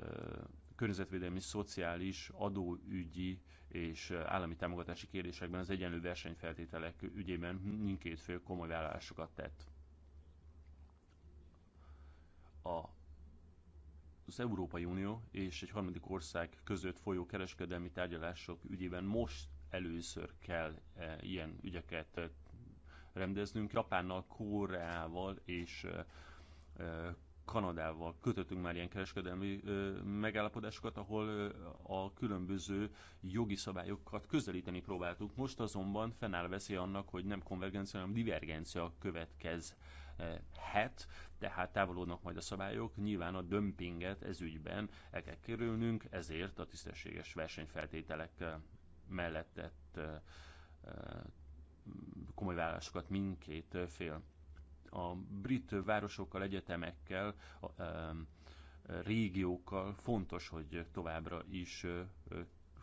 környezetvédelmi, szociális, adóügyi és állami támogatási kérdésekben az egyenlő versenyfeltételek ügyében mindkét fél komoly vállalásokat tett. A az Európai Unió és egy harmadik ország között folyó kereskedelmi tárgyalások ügyében most először kell e, ilyen ügyeket e, rendeznünk. Japánnal, Koreával és e, e Kanadával kötöttünk már ilyen kereskedelmi megállapodásokat, ahol a különböző jogi szabályokat közelíteni próbáltuk. Most azonban fennáll veszély annak, hogy nem konvergencia, hanem divergencia következhet, tehát távolodnak majd a szabályok. Nyilván a dömpinget ezügyben el kell kerülnünk, ezért a tisztességes versenyfeltételek mellett tett komoly vállásokat mindkét fél a brit városokkal, egyetemekkel, a, a, régiókkal fontos, hogy továbbra is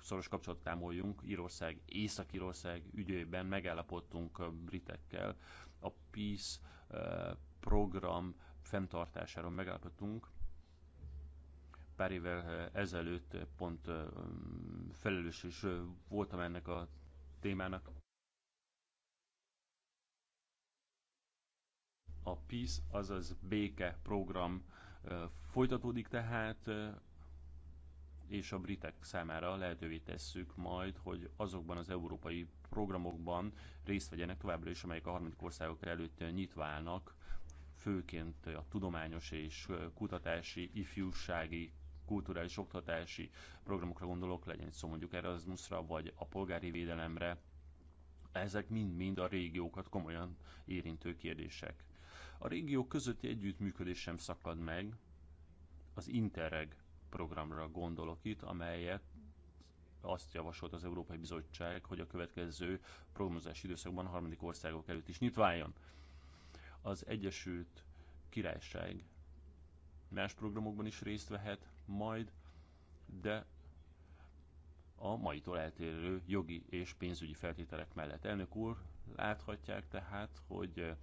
szoros kapcsolatot támoljunk Írország, Észak-Írország ügyében megállapodtunk a britekkel. A Peace program fenntartásáról megállapodtunk. Pár évvel ezelőtt pont felelős is voltam ennek a témának. A Peace, azaz béke program folytatódik tehát, és a britek számára lehetővé tesszük majd, hogy azokban az európai programokban részt vegyenek továbbra is, amelyek a harmadik országok előtt nyitva állnak, főként a tudományos és kutatási, ifjúsági, kulturális oktatási programokra gondolok, legyen szó mondjuk Erasmusra, vagy a polgári védelemre. Ezek mind-mind a régiókat komolyan érintő kérdések. A régiók közötti együttműködés sem szakad meg, az Interreg programra gondolok itt, amelyet azt javasolt az Európai Bizottság, hogy a következő programozási időszakban a harmadik országok előtt is nyitváljon. Az Egyesült Királyság más programokban is részt vehet majd, de a maitól eltérő jogi és pénzügyi feltételek mellett. Elnök úr, láthatják tehát, hogy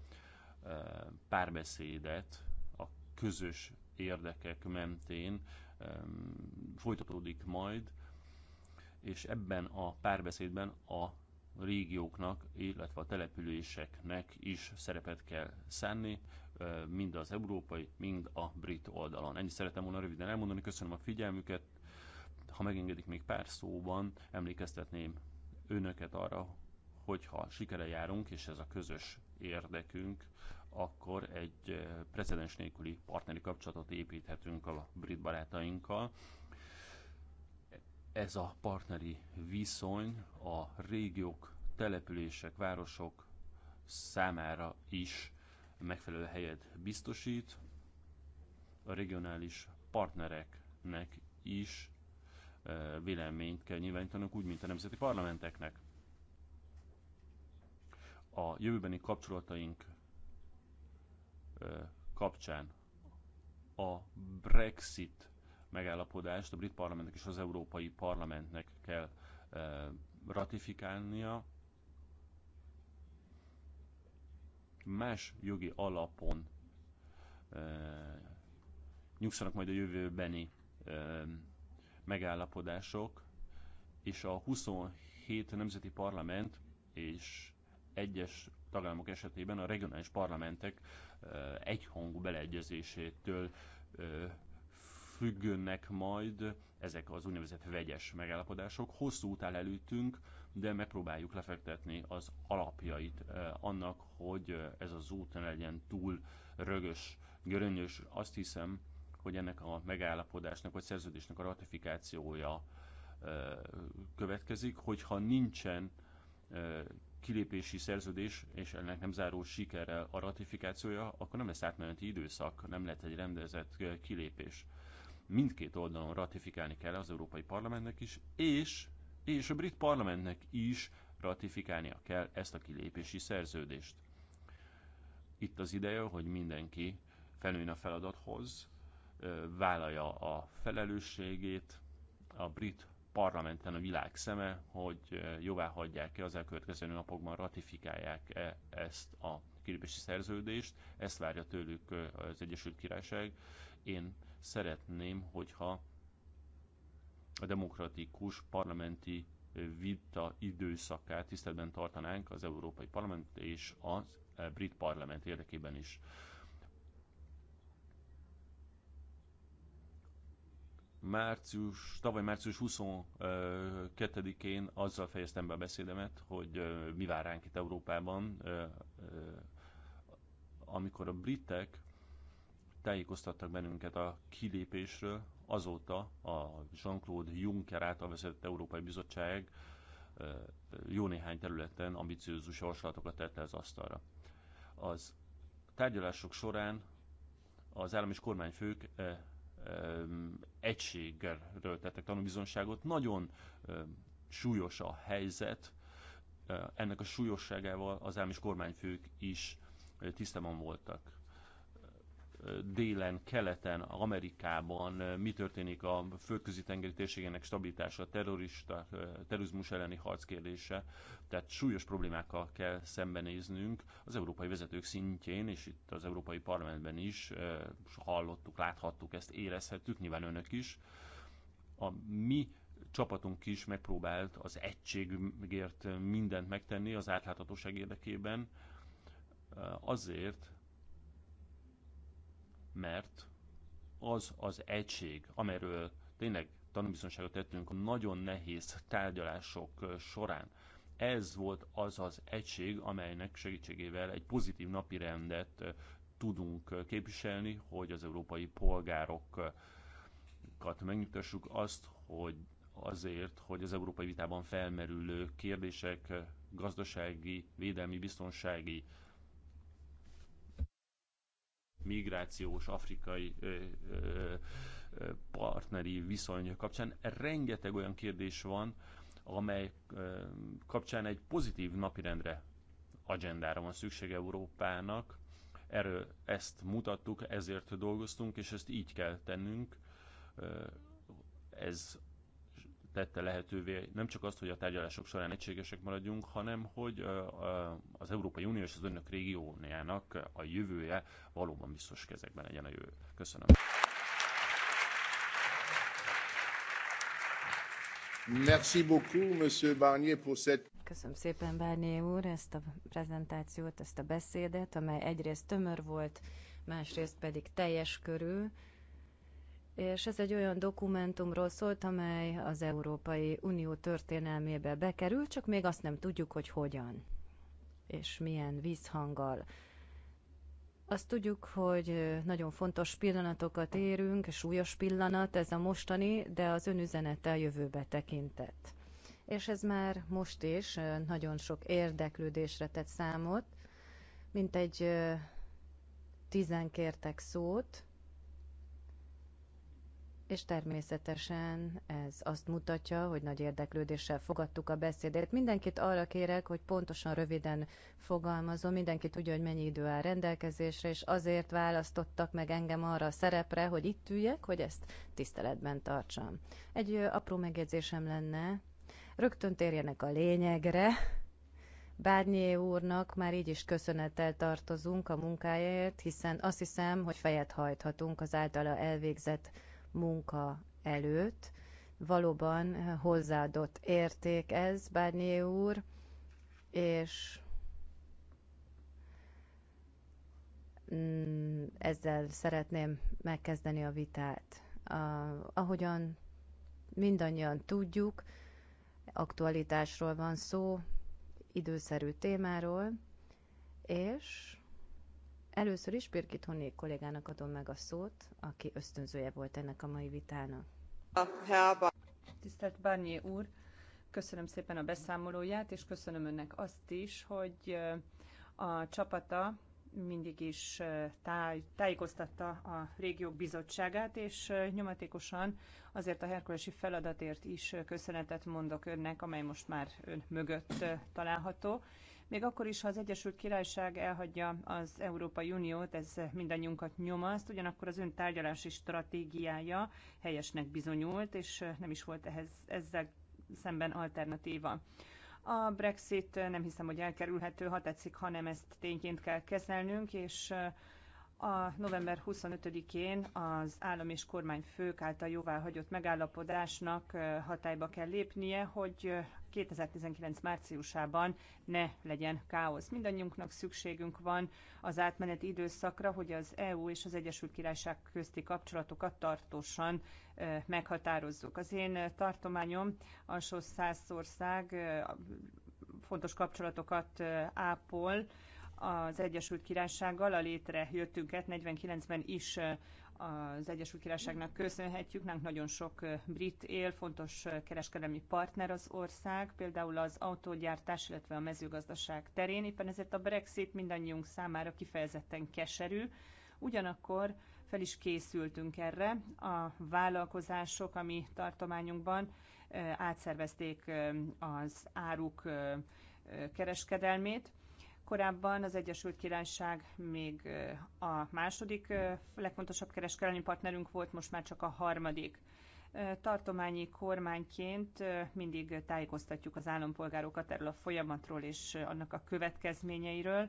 párbeszédet a közös érdekek mentén folytatódik majd, és ebben a párbeszédben a régióknak, illetve a településeknek is szerepet kell szánni, mind az európai, mind a brit oldalon. Ennyit szeretem volna röviden elmondani, köszönöm a figyelmüket. Ha megengedik még pár szóban, emlékeztetném önöket arra, hogyha sikere járunk, és ez a közös érdekünk, akkor egy eh, precedens nélküli partneri kapcsolatot építhetünk a brit barátainkkal. Ez a partneri viszony a régiók, települések, városok számára is megfelelő helyet biztosít. A regionális partnereknek is eh, véleményt kell nyilvánítanunk, úgy, mint a nemzeti parlamenteknek a jövőbeni kapcsolataink kapcsán a Brexit megállapodást a brit parlamentnek és az európai parlamentnek kell ratifikálnia. Más jogi alapon nyugszanak majd a jövőbeni megállapodások, és a 27 nemzeti parlament és egyes tagállamok esetében a regionális parlamentek egyhangú beleegyezésétől függönnek majd ezek az úgynevezett vegyes megállapodások. Hosszú után előttünk, de megpróbáljuk lefektetni az alapjait annak, hogy ez az út ne legyen túl rögös, görönyös. Azt hiszem, hogy ennek a megállapodásnak vagy szerződésnek a ratifikációja következik, hogyha nincsen kilépési szerződés, és ennek nem záró sikerrel a ratifikációja, akkor nem lesz átmeneti időszak, nem lehet egy rendezett kilépés. Mindkét oldalon ratifikálni kell az Európai Parlamentnek is, és, és a brit parlamentnek is ratifikálnia kell ezt a kilépési szerződést. Itt az ideje, hogy mindenki felnőjön a feladathoz, vállalja a felelősségét, a brit parlamenten a világ szeme, hogy jóvá hagyják-e az elkövetkező napokban, ratifikálják-e ezt a kilépési szerződést. Ezt várja tőlük az Egyesült Királyság. Én szeretném, hogyha a demokratikus parlamenti vita időszakát tiszteletben tartanánk az Európai Parlament és a brit parlament érdekében is. március, tavaly március 22-én azzal fejeztem be a beszédemet, hogy mi vár ránk itt Európában, amikor a britek tájékoztattak bennünket a kilépésről, azóta a Jean-Claude Juncker által vezetett Európai Bizottság jó néhány területen ambiciózus javaslatokat tette az asztalra. Az tárgyalások során az állam és kormányfők egységről tettek tanúbizonságot. Nagyon súlyos a helyzet, ennek a súlyosságával az állam és kormányfők is tisztában voltak délen, keleten, Amerikában mi történik a földközi tengeri térségének stabilitása, terrorista, terrorizmus elleni harc kérdése, tehát súlyos problémákkal kell szembenéznünk az európai vezetők szintjén, és itt az Európai Parlamentben is hallottuk, láthattuk ezt, érezhettük, nyilván önök is. A mi csapatunk is megpróbált az egységért mindent megtenni az átláthatóság érdekében, azért, mert az az egység, amelyről tényleg tanúbizonságot tettünk a nagyon nehéz tárgyalások során, ez volt az az egység, amelynek segítségével egy pozitív napirendet tudunk képviselni, hogy az európai polgárokat megnyugtassuk azt, hogy azért, hogy az európai vitában felmerülő kérdések, gazdasági, védelmi, biztonsági migrációs afrikai ö, ö, partneri viszony kapcsán. Rengeteg olyan kérdés van, amely ö, kapcsán egy pozitív napirendre, agendára van szükség Európának. Erről ezt mutattuk, ezért dolgoztunk, és ezt így kell tennünk. Ez tette lehetővé nem csak azt, hogy a tárgyalások során egységesek maradjunk, hanem hogy az Európai Unió és az önök régiónjának a jövője valóban biztos kezekben legyen a jövő. Köszönöm. Merci beaucoup, Monsieur Barnier, pour cette... Köszönöm szépen, Barnier úr, ezt a prezentációt, ezt a beszédet, amely egyrészt tömör volt, másrészt pedig teljes körül és ez egy olyan dokumentumról szólt, amely az Európai Unió történelmébe bekerül, csak még azt nem tudjuk, hogy hogyan és milyen vízhanggal. Azt tudjuk, hogy nagyon fontos pillanatokat érünk, súlyos pillanat ez a mostani, de az önüzenete a jövőbe tekintett. És ez már most is nagyon sok érdeklődésre tett számot, mint egy tizen kértek szót, és természetesen ez azt mutatja, hogy nagy érdeklődéssel fogadtuk a beszédét. Mindenkit arra kérek, hogy pontosan, röviden fogalmazom, mindenki tudja, hogy mennyi idő áll rendelkezésre, és azért választottak meg engem arra a szerepre, hogy itt üljek, hogy ezt tiszteletben tartsam. Egy apró megjegyzésem lenne, rögtön térjenek a lényegre, Bárnyé úrnak már így is köszönettel tartozunk a munkájáért, hiszen azt hiszem, hogy fejet hajthatunk az általa elvégzett munka előtt. Valóban hozzáadott érték ez, Bárnyé úr, és mm, ezzel szeretném megkezdeni a vitát. ahogyan mindannyian tudjuk, aktualitásról van szó, időszerű témáról, és Először is Birgit Honné kollégának adom meg a szót, aki ösztönzője volt ennek a mai vitának. Tisztelt Barnyé úr, köszönöm szépen a beszámolóját, és köszönöm önnek azt is, hogy a csapata mindig is táj, tájékoztatta a régiók bizottságát, és nyomatékosan azért a herkulesi feladatért is köszönetet mondok önnek, amely most már ön mögött található, még akkor is, ha az Egyesült Királyság elhagyja az Európai Uniót, ez mindannyiunkat nyomaszt, ugyanakkor az ön tárgyalási stratégiája helyesnek bizonyult, és nem is volt ehhez, ezzel szemben alternatíva. A Brexit nem hiszem, hogy elkerülhető, ha tetszik, hanem ezt tényként kell kezelnünk, és a november 25-én az állam és kormány fők által jóváhagyott megállapodásnak hatályba kell lépnie, hogy 2019 márciusában ne legyen káosz. Mindannyiunknak szükségünk van az átmeneti időszakra, hogy az EU és az Egyesült Királyság közti kapcsolatokat tartósan meghatározzuk. Az én tartományom alsó százország fontos kapcsolatokat ápol, az Egyesült Királysággal, a létrejöttünket 49-ben is az Egyesült Királyságnak köszönhetjük. Nánk nagyon sok brit él, fontos kereskedelmi partner az ország, például az autógyártás, illetve a mezőgazdaság terén. Éppen ezért a Brexit mindannyiunk számára kifejezetten keserű. Ugyanakkor fel is készültünk erre. A vállalkozások, ami tartományunkban átszervezték az áruk kereskedelmét, Korábban az Egyesült Királyság még a második legfontosabb kereskedelmi partnerünk volt, most már csak a harmadik. Tartományi kormányként mindig tájékoztatjuk az állampolgárokat erről a folyamatról és annak a következményeiről,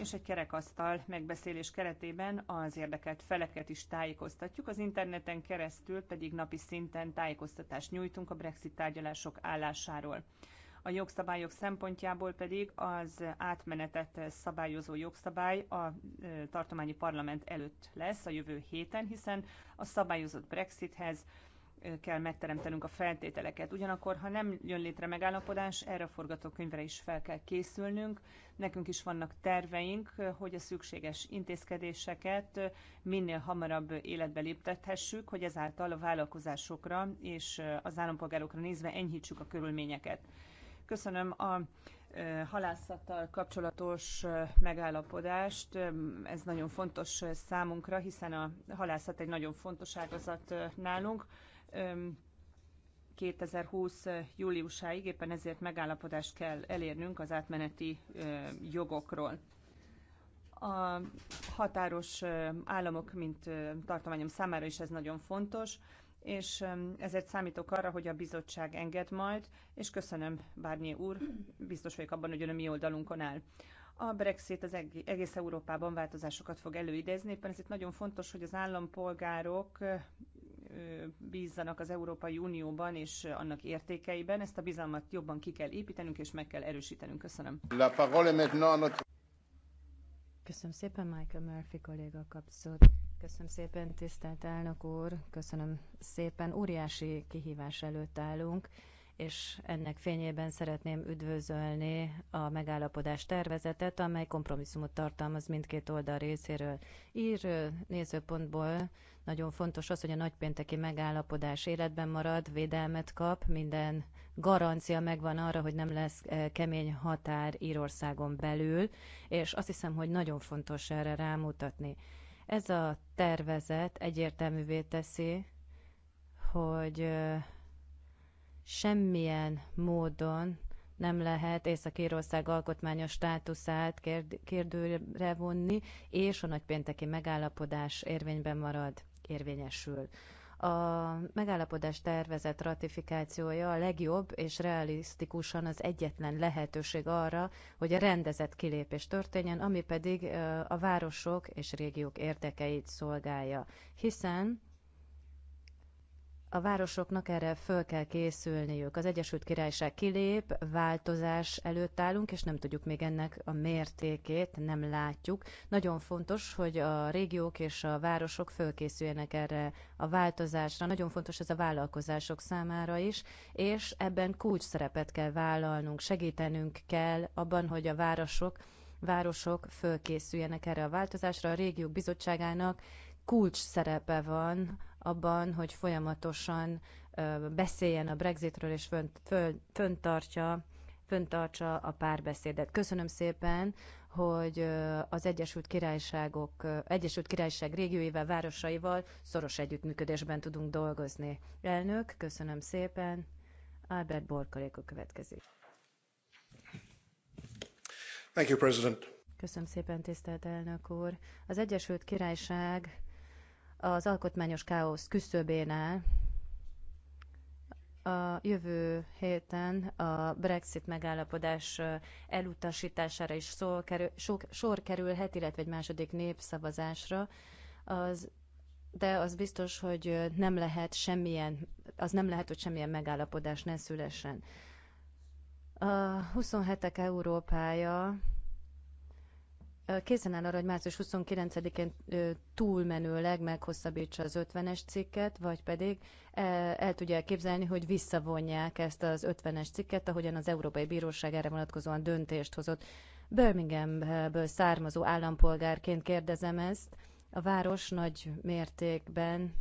és egy kerekasztal megbeszélés keretében az érdekelt feleket is tájékoztatjuk, az interneten keresztül pedig napi szinten tájékoztatást nyújtunk a Brexit tárgyalások állásáról a jogszabályok szempontjából pedig az átmenetet szabályozó jogszabály a tartományi parlament előtt lesz a jövő héten, hiszen a szabályozott Brexithez kell megteremtenünk a feltételeket. Ugyanakkor, ha nem jön létre megállapodás, erre a forgatókönyvre is fel kell készülnünk. Nekünk is vannak terveink, hogy a szükséges intézkedéseket minél hamarabb életbe léptethessük, hogy ezáltal a vállalkozásokra és az állampolgárokra nézve enyhítsük a körülményeket. Köszönöm a halászattal kapcsolatos megállapodást. Ez nagyon fontos számunkra, hiszen a halászat egy nagyon fontos ágazat nálunk. 2020. júliusáig éppen ezért megállapodást kell elérnünk az átmeneti jogokról. A határos államok, mint tartományom számára is ez nagyon fontos és ezért számítok arra, hogy a bizottság enged majd, és köszönöm, Bárnyé úr, biztos vagyok abban, hogy ön a mi oldalunkon áll. A Brexit az egész Európában változásokat fog előidézni, éppen ezért nagyon fontos, hogy az állampolgárok bízzanak az Európai Unióban és annak értékeiben. Ezt a bizalmat jobban ki kell építenünk és meg kell erősítenünk. Köszönöm. La parole maintenant notre... Köszönöm szépen, Michael Murphy kolléga kapszott. Köszönöm szépen, tisztelt elnök úr, köszönöm szépen. Óriási kihívás előtt állunk, és ennek fényében szeretném üdvözölni a megállapodás tervezetet, amely kompromisszumot tartalmaz mindkét oldal részéről. Ír nézőpontból nagyon fontos az, hogy a nagypénteki megállapodás életben marad, védelmet kap, minden garancia megvan arra, hogy nem lesz kemény határ Írországon belül, és azt hiszem, hogy nagyon fontos erre rámutatni. Ez a tervezet egyértelművé teszi, hogy semmilyen módon nem lehet Észak-Írország alkotmányos státuszát kérd, kérdőre vonni, és a nagypénteki megállapodás érvényben marad, érvényesül. A megállapodás tervezett ratifikációja a legjobb és realisztikusan az egyetlen lehetőség arra, hogy a rendezett kilépés történjen, ami pedig a városok és régiók érdekeit szolgálja. Hiszen a városoknak erre föl kell készülniük. Az Egyesült Királyság kilép, változás előtt állunk, és nem tudjuk még ennek a mértékét, nem látjuk. Nagyon fontos, hogy a régiók és a városok fölkészüljenek erre a változásra. Nagyon fontos ez a vállalkozások számára is, és ebben kulcs szerepet kell vállalnunk, segítenünk kell abban, hogy a városok városok fölkészüljenek erre a változásra. A régiók bizottságának kulcs szerepe van abban, hogy folyamatosan beszéljen a Brexitről, és föntartja föntartsa a párbeszédet. Köszönöm szépen, hogy az Egyesült Királyságok, Egyesült Királyság régióival, városaival szoros együttműködésben tudunk dolgozni. Elnök, köszönöm szépen. Albert Borkaléko következik. Thank you, President. Köszönöm szépen, tisztelt elnök úr. Az Egyesült Királyság az alkotmányos káosz küszöbén áll. A jövő héten a Brexit megállapodás elutasítására is szor, kerül, sok, sor kerülhet, illetve egy második népszavazásra. Az de az biztos, hogy nem lehet semmilyen, az nem lehet, hogy semmilyen megállapodás ne szülessen. A 27 Európája készen áll arra, hogy március 29-én túlmenőleg meghosszabbítsa az 50-es cikket, vagy pedig el tudja elképzelni, hogy visszavonják ezt az 50-es cikket, ahogyan az Európai Bíróság erre vonatkozóan döntést hozott. Birminghamből származó állampolgárként kérdezem ezt. A város nagy mértékben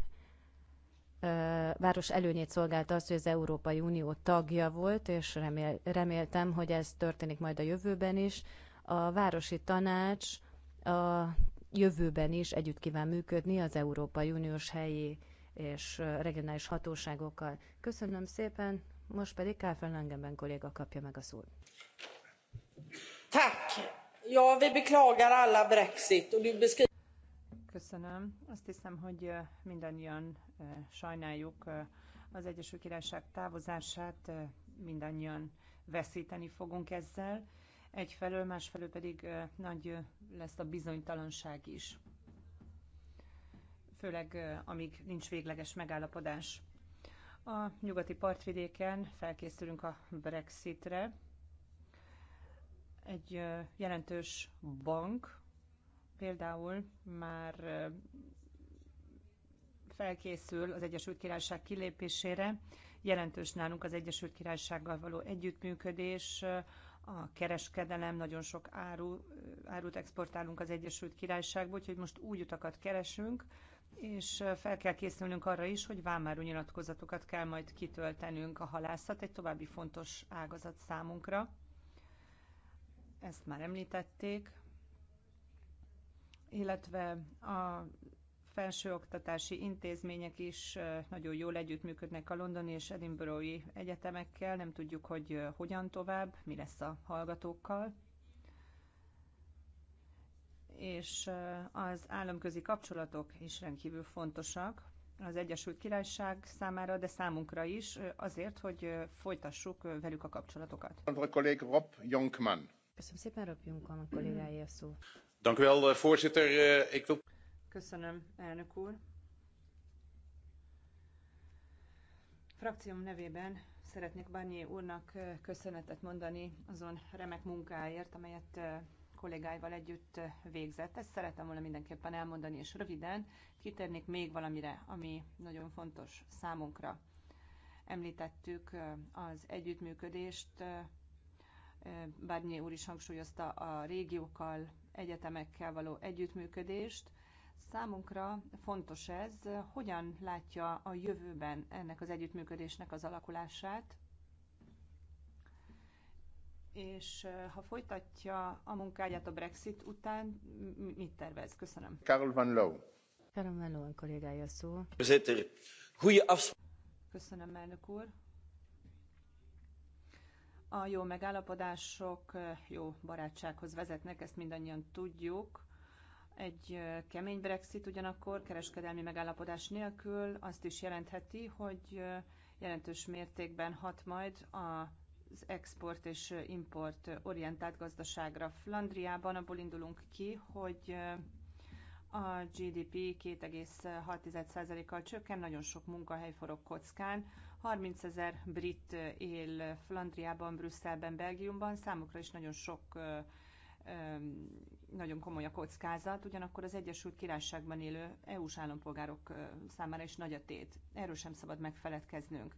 város előnyét szolgálta az, hogy az Európai Unió tagja volt, és remél, reméltem, hogy ez történik majd a jövőben is a Városi Tanács a jövőben is együtt kíván működni az Európai Uniós helyi és regionális hatóságokkal. Köszönöm szépen, most pedig Káfel Langenben kolléga kapja meg a szót. Tack! Ja, vi beklagar alla Brexit och du beskriver... Köszönöm. Azt hiszem, hogy mindannyian sajnáljuk az Egyesült Királyság távozását, mindannyian veszíteni fogunk ezzel egyfelől, másfelől pedig nagy lesz a bizonytalanság is. Főleg, amíg nincs végleges megállapodás. A nyugati partvidéken felkészülünk a Brexitre. Egy jelentős bank például már felkészül az Egyesült Királyság kilépésére. Jelentős nálunk az Egyesült Királysággal való együttműködés, a kereskedelem, nagyon sok áru, árut exportálunk az Egyesült Királyságba, úgyhogy most új utakat keresünk, és fel kell készülnünk arra is, hogy vámáru nyilatkozatokat kell majd kitöltenünk. A halászat egy további fontos ágazat számunkra. Ezt már említették illetve a felsőoktatási intézmények is nagyon jól együttműködnek a londoni és edinburghi egyetemekkel, nem tudjuk, hogy hogyan tovább, mi lesz a hallgatókkal. És az államközi kapcsolatok is rendkívül fontosak az Egyesült Királyság számára, de számunkra is, azért, hogy folytassuk velük a kapcsolatokat. Köszönöm szépen, Rob Junkman kollégája szó. Dank u wel, voorzitter. Eh, ik wil... Köszönöm, elnök úr. Frakcióm nevében szeretnék Barnier úrnak köszönetet mondani azon remek munkáért, amelyet kollégáival együtt végzett. Ezt szeretem volna mindenképpen elmondani, és röviden kitérnék még valamire, ami nagyon fontos számunkra. Említettük az együttműködést, Barnier úr is hangsúlyozta a régiókkal, egyetemekkel való együttműködést, Számunkra fontos ez, hogyan látja a jövőben ennek az együttműködésnek az alakulását, és ha folytatja a munkáját a Brexit után, mit tervez? Köszönöm. Karl van Loo. Karl van Loo, kollégája szó. Köszönöm, elnök úr. A jó megállapodások jó barátsághoz vezetnek, ezt mindannyian tudjuk egy kemény Brexit ugyanakkor kereskedelmi megállapodás nélkül azt is jelentheti, hogy jelentős mértékben hat majd az export és import orientált gazdaságra. Flandriában abból indulunk ki, hogy a GDP 2,6%-kal csökken, nagyon sok munkahely forog kockán. 30 ezer brit él Flandriában, Brüsszelben, Belgiumban, számukra is nagyon sok nagyon komoly a kockázat, ugyanakkor az Egyesült Királyságban élő EU-s állampolgárok számára is nagy a tét. Erről sem szabad megfeledkeznünk.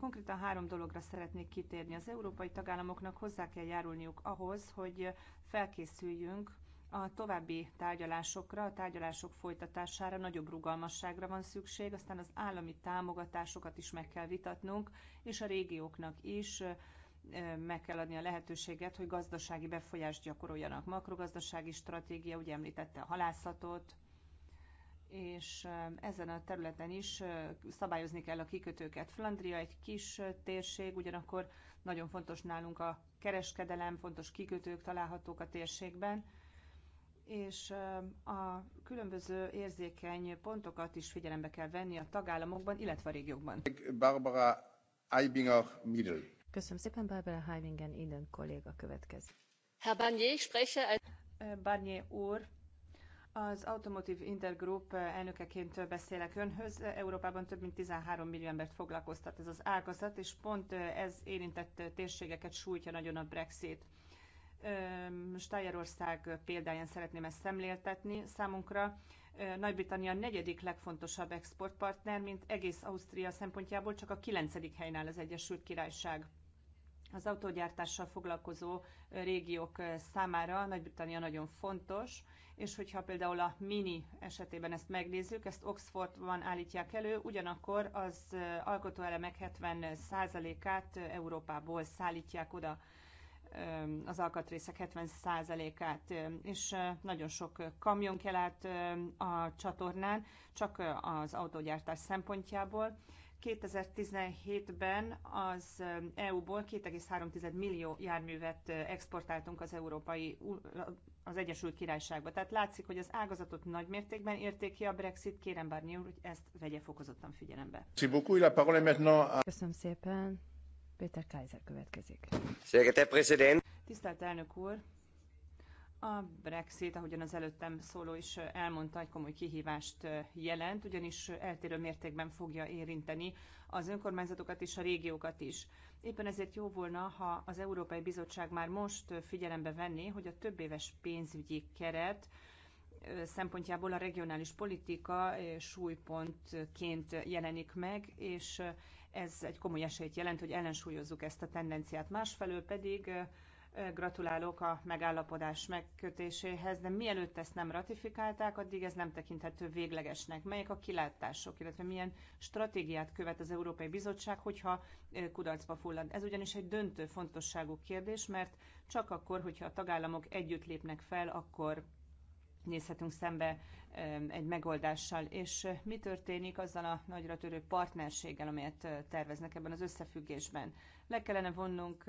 Konkrétan három dologra szeretnék kitérni. Az európai tagállamoknak hozzá kell járulniuk ahhoz, hogy felkészüljünk a további tárgyalásokra, a tárgyalások folytatására nagyobb rugalmasságra van szükség, aztán az állami támogatásokat is meg kell vitatnunk, és a régióknak is meg kell adni a lehetőséget, hogy gazdasági befolyást gyakoroljanak. Makrogazdasági stratégia, ugye említette a halászatot, és eh, ezen a területen is eh, szabályozni kell a kikötőket. Flandria egy kis eh, térség, ugyanakkor nagyon fontos nálunk a kereskedelem, fontos kikötők találhatók a térségben, és a különböző érzékeny pontokat is figyelembe kell venni a tagállamokban, illetve a régiókban. Barbara Eibinger Middle. Köszönöm szépen, Barbara Heimingen, innen kolléga következik. Herr Barnier, spreche... Barnier úr, az Automotive Intergroup elnökeként beszélek önhöz. Európában több mint 13 millió embert foglalkoztat ez az ágazat, és pont ez érintett térségeket sújtja nagyon a Brexit. Stájerország példáján szeretném ezt szemléltetni számunkra. Nagy-Britannia negyedik legfontosabb exportpartner, mint egész Ausztria szempontjából csak a kilencedik helyen áll az Egyesült Királyság az autógyártással foglalkozó régiók számára Nagy-Britannia nagyon fontos, és hogyha például a Mini esetében ezt megnézzük, ezt Oxfordban állítják elő, ugyanakkor az alkotóelemek 70%-át Európából szállítják oda az alkatrészek 70%-át, és nagyon sok kamion kell át a csatornán, csak az autógyártás szempontjából, 2017-ben az um, EU-ból 2,3 millió járművet uh, exportáltunk az Európai uh, az Egyesült Királyságba. Tehát látszik, hogy az ágazatot nagy mértékben érték ki a Brexit. Kérem Barnier úr, hogy ezt vegye fokozottan figyelembe. Köszönöm szépen. Péter Kaiser következik. Tisztelt elnök úr, a Brexit, ahogyan az előttem szóló is elmondta, egy komoly kihívást jelent, ugyanis eltérő mértékben fogja érinteni az önkormányzatokat és a régiókat is. Éppen ezért jó volna, ha az Európai Bizottság már most figyelembe venné, hogy a több éves pénzügyi keret szempontjából a regionális politika súlypontként jelenik meg, és ez egy komoly esélyt jelent, hogy ellensúlyozzuk ezt a tendenciát. Másfelől pedig Gratulálok a megállapodás megkötéséhez, de mielőtt ezt nem ratifikálták, addig ez nem tekinthető véglegesnek. Melyek a kilátások, illetve milyen stratégiát követ az Európai Bizottság, hogyha kudarcba fullad? Ez ugyanis egy döntő fontosságú kérdés, mert csak akkor, hogyha a tagállamok együtt lépnek fel, akkor nézhetünk szembe egy megoldással, és mi történik azzal a nagyra törő partnerséggel, amelyet terveznek ebben az összefüggésben. Le kellene vonnunk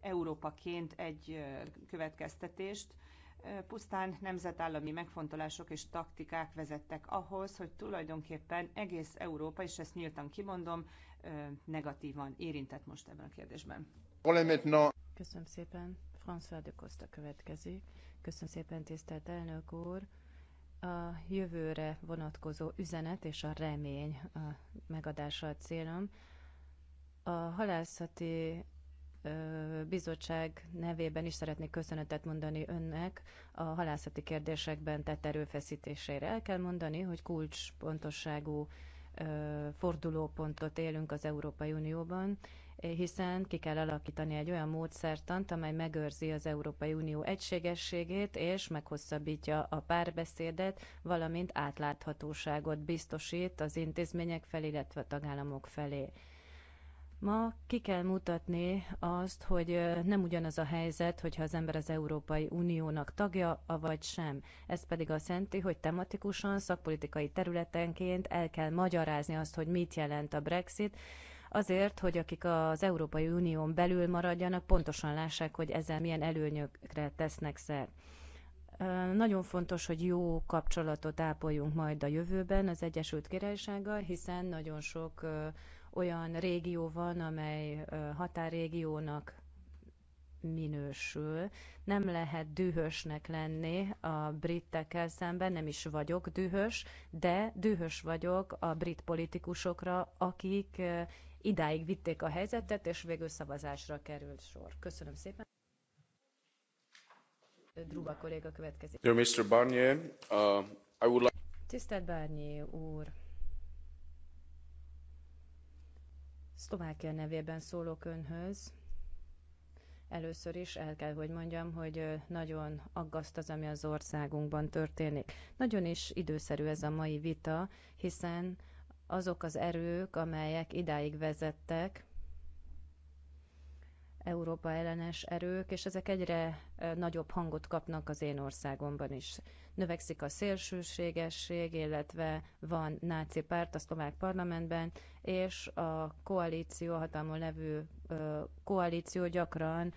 Európaként egy következtetést, pusztán nemzetállami megfontolások és taktikák vezettek ahhoz, hogy tulajdonképpen egész Európa, és ezt nyíltan kimondom, negatívan érintett most ebben a kérdésben. Köszönöm szépen. François de Costa következik. Köszönöm szépen, tisztelt elnök úr a jövőre vonatkozó üzenet és a remény a megadása a célom. A halászati bizottság nevében is szeretnék köszönetet mondani önnek a halászati kérdésekben tett erőfeszítésére. El kell mondani, hogy kulcspontosságú fordulópontot élünk az Európai Unióban, hiszen ki kell alakítani egy olyan módszertant, amely megőrzi az Európai Unió egységességét és meghosszabbítja a párbeszédet, valamint átláthatóságot biztosít az intézmények felé, illetve a tagállamok felé. Ma ki kell mutatni azt, hogy nem ugyanaz a helyzet, hogyha az ember az Európai Uniónak tagja, avagy sem. Ez pedig azt jelenti, hogy tematikusan, szakpolitikai területenként el kell magyarázni azt, hogy mit jelent a Brexit, azért, hogy akik az Európai Unión belül maradjanak, pontosan lássák, hogy ezzel milyen előnyökre tesznek szert. Nagyon fontos, hogy jó kapcsolatot ápoljunk majd a jövőben az Egyesült Királysággal, hiszen nagyon sok olyan régió van, amely határrégiónak minősül. Nem lehet dühösnek lenni a britekkel szemben, nem is vagyok dühös, de dühös vagyok a brit politikusokra, akik idáig vitték a helyzetet, és végül szavazásra került sor. Köszönöm szépen. Druba kolléga következik. Dear Mr. Barnier, uh, I would like... Tisztelt Barnier úr! Szlovákia nevében szólok önhöz. Először is el kell, hogy mondjam, hogy nagyon aggaszt az, ami az országunkban történik. Nagyon is időszerű ez a mai vita, hiszen azok az erők, amelyek idáig vezettek, Európa ellenes erők, és ezek egyre nagyobb hangot kapnak az én országomban is. Növekszik a szélsőségesség, illetve van náci párt a szlovák parlamentben, és a koalíció, a hatalmon levő koalíció gyakran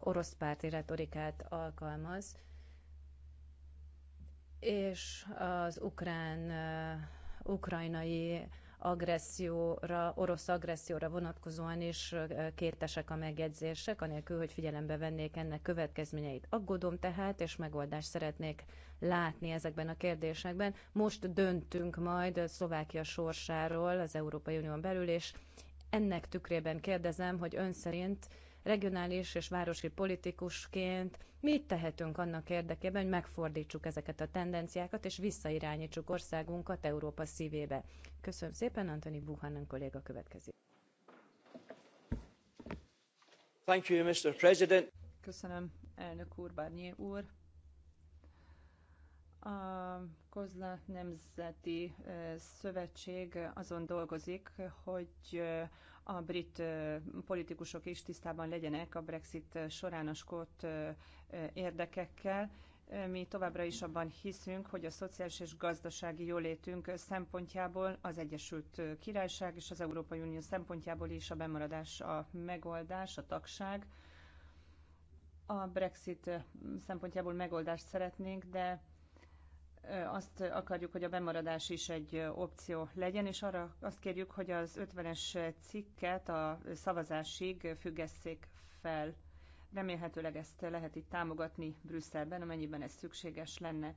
orosz párti retorikát alkalmaz, és az ukrán ukrajnai agresszióra, orosz agresszióra vonatkozóan is kértesek a megjegyzések, anélkül, hogy figyelembe vennék ennek következményeit. Aggódom tehát, és megoldást szeretnék látni ezekben a kérdésekben. Most döntünk majd Szlovákia sorsáról az Európai Unión belül, és ennek tükrében kérdezem, hogy ön szerint regionális és városi politikusként mit tehetünk annak érdekében, hogy megfordítsuk ezeket a tendenciákat, és visszairányítsuk országunkat Európa szívébe. Köszönöm szépen, Antoni Buchanan kolléga következik. Thank you, Mr. President. Köszönöm, elnök úr, Barnier úr. A Kozla Nemzeti Szövetség azon dolgozik, hogy a brit politikusok is tisztában legyenek a Brexit során a skót érdekekkel. Mi továbbra is abban hiszünk, hogy a szociális és gazdasági jólétünk szempontjából az Egyesült Királyság és az Európai Unió szempontjából is a bemaradás a megoldás, a tagság. A Brexit szempontjából megoldást szeretnénk, de azt akarjuk, hogy a bemaradás is egy opció legyen, és arra azt kérjük, hogy az 50-es cikket a szavazásig függesszék fel. Remélhetőleg ezt lehet itt támogatni Brüsszelben, amennyiben ez szükséges lenne.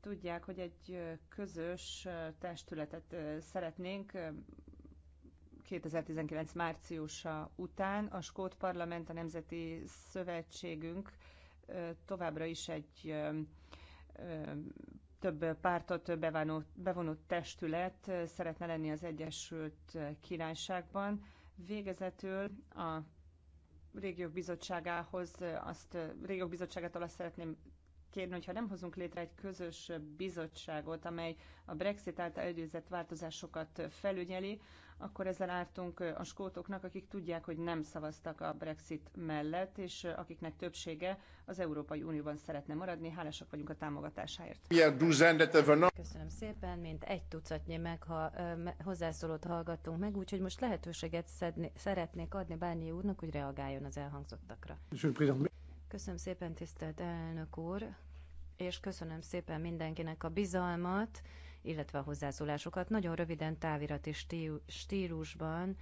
Tudják, hogy egy közös testületet szeretnénk 2019 márciusa után. A Skót Parlament, a Nemzeti Szövetségünk továbbra is egy több pártot bevonó, bevonó testület szeretne lenni az Egyesült Királyságban. Végezetül a régiók bizottságához, azt régiók bizottságától azt szeretném kérni, hogyha nem hozunk létre egy közös bizottságot, amely a Brexit által előzett változásokat felügyeli, akkor ezzel ártunk a skótoknak, akik tudják, hogy nem szavaztak a Brexit mellett, és akiknek többsége az Európai Unióban szeretne maradni. Hálásak vagyunk a támogatásáért. Köszönöm szépen, mint egy tucatnyi meg, ha hozzászólót hallgattunk meg, úgyhogy most lehetőséget szedni, szeretnék adni Bányi úrnak, hogy reagáljon az elhangzottakra. Köszönöm szépen, tisztelt elnök úr, és köszönöm szépen mindenkinek a bizalmat illetve a hozzászólásokat. Nagyon röviden távirati stílusban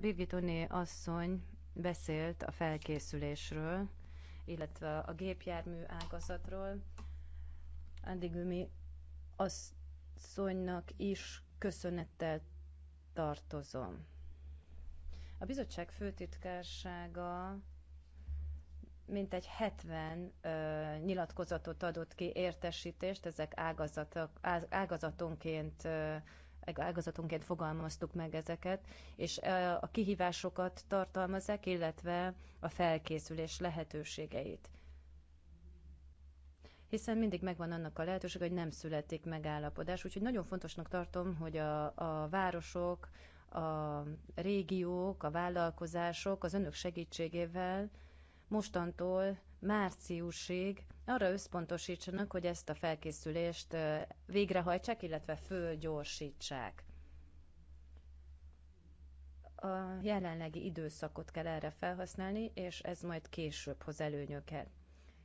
Birgit Oné asszony beszélt a felkészülésről, illetve a gépjármű ágazatról. mi asszonynak is köszönettel tartozom. A bizottság főtitkársága mintegy 70 ö, nyilatkozatot adott ki, értesítést, ezek ágazatok, ágazatonként ö, ágazatonként fogalmaztuk meg ezeket, és a kihívásokat tartalmazzák, illetve a felkészülés lehetőségeit. Hiszen mindig megvan annak a lehetőség, hogy nem születik megállapodás, úgyhogy nagyon fontosnak tartom, hogy a, a városok, a régiók, a vállalkozások az önök segítségével mostantól márciusig arra összpontosítsanak, hogy ezt a felkészülést végrehajtsák, illetve fölgyorsítsák. A jelenlegi időszakot kell erre felhasználni, és ez majd később hoz előnyöket.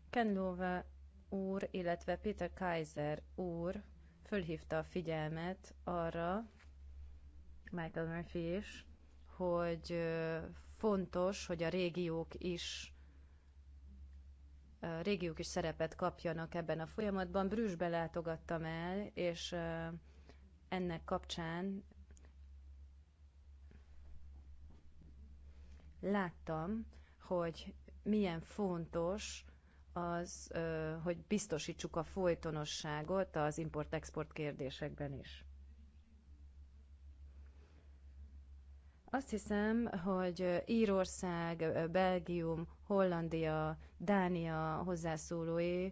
Kenlova úr, illetve Peter Kaiser úr fölhívta a figyelmet arra, Michael Murphy is, hogy fontos, hogy a régiók is régiók is szerepet kapjanak ebben a folyamatban. Brüsszbe látogattam el, és ennek kapcsán láttam, hogy milyen fontos az, hogy biztosítsuk a folytonosságot az import-export kérdésekben is. Azt hiszem, hogy Írország, Belgium, Hollandia, Dánia hozzászólói,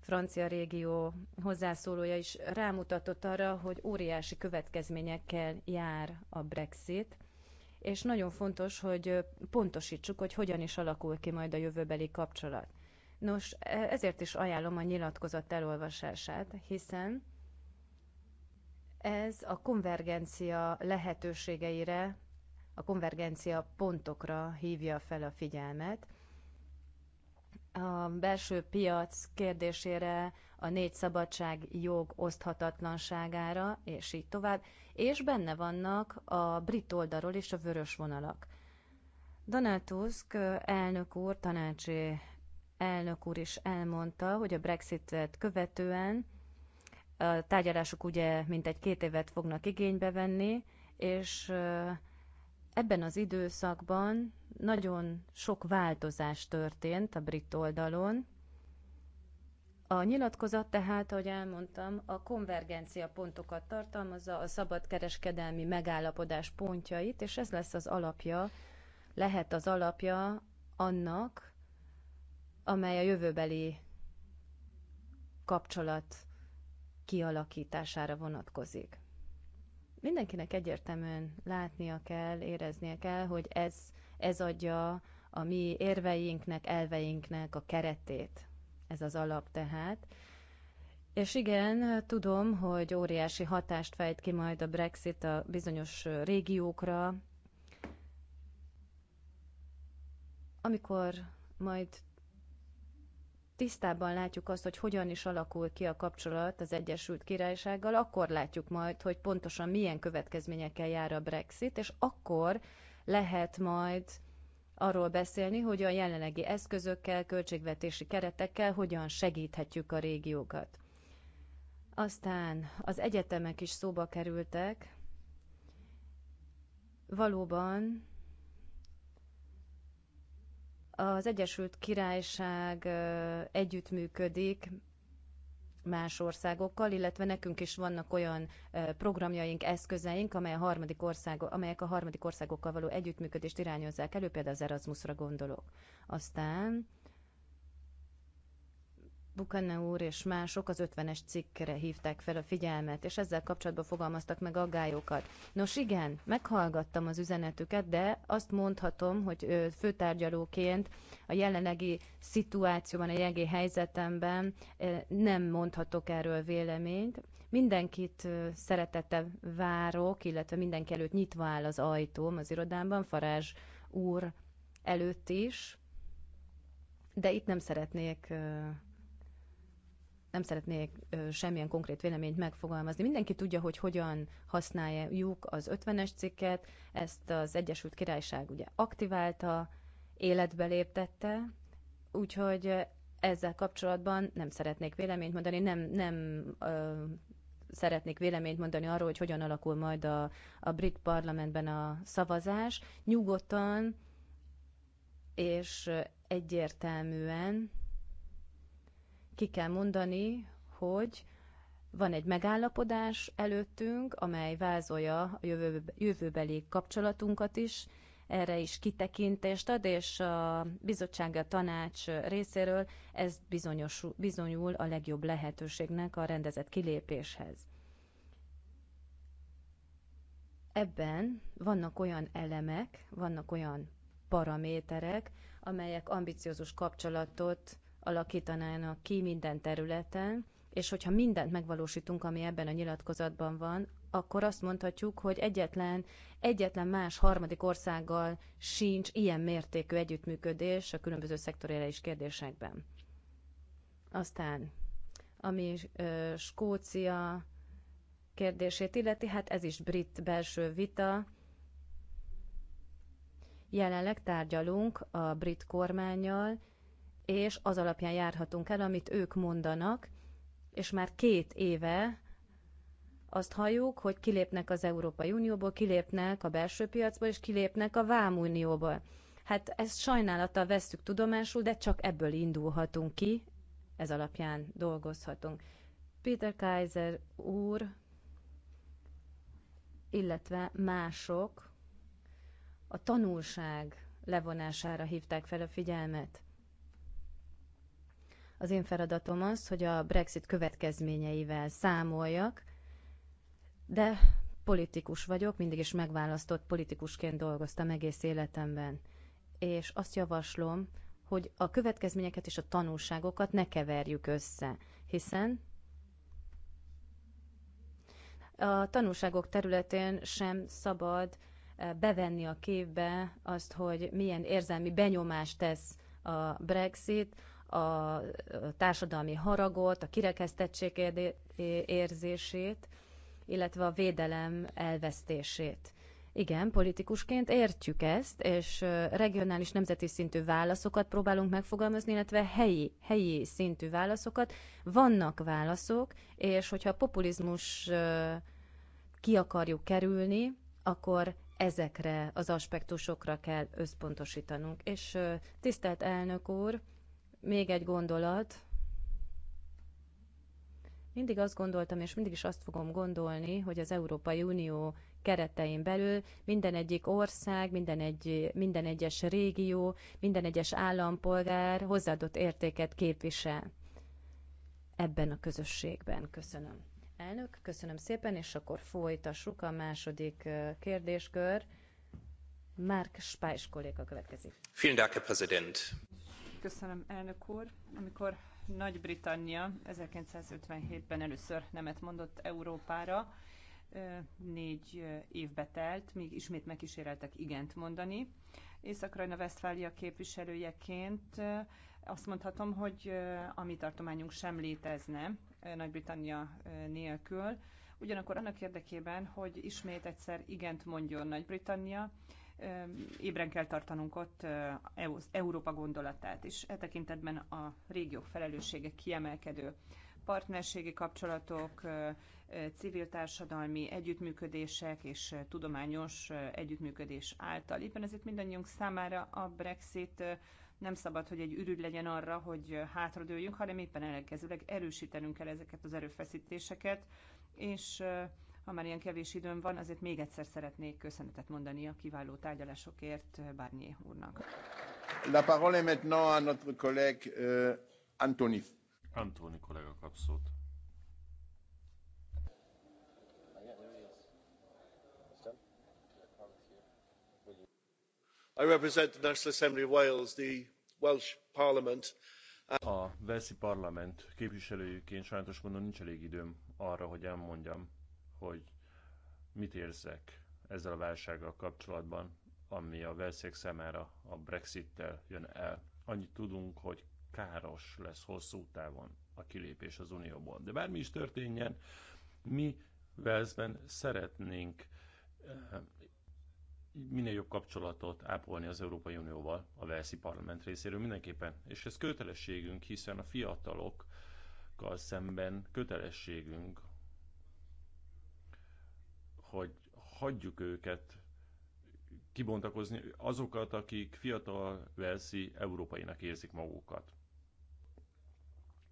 francia régió hozzászólója is rámutatott arra, hogy óriási következményekkel jár a Brexit, és nagyon fontos, hogy pontosítsuk, hogy hogyan is alakul ki majd a jövőbeli kapcsolat. Nos, e- ezért is ajánlom a nyilatkozat elolvasását, hiszen ez a konvergencia lehetőségeire, a konvergencia pontokra hívja fel a figyelmet, a belső piac kérdésére, a négy szabadság jog oszthatatlanságára, és így tovább, és benne vannak a brit oldalról is a vörös vonalak. Donald Tusk elnök úr, tanácsi elnök úr is elmondta, hogy a Brexitet követően a tárgyalások ugye mintegy két évet fognak igénybe venni, és Ebben az időszakban nagyon sok változás történt a brit oldalon. A nyilatkozat tehát, ahogy elmondtam, a konvergencia pontokat tartalmazza, a szabadkereskedelmi megállapodás pontjait, és ez lesz az alapja, lehet az alapja annak, amely a jövőbeli kapcsolat kialakítására vonatkozik. Mindenkinek egyértelműen látnia kell, éreznie kell, hogy ez, ez adja a mi érveinknek, elveinknek a keretét. Ez az alap tehát. És igen, tudom, hogy óriási hatást fejt ki majd a Brexit a bizonyos régiókra. Amikor majd tisztában látjuk azt, hogy hogyan is alakul ki a kapcsolat az Egyesült Királysággal, akkor látjuk majd, hogy pontosan milyen következményekkel jár a Brexit, és akkor lehet majd arról beszélni, hogy a jelenlegi eszközökkel, költségvetési keretekkel hogyan segíthetjük a régiókat. Aztán az egyetemek is szóba kerültek. Valóban az Egyesült Királyság együttműködik más országokkal, illetve nekünk is vannak olyan programjaink, eszközeink, amely a harmadik országo, amelyek a harmadik országokkal való együttműködést irányozzák elő, például az Erasmusra gondolok. Aztán Bukane úr és mások az 50-es cikkre hívták fel a figyelmet, és ezzel kapcsolatban fogalmaztak meg aggályokat. Nos igen, meghallgattam az üzenetüket, de azt mondhatom, hogy főtárgyalóként a jelenlegi szituációban, a jelenlegi helyzetemben nem mondhatok erről véleményt. Mindenkit szeretettel várok, illetve mindenki előtt nyitva áll az ajtóm az irodámban, Farázs úr előtt is, de itt nem szeretnék nem szeretnék semmilyen konkrét véleményt megfogalmazni. Mindenki tudja, hogy hogyan használjuk az 50-es cikket, ezt az Egyesült Királyság ugye aktiválta, életbe léptette, úgyhogy ezzel kapcsolatban nem szeretnék véleményt mondani, nem, nem ö, szeretnék véleményt mondani arról, hogy hogyan alakul majd a, a brit parlamentben a szavazás. Nyugodtan és egyértelműen ki kell mondani, hogy van egy megállapodás előttünk, amely vázolja a jövő, jövőbeli kapcsolatunkat is, erre is kitekintést ad, és a bizottsága a tanács részéről ez bizonyos, bizonyul a legjobb lehetőségnek a rendezett kilépéshez. Ebben vannak olyan elemek, vannak olyan paraméterek, amelyek ambiciózus kapcsolatot alakítanának ki minden területen, és hogyha mindent megvalósítunk, ami ebben a nyilatkozatban van, akkor azt mondhatjuk, hogy egyetlen, egyetlen más harmadik országgal sincs ilyen mértékű együttműködés a különböző szektoriális kérdésekben. Aztán, ami ö, Skócia kérdését illeti, hát ez is brit belső vita. Jelenleg tárgyalunk a brit kormányjal, és az alapján járhatunk el, amit ők mondanak, és már két éve azt halljuk, hogy kilépnek az Európai Unióból, kilépnek a belső piacból, és kilépnek a Vámunióból. Hát ezt sajnálattal vesszük tudomásul, de csak ebből indulhatunk ki, ez alapján dolgozhatunk. Peter Kaiser úr, illetve mások a tanulság levonására hívták fel a figyelmet. Az én feladatom az, hogy a Brexit következményeivel számoljak, de politikus vagyok, mindig is megválasztott politikusként dolgoztam egész életemben. És azt javaslom, hogy a következményeket és a tanulságokat ne keverjük össze, hiszen a tanulságok területén sem szabad eh, bevenni a képbe azt, hogy milyen érzelmi benyomást tesz a Brexit a társadalmi haragot, a kirekesztettség érzését, illetve a védelem elvesztését. Igen, politikusként értjük ezt, és regionális nemzeti szintű válaszokat próbálunk megfogalmazni, illetve helyi, helyi szintű válaszokat. Vannak válaszok, és hogyha a populizmus ki akarjuk kerülni, akkor ezekre az aspektusokra kell összpontosítanunk. És tisztelt elnök úr, még egy gondolat. Mindig azt gondoltam, és mindig is azt fogom gondolni, hogy az Európai Unió keretein belül minden egyik ország, minden, egy, minden egyes régió, minden egyes állampolgár hozzáadott értéket képvisel ebben a közösségben. Köszönöm. Elnök, köszönöm szépen, és akkor folytassuk a második kérdéskör. Márk Spájs kolléga következik. Vielen Dank, Herr Präsident. Köszönöm, elnök úr. Amikor Nagy-Britannia 1957-ben először nemet mondott Európára, négy évbe telt, míg ismét megkíséreltek igent mondani. Észak-Rajna Vesztfália képviselőjeként azt mondhatom, hogy a mi tartományunk sem létezne Nagy-Britannia nélkül. Ugyanakkor annak érdekében, hogy ismét egyszer igent mondjon Nagy-Britannia, ébren kell tartanunk ott Európa gondolatát, és e tekintetben a régiók felelőssége kiemelkedő partnerségi kapcsolatok, civil társadalmi együttműködések és tudományos együttműködés által. Éppen ezért mindannyiunk számára a Brexit nem szabad, hogy egy ürügy legyen arra, hogy hátradőljünk, hanem éppen ellenkezőleg erősítenünk kell ezeket az erőfeszítéseket, és ha már ilyen kevés időm van, azért még egyszer szeretnék köszönetet mondani a kiváló tárgyalásokért eh, Bárnyé úrnak. La parole est maintenant à notre collègue euh, Antoni. Antoni kollega kap szót. I represent the National Assembly of Wales, the Welsh Parliament. A Velszi Parlament Képviselőjüként sajnos mondom nincs elég időm arra, hogy elmondjam hogy mit érzek ezzel a válsággal kapcsolatban, ami a Velszék számára a Brexittel jön el. Annyit tudunk, hogy káros lesz hosszú távon a kilépés az Unióból. De bármi is történjen, mi Velszben szeretnénk eh, minél jobb kapcsolatot ápolni az Európai Unióval a Velszi Parlament részéről mindenképpen. És ez kötelességünk, hiszen a fiatalokkal szemben kötelességünk, hogy hagyjuk őket kibontakozni azokat, akik fiatal velszi európainak érzik magukat.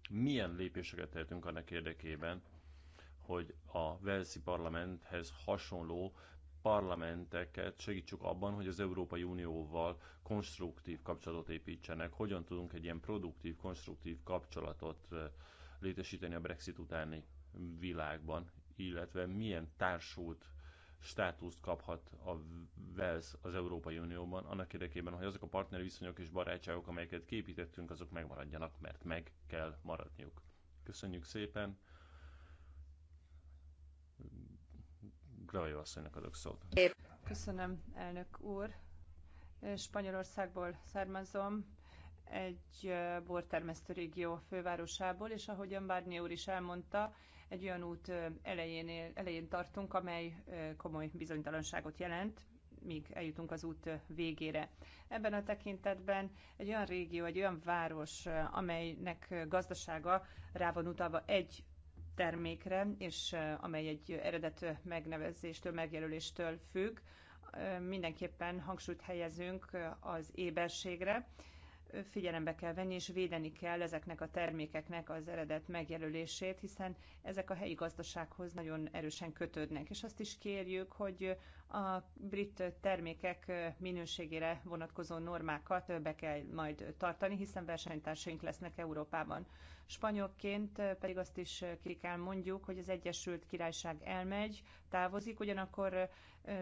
Milyen lépéseket tehetünk annak érdekében, hogy a Velszi parlamenthez hasonló parlamenteket segítsük abban, hogy az Európai Unióval konstruktív kapcsolatot építsenek. Hogyan tudunk egy ilyen produktív, konstruktív kapcsolatot eh, létesíteni a Brexit utáni világban, illetve milyen társult státuszt kaphat a Wales az Európai Unióban, annak érdekében, hogy azok a partneri viszonyok és barátságok, amelyeket képítettünk, azok megmaradjanak, mert meg kell maradniuk. Köszönjük szépen! Gravajó asszonynak adok szót. Köszönöm, elnök úr. Spanyolországból származom, egy bortermesztő régió fővárosából, és ahogyan Bárnyi úr is elmondta, egy olyan út elején, elején tartunk, amely komoly bizonytalanságot jelent, míg eljutunk az út végére. Ebben a tekintetben egy olyan régió, egy olyan város, amelynek gazdasága rá van utalva egy termékre, és amely egy eredet megnevezéstől, megjelöléstől függ, mindenképpen hangsúlyt helyezünk az éberségre, figyelembe kell venni, és védeni kell ezeknek a termékeknek az eredet megjelölését, hiszen ezek a helyi gazdasághoz nagyon erősen kötődnek. És azt is kérjük, hogy a brit termékek minőségére vonatkozó normákat be kell majd tartani, hiszen versenytársaink lesznek Európában. Spanyolként pedig azt is ki kell mondjuk, hogy az Egyesült Királyság elmegy, távozik, ugyanakkor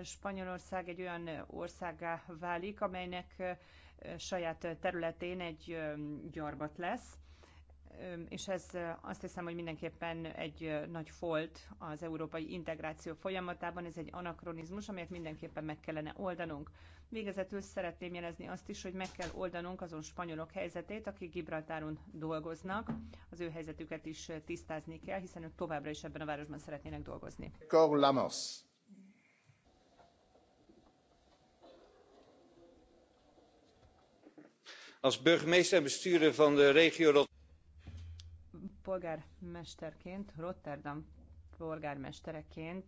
Spanyolország egy olyan országá válik, amelynek saját területén egy gyarmat lesz, és ez azt hiszem, hogy mindenképpen egy nagy folt az európai integráció folyamatában, ez egy anakronizmus, amelyet mindenképpen meg kellene oldanunk. Végezetül szeretném jelezni azt is, hogy meg kell oldanunk azon spanyolok helyzetét, akik Gibraltáron dolgoznak. Az ő helyzetüket is tisztázni kell, hiszen ők továbbra is ebben a városban szeretnének dolgozni. Lamos. Als burgemeester en bestuurder van de regio Rotterdam. Polgármesterként, Rotterdam polgármestereként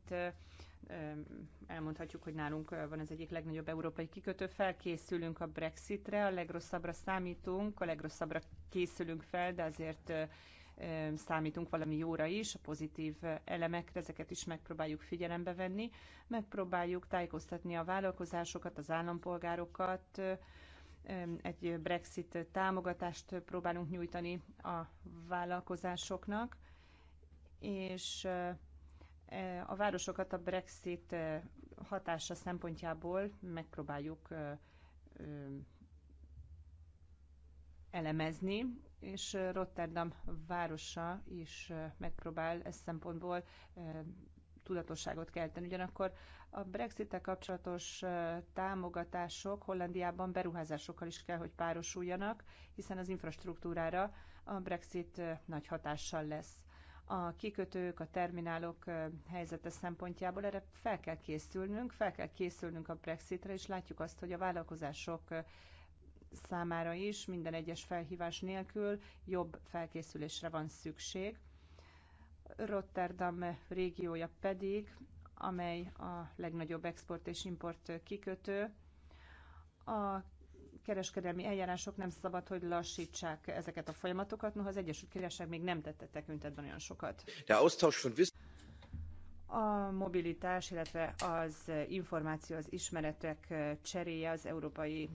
elmondhatjuk, hogy nálunk van az egyik legnagyobb európai kikötő. Felkészülünk a Brexitre, a legrosszabbra számítunk, a legrosszabbra készülünk fel, de azért számítunk valami jóra is, a pozitív elemekre, ezeket is megpróbáljuk figyelembe venni, megpróbáljuk tájékoztatni a vállalkozásokat, az állampolgárokat, egy Brexit támogatást próbálunk nyújtani a vállalkozásoknak, és e, a városokat a Brexit hatása szempontjából megpróbáljuk elemezni, és Rotterdam városa is megpróbál ez szempontból tudatosságot kelteni. Ugyanakkor a brexit kapcsolatos támogatások Hollandiában beruházásokkal is kell, hogy párosuljanak, hiszen az infrastruktúrára a Brexit nagy hatással lesz. A kikötők, a terminálok helyzete szempontjából erre fel kell készülnünk, fel kell készülnünk a Brexitre, és látjuk azt, hogy a vállalkozások számára is minden egyes felhívás nélkül jobb felkészülésre van szükség. Rotterdam régiója pedig amely a legnagyobb export és import kikötő. A kereskedelmi eljárások nem szabad, hogy lassítsák ezeket a folyamatokat, noha az Egyesült Királyság még nem tette tekintetben olyan sokat. A mobilitás, illetve az információ, az ismeretek cseréje az Európai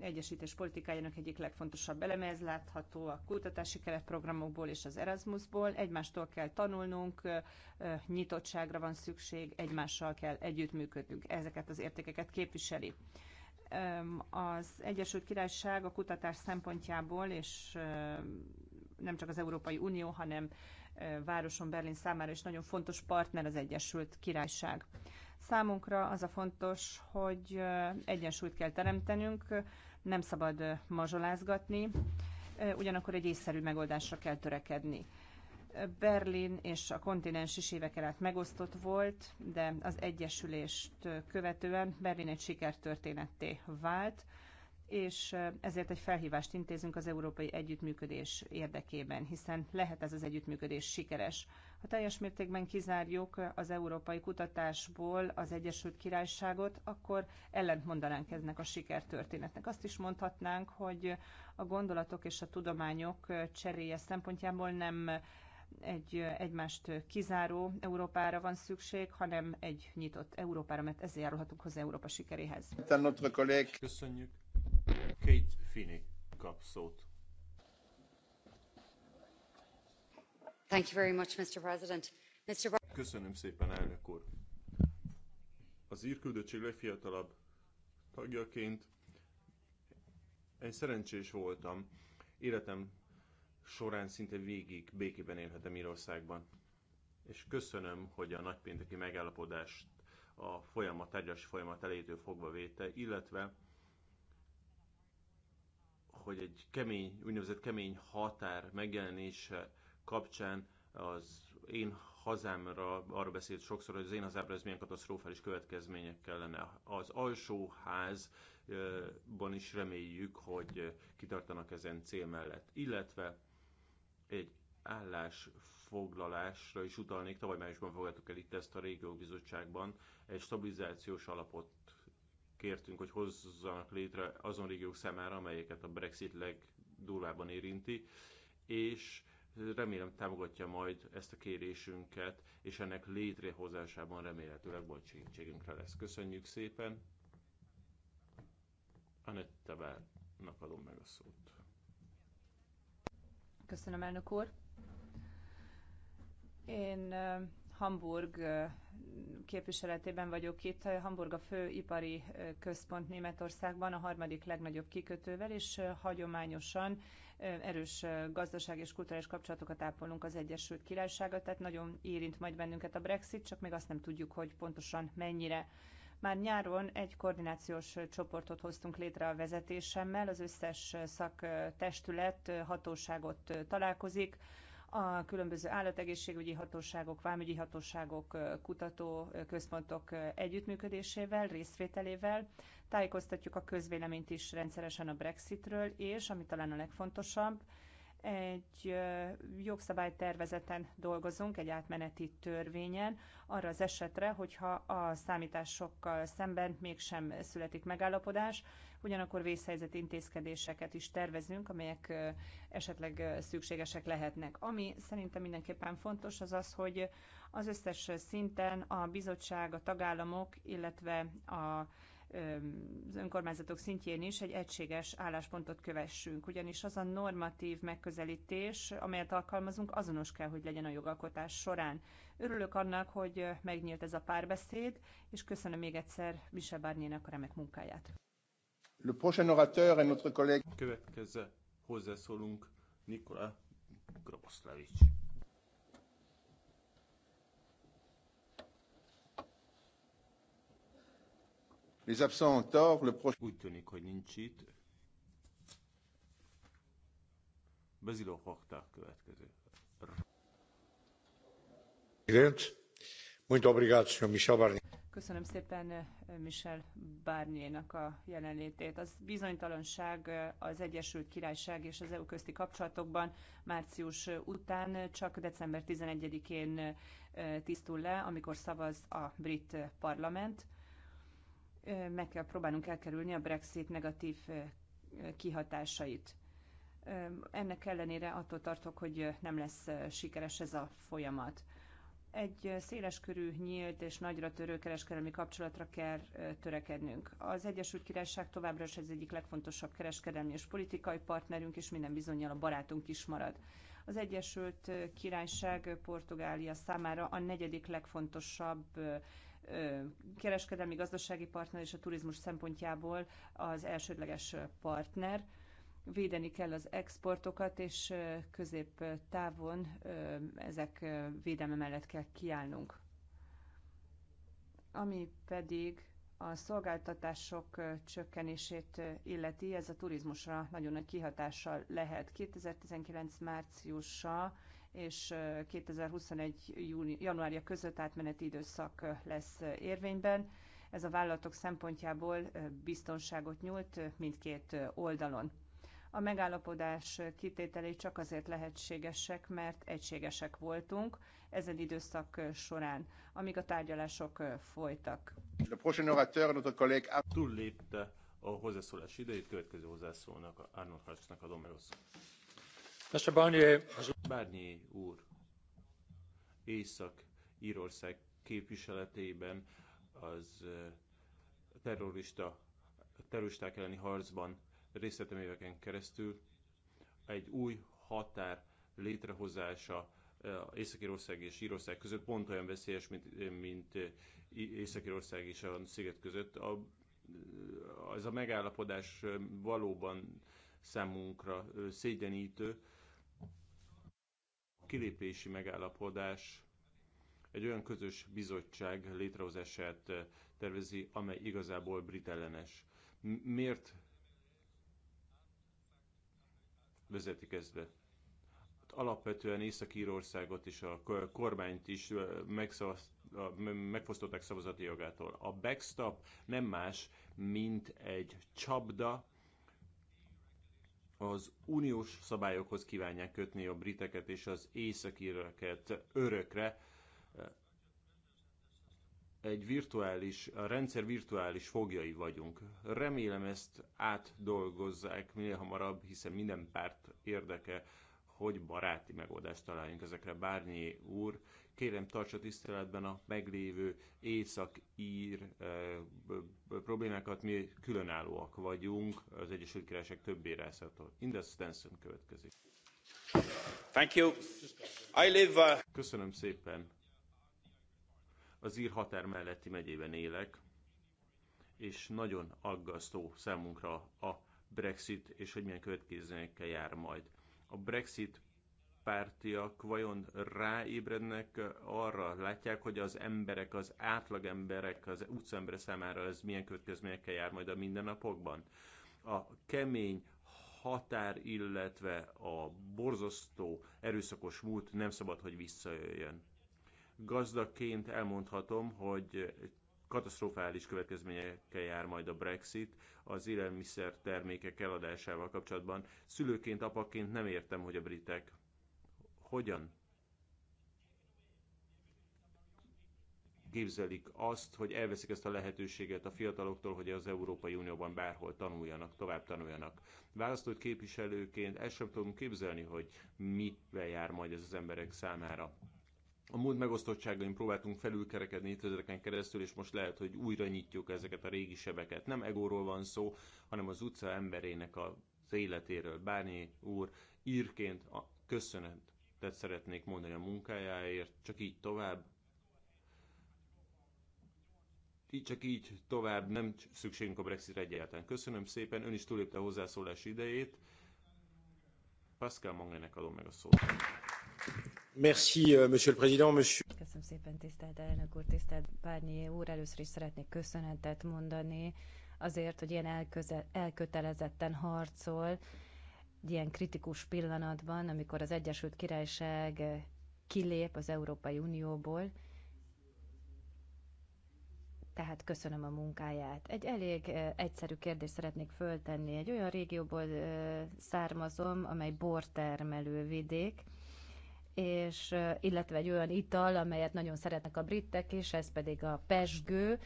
Egyesítés politikájának egyik legfontosabb eleme, ez látható a kutatási keretprogramokból és az Erasmusból. Egymástól kell tanulnunk, nyitottságra van szükség, egymással kell együttműködnünk. Ezeket az értékeket képviseli az Egyesült Királyság a kutatás szempontjából, és nem csak az Európai Unió, hanem Városon Berlin számára is nagyon fontos partner az Egyesült Királyság. Számunkra az a fontos, hogy egyensúlyt kell teremtenünk, nem szabad mazsolázgatni, ugyanakkor egy észszerű megoldásra kell törekedni. Berlin és a kontinens is évekkel át megosztott volt, de az egyesülést követően Berlin egy sikertörténetté vált és ezért egy felhívást intézünk az európai együttműködés érdekében, hiszen lehet ez az együttműködés sikeres. Ha teljes mértékben kizárjuk az európai kutatásból az Egyesült Királyságot, akkor ellentmondanánk eznek a sikertörténetnek. Azt is mondhatnánk, hogy a gondolatok és a tudományok cseréje szempontjából nem egy egymást kizáró Európára van szükség, hanem egy nyitott Európára, mert ezért járulhatunk hozzá Európa sikeréhez. Köszönjük Fini kap szót. Thank you very much, Mr. President. Mr. Köszönöm szépen, elnök úr. Az írküldöttség legfiatalabb tagjaként én szerencsés voltam. Életem során szinte végig békében élhetem Írországban. És köszönöm, hogy a nagypénteki megállapodást a folyamat, tárgyalási folyamat elétől fogva véte, illetve hogy egy kemény, úgynevezett kemény határ megjelenése kapcsán az én hazámra, arra beszélt sokszor, hogy az én hazámra ez milyen katasztrofális következményekkel lenne. Az alsóházban is reméljük, hogy kitartanak ezen cél mellett. Illetve egy állásfoglalásra is utalnék, tavaly májusban fogadtuk el itt ezt a régió bizottságban, egy stabilizációs alapot kértünk, hogy hozzanak létre azon régiók számára, amelyeket a Brexit legdurvábban érinti, és remélem támogatja majd ezt a kérésünket, és ennek létrehozásában remélhetőleg volt segítségünkre lesz. Köszönjük szépen! Anette Bárnak adom meg a szót. Köszönöm, elnök úr! Én Hamburg képviseletében vagyok itt. Hamburg a főipari központ Németországban, a harmadik legnagyobb kikötővel, és hagyományosan erős gazdaság és kulturális kapcsolatokat ápolunk az Egyesült Királysággal, tehát nagyon érint majd bennünket a Brexit, csak még azt nem tudjuk, hogy pontosan mennyire. Már nyáron egy koordinációs csoportot hoztunk létre a vezetésemmel, az összes szaktestület hatóságot találkozik, a különböző állategészségügyi hatóságok, vámügyi hatóságok, kutató központok együttműködésével, részvételével. Tájékoztatjuk a közvéleményt is rendszeresen a Brexitről, és ami talán a legfontosabb, egy jogszabálytervezeten dolgozunk, egy átmeneti törvényen, arra az esetre, hogyha a számításokkal szemben mégsem születik megállapodás, ugyanakkor vészhelyzet intézkedéseket is tervezünk, amelyek esetleg szükségesek lehetnek. Ami szerintem mindenképpen fontos, az az, hogy az összes szinten a bizottság, a tagállamok, illetve a az önkormányzatok szintjén is egy egységes álláspontot kövessünk, ugyanis az a normatív megközelítés, amelyet alkalmazunk, azonos kell, hogy legyen a jogalkotás során. Örülök annak, hogy megnyílt ez a párbeszéd, és köszönöm még egyszer Mise a remek munkáját. Le prochain orateur est notre collègue. Következő hozzászólunk Nikola Groboszlevics. Les absents ont tort, le prochain... Úgy tűnik, hogy nincs itt. Bezilo Horta következő. Presidente, muito obrigado, Sr. Michel Barnier. Köszönöm szépen eh, Michel Barnier-nak a jelenlétét. Az bizonytalanság eh, az Egyesült Királyság és az EU közti kapcsolatokban március eh, után csak december 11-én tisztul le, amikor szavaz a brit parlament. Meg kell próbálnunk elkerülni a Brexit negatív kihatásait. Ennek ellenére attól tartok, hogy nem lesz sikeres ez a folyamat egy széleskörű, nyílt és nagyra törő kereskedelmi kapcsolatra kell törekednünk. Az Egyesült Királyság továbbra is az egyik legfontosabb kereskedelmi és politikai partnerünk, és minden bizonyal a barátunk is marad. Az Egyesült Királyság Portugália számára a negyedik legfontosabb kereskedelmi gazdasági partner és a turizmus szempontjából az elsődleges partner védeni kell az exportokat, és középtávon ezek védelme mellett kell kiállnunk. Ami pedig a szolgáltatások csökkenését illeti, ez a turizmusra nagyon nagy kihatással lehet. 2019 márciusa és 2021 júni, januárja között átmeneti időszak lesz érvényben. Ez a vállalatok szempontjából biztonságot nyújt mindkét oldalon. A megállapodás kitételei csak azért lehetségesek, mert egységesek voltunk ezen időszak során, amíg a tárgyalások folytak. Túllépte a hozzászólás idejét, következő hozzászólnak, Arnold Hacsnak a Domeros. Mr. úr, Észak-Írország képviseletében az eh, terrorista, terroristák elleni harcban részletem éveken keresztül egy új határ létrehozása eh, Észak-Írország és Írország között pont olyan veszélyes, mint, eh, mint eh, Észak-Írország és a sziget között. A, az a megállapodás valóban számunkra szégyenítő. A kilépési megállapodás egy olyan közös bizottság létrehozását tervezi, amely igazából britellenes. Miért vezetik ezt hát be. Alapvetően Észak-Írországot és a kormányt is megfosztották szavazati jogától. A backstop nem más, mint egy csapda, az uniós szabályokhoz kívánják kötni a briteket és az északíreket örökre, egy virtuális, a rendszer virtuális fogjai vagyunk. Remélem ezt átdolgozzák minél hamarabb, hiszen minden párt érdeke, hogy baráti megoldást találjunk ezekre. Bárnyi úr, kérem tartsa tiszteletben a meglévő észak-ír e, problémákat, mi különállóak vagyunk az Egyesült Királyság többé rászától. Indus Stenson következik. Thank you. I live, uh... Köszönöm szépen az ír határ melletti megyében élek, és nagyon aggasztó számunkra a Brexit, és hogy milyen következményekkel jár majd. A Brexit pártiak vajon ráébrednek arra, látják, hogy az emberek, az átlagemberek, az utcemberek számára ez milyen következményekkel jár majd a mindennapokban? A kemény határ, illetve a borzasztó erőszakos múlt nem szabad, hogy visszajöjjön. Gazdaként elmondhatom, hogy katasztrofális következményekkel jár majd a Brexit az élelmiszer termékek eladásával kapcsolatban. Szülőként, apaként nem értem, hogy a britek hogyan képzelik azt, hogy elveszik ezt a lehetőséget a fiataloktól, hogy az Európai Unióban bárhol tanuljanak, tovább tanuljanak. Választott képviselőként el sem tudom képzelni, hogy mivel jár majd ez az emberek számára a múlt megosztottságain próbáltunk felülkerekedni évtizedeken keresztül, és most lehet, hogy újra nyitjuk ezeket a régi sebeket. Nem egóról van szó, hanem az utca emberének az életéről. báni úr, írként a köszönetet szeretnék mondani a munkájáért, csak így tovább. Így csak így tovább, nem szükségünk a Brexitre egyáltalán. Köszönöm szépen, ön is túlépte a hozzászólás idejét. Pascal Mangenek adom meg a szót. Merci, euh, monsieur le président, monsieur... Köszönöm szépen, tisztelt elnök úr, tisztelt Bárnyi úr. Először is szeretnék köszönetet mondani azért, hogy ilyen elköze, elkötelezetten harcol egy ilyen kritikus pillanatban, amikor az Egyesült Királyság eh, kilép az Európai Unióból. Tehát köszönöm a munkáját. Egy elég eh, egyszerű kérdést szeretnék föltenni. Egy olyan régióból eh, származom, amely bortermelő vidék, és illetve egy olyan ital, amelyet nagyon szeretnek a britek és ez pedig a pesgő.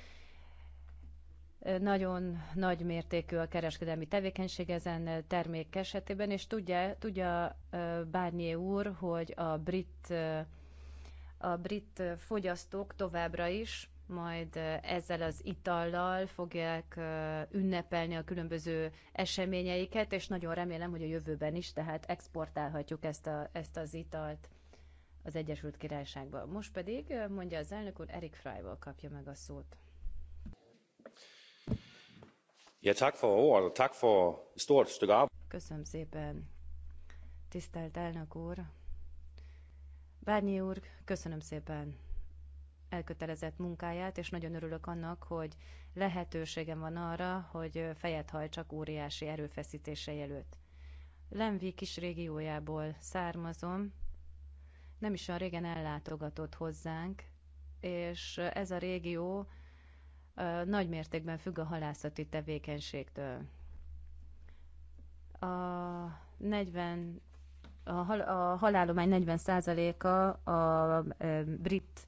Nagyon nagy mértékű a kereskedelmi tevékenység ezen termék esetében, és tudja, tudja Bárnyé úr, hogy a brit, a brit fogyasztók továbbra is majd ezzel az itallal fogják ünnepelni a különböző eseményeiket, és nagyon remélem, hogy a jövőben is, tehát exportálhatjuk ezt, a, ezt az italt az Egyesült Királyságba. Most pedig, mondja az elnök úr, Erik Fryval kapja meg a szót. Ja, tak for ordet, tak for stort stykke Köszönöm szépen, tisztelt elnök úr. Bárnyi úr, köszönöm szépen elkötelezett munkáját, és nagyon örülök annak, hogy lehetőségem van arra, hogy fejet hajtsak óriási erőfeszítése előtt. Lemvi kis régiójából származom, nem is olyan régen ellátogatott hozzánk, és ez a régió nagy mértékben függ a halászati tevékenységtől. A, 40, a, halálomány 40%-a a brit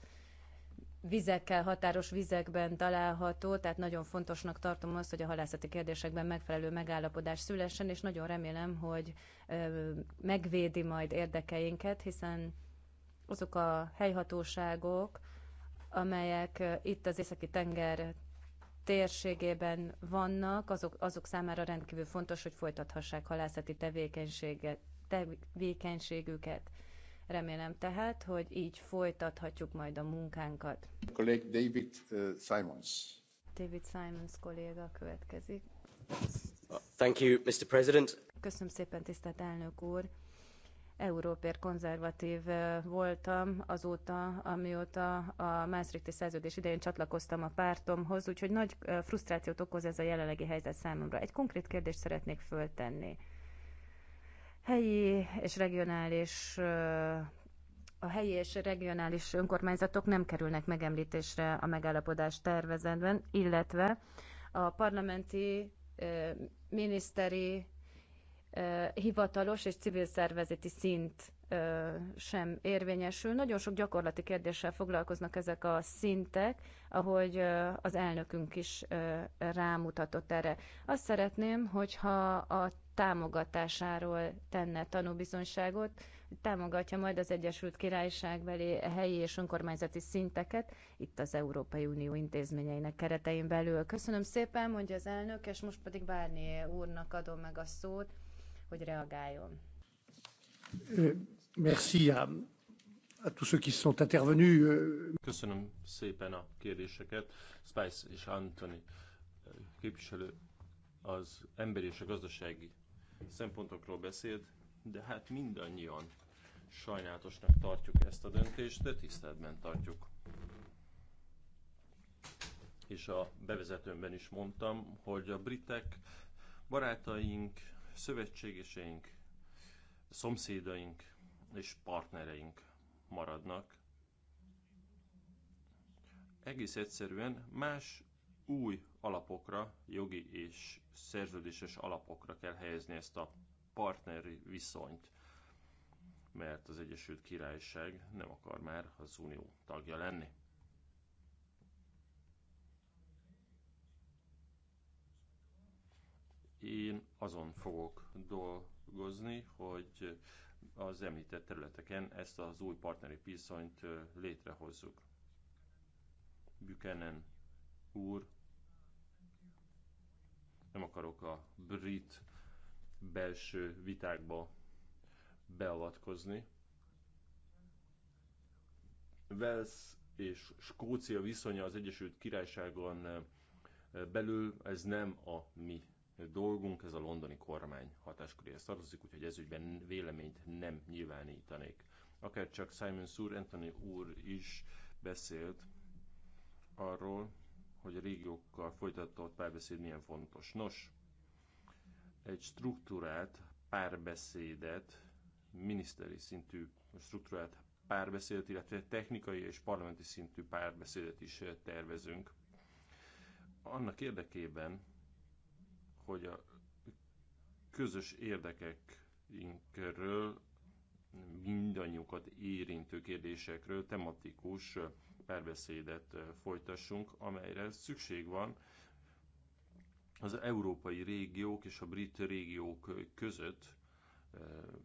vizekkel, határos vizekben található, tehát nagyon fontosnak tartom azt, hogy a halászati kérdésekben megfelelő megállapodás szülessen, és nagyon remélem, hogy megvédi majd érdekeinket, hiszen azok a helyhatóságok, amelyek eh, itt az északi tenger térségében vannak, azok, azok számára rendkívül fontos, hogy folytathassák halászati tevékenységet, tevékenységüket. Remélem tehát, hogy így folytathatjuk majd a munkánkat. Kollég David uh, Simons. David Simons kolléga következik. Thank you, Mr. President. Köszönöm szépen, tisztelt elnök úr. Európér konzervatív voltam azóta, amióta a Maastrichti szerződés idején csatlakoztam a pártomhoz, úgyhogy nagy frusztrációt okoz ez a jelenlegi helyzet számomra. Egy konkrét kérdést szeretnék föltenni. Helyi és regionális a helyi és regionális önkormányzatok nem kerülnek megemlítésre a megállapodás tervezetben, illetve a parlamenti, miniszteri hivatalos és civil szervezeti szint sem érvényesül. Nagyon sok gyakorlati kérdéssel foglalkoznak ezek a szintek, ahogy az elnökünk is rámutatott erre. Azt szeretném, hogyha a támogatásáról tenne tanúbizonyságot, támogatja majd az Egyesült Királyságbeli helyi és önkormányzati szinteket itt az Európai Unió intézményeinek keretein belül. Köszönöm szépen, mondja az elnök, és most pedig Bárnyi úrnak adom meg a szót hogy reagáljon. Euh, merci à, à tous ceux qui sont intervenus. Euh. Köszönöm szépen a kérdéseket. Spice és Anthony euh, képviselő az emberi és a gazdasági szempontokról beszélt, de hát mindannyian sajnálatosnak tartjuk ezt a döntést, de tiszteletben tartjuk. És a bevezetőmben is mondtam, hogy a britek barátaink szövetségeseink, szomszédaink és partnereink maradnak. Egész egyszerűen más új alapokra, jogi és szerződéses alapokra kell helyezni ezt a partneri viszonyt, mert az Egyesült Királyság nem akar már az Unió tagja lenni. Én azon fogok dolgozni, hogy az említett területeken ezt az új partneri viszonyt létrehozzuk. Buchanan úr, nem akarok a brit belső vitákba beavatkozni. Wales és Skócia viszonya az Egyesült Királyságon belül, ez nem a mi dolgunk, ez a londoni kormány hatásköréhez tartozik, úgyhogy ez ügyben véleményt nem nyilvánítanék. Akár csak Simon Sur, Anthony úr is beszélt arról, hogy a régiókkal folytatott párbeszéd milyen fontos. Nos, egy struktúrát, párbeszédet, miniszteri szintű struktúrát párbeszédet, illetve technikai és parlamenti szintű párbeszédet is tervezünk. Annak érdekében, hogy a közös érdekekről mindannyiukat érintő kérdésekről tematikus párbeszédet folytassunk, amelyre szükség van az európai régiók és a brit régiók között e,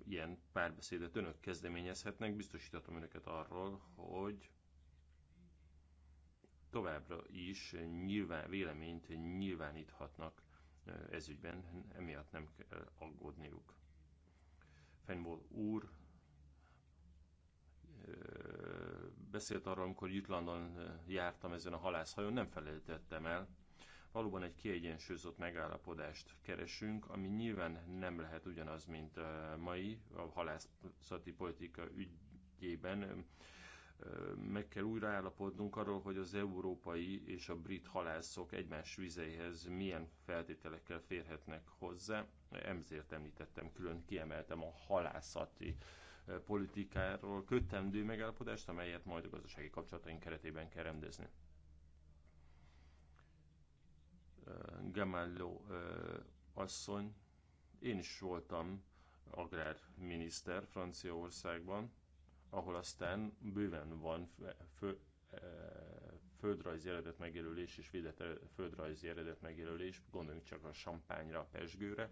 ilyen párbeszédet önök kezdeményezhetnek. Biztosítatom önöket arról, hogy továbbra is nyilván, véleményt nyilváníthatnak ezügyben, emiatt nem kell aggódniuk. Fenyból úr beszélt arról, amikor Jutlandon jártam ezen a halászhajón, nem felejtettem el. Valóban egy kiegyensúlyozott megállapodást keresünk, ami nyilván nem lehet ugyanaz, mint a mai a halászati politika ügyében meg kell újra állapodnunk arról, hogy az európai és a brit halászok egymás vizeihez milyen feltételekkel férhetnek hozzá. Emzért említettem, külön kiemeltem a halászati politikáról kötendő megállapodást, amelyet majd a gazdasági kapcsolataink keretében kell rendezni. Gamallo asszony, én is voltam agrárminiszter Franciaországban, ahol aztán bőven van fő, e, földrajzi eredet megjelölés és védett e, földrajzi eredet megjelölés, gondoljunk csak a sampányra, a pesgőre.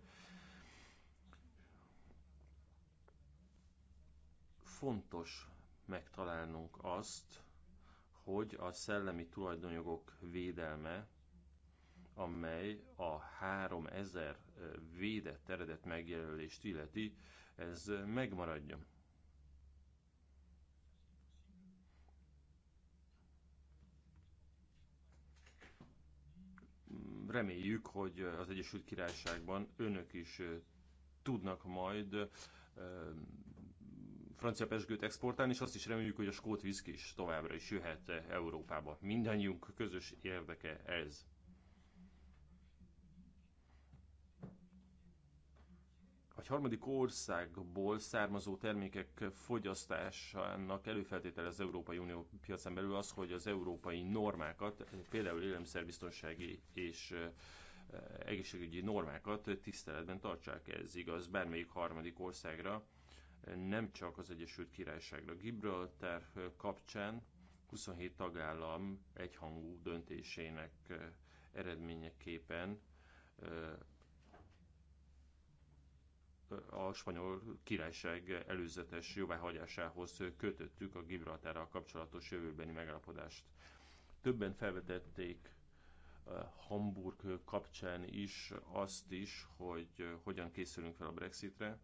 Fontos megtalálnunk azt, hogy a szellemi tulajdonjogok védelme, amely a 3000 e, védett eredet megjelölést illeti, ez megmaradjon Reméljük, hogy az Egyesült Királyságban önök is tudnak majd francia pesgőt exportálni, és azt is reméljük, hogy a skót viszki is továbbra is jöhet Európába. Mindannyiunk közös érdeke ez. egy harmadik országból származó termékek fogyasztásának előfeltétele az Európai Unió piacán belül az, hogy az európai normákat, például élelmiszerbiztonsági és egészségügyi normákat tiszteletben tartsák. Ez igaz bármelyik harmadik országra, nem csak az Egyesült Királyságra. Gibraltar kapcsán 27 tagállam egyhangú döntésének eredményeképpen a spanyol királyság előzetes jóváhagyásához kötöttük a Gibraltárral kapcsolatos jövőbeni megállapodást. Többen felvetették eh, Hamburg kapcsán is azt is, hogy eh, hogyan készülünk fel a Brexitre.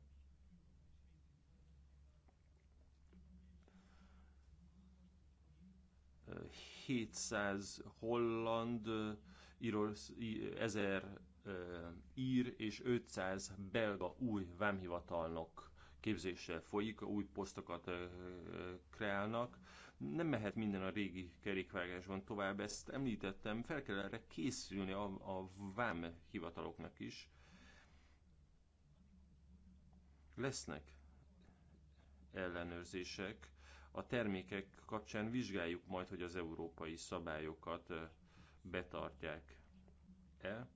Eh, hétszáz 700 holland, Írosz, 1000 ír és 500 belga új vámhivatalnok képzése folyik, új posztokat kreálnak. Nem mehet minden a régi kerékvágásban tovább, ezt említettem, fel kell erre készülni a, a vám hivataloknak is. Lesznek ellenőrzések, a termékek kapcsán vizsgáljuk majd, hogy az európai szabályokat betartják-e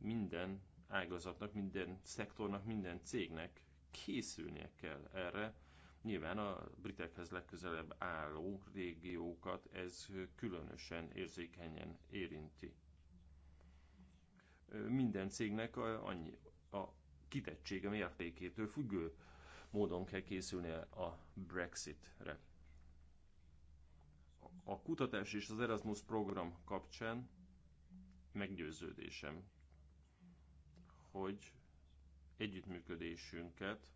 minden ágazatnak, minden szektornak, minden cégnek készülnie kell erre. Nyilván a britekhez legközelebb álló régiókat ez különösen érzékenyen érinti. Minden cégnek annyi a kitettsége mértékétől függő módon kell készülnie a Brexitre. A kutatás és az Erasmus program kapcsán meggyőződésem, hogy együttműködésünket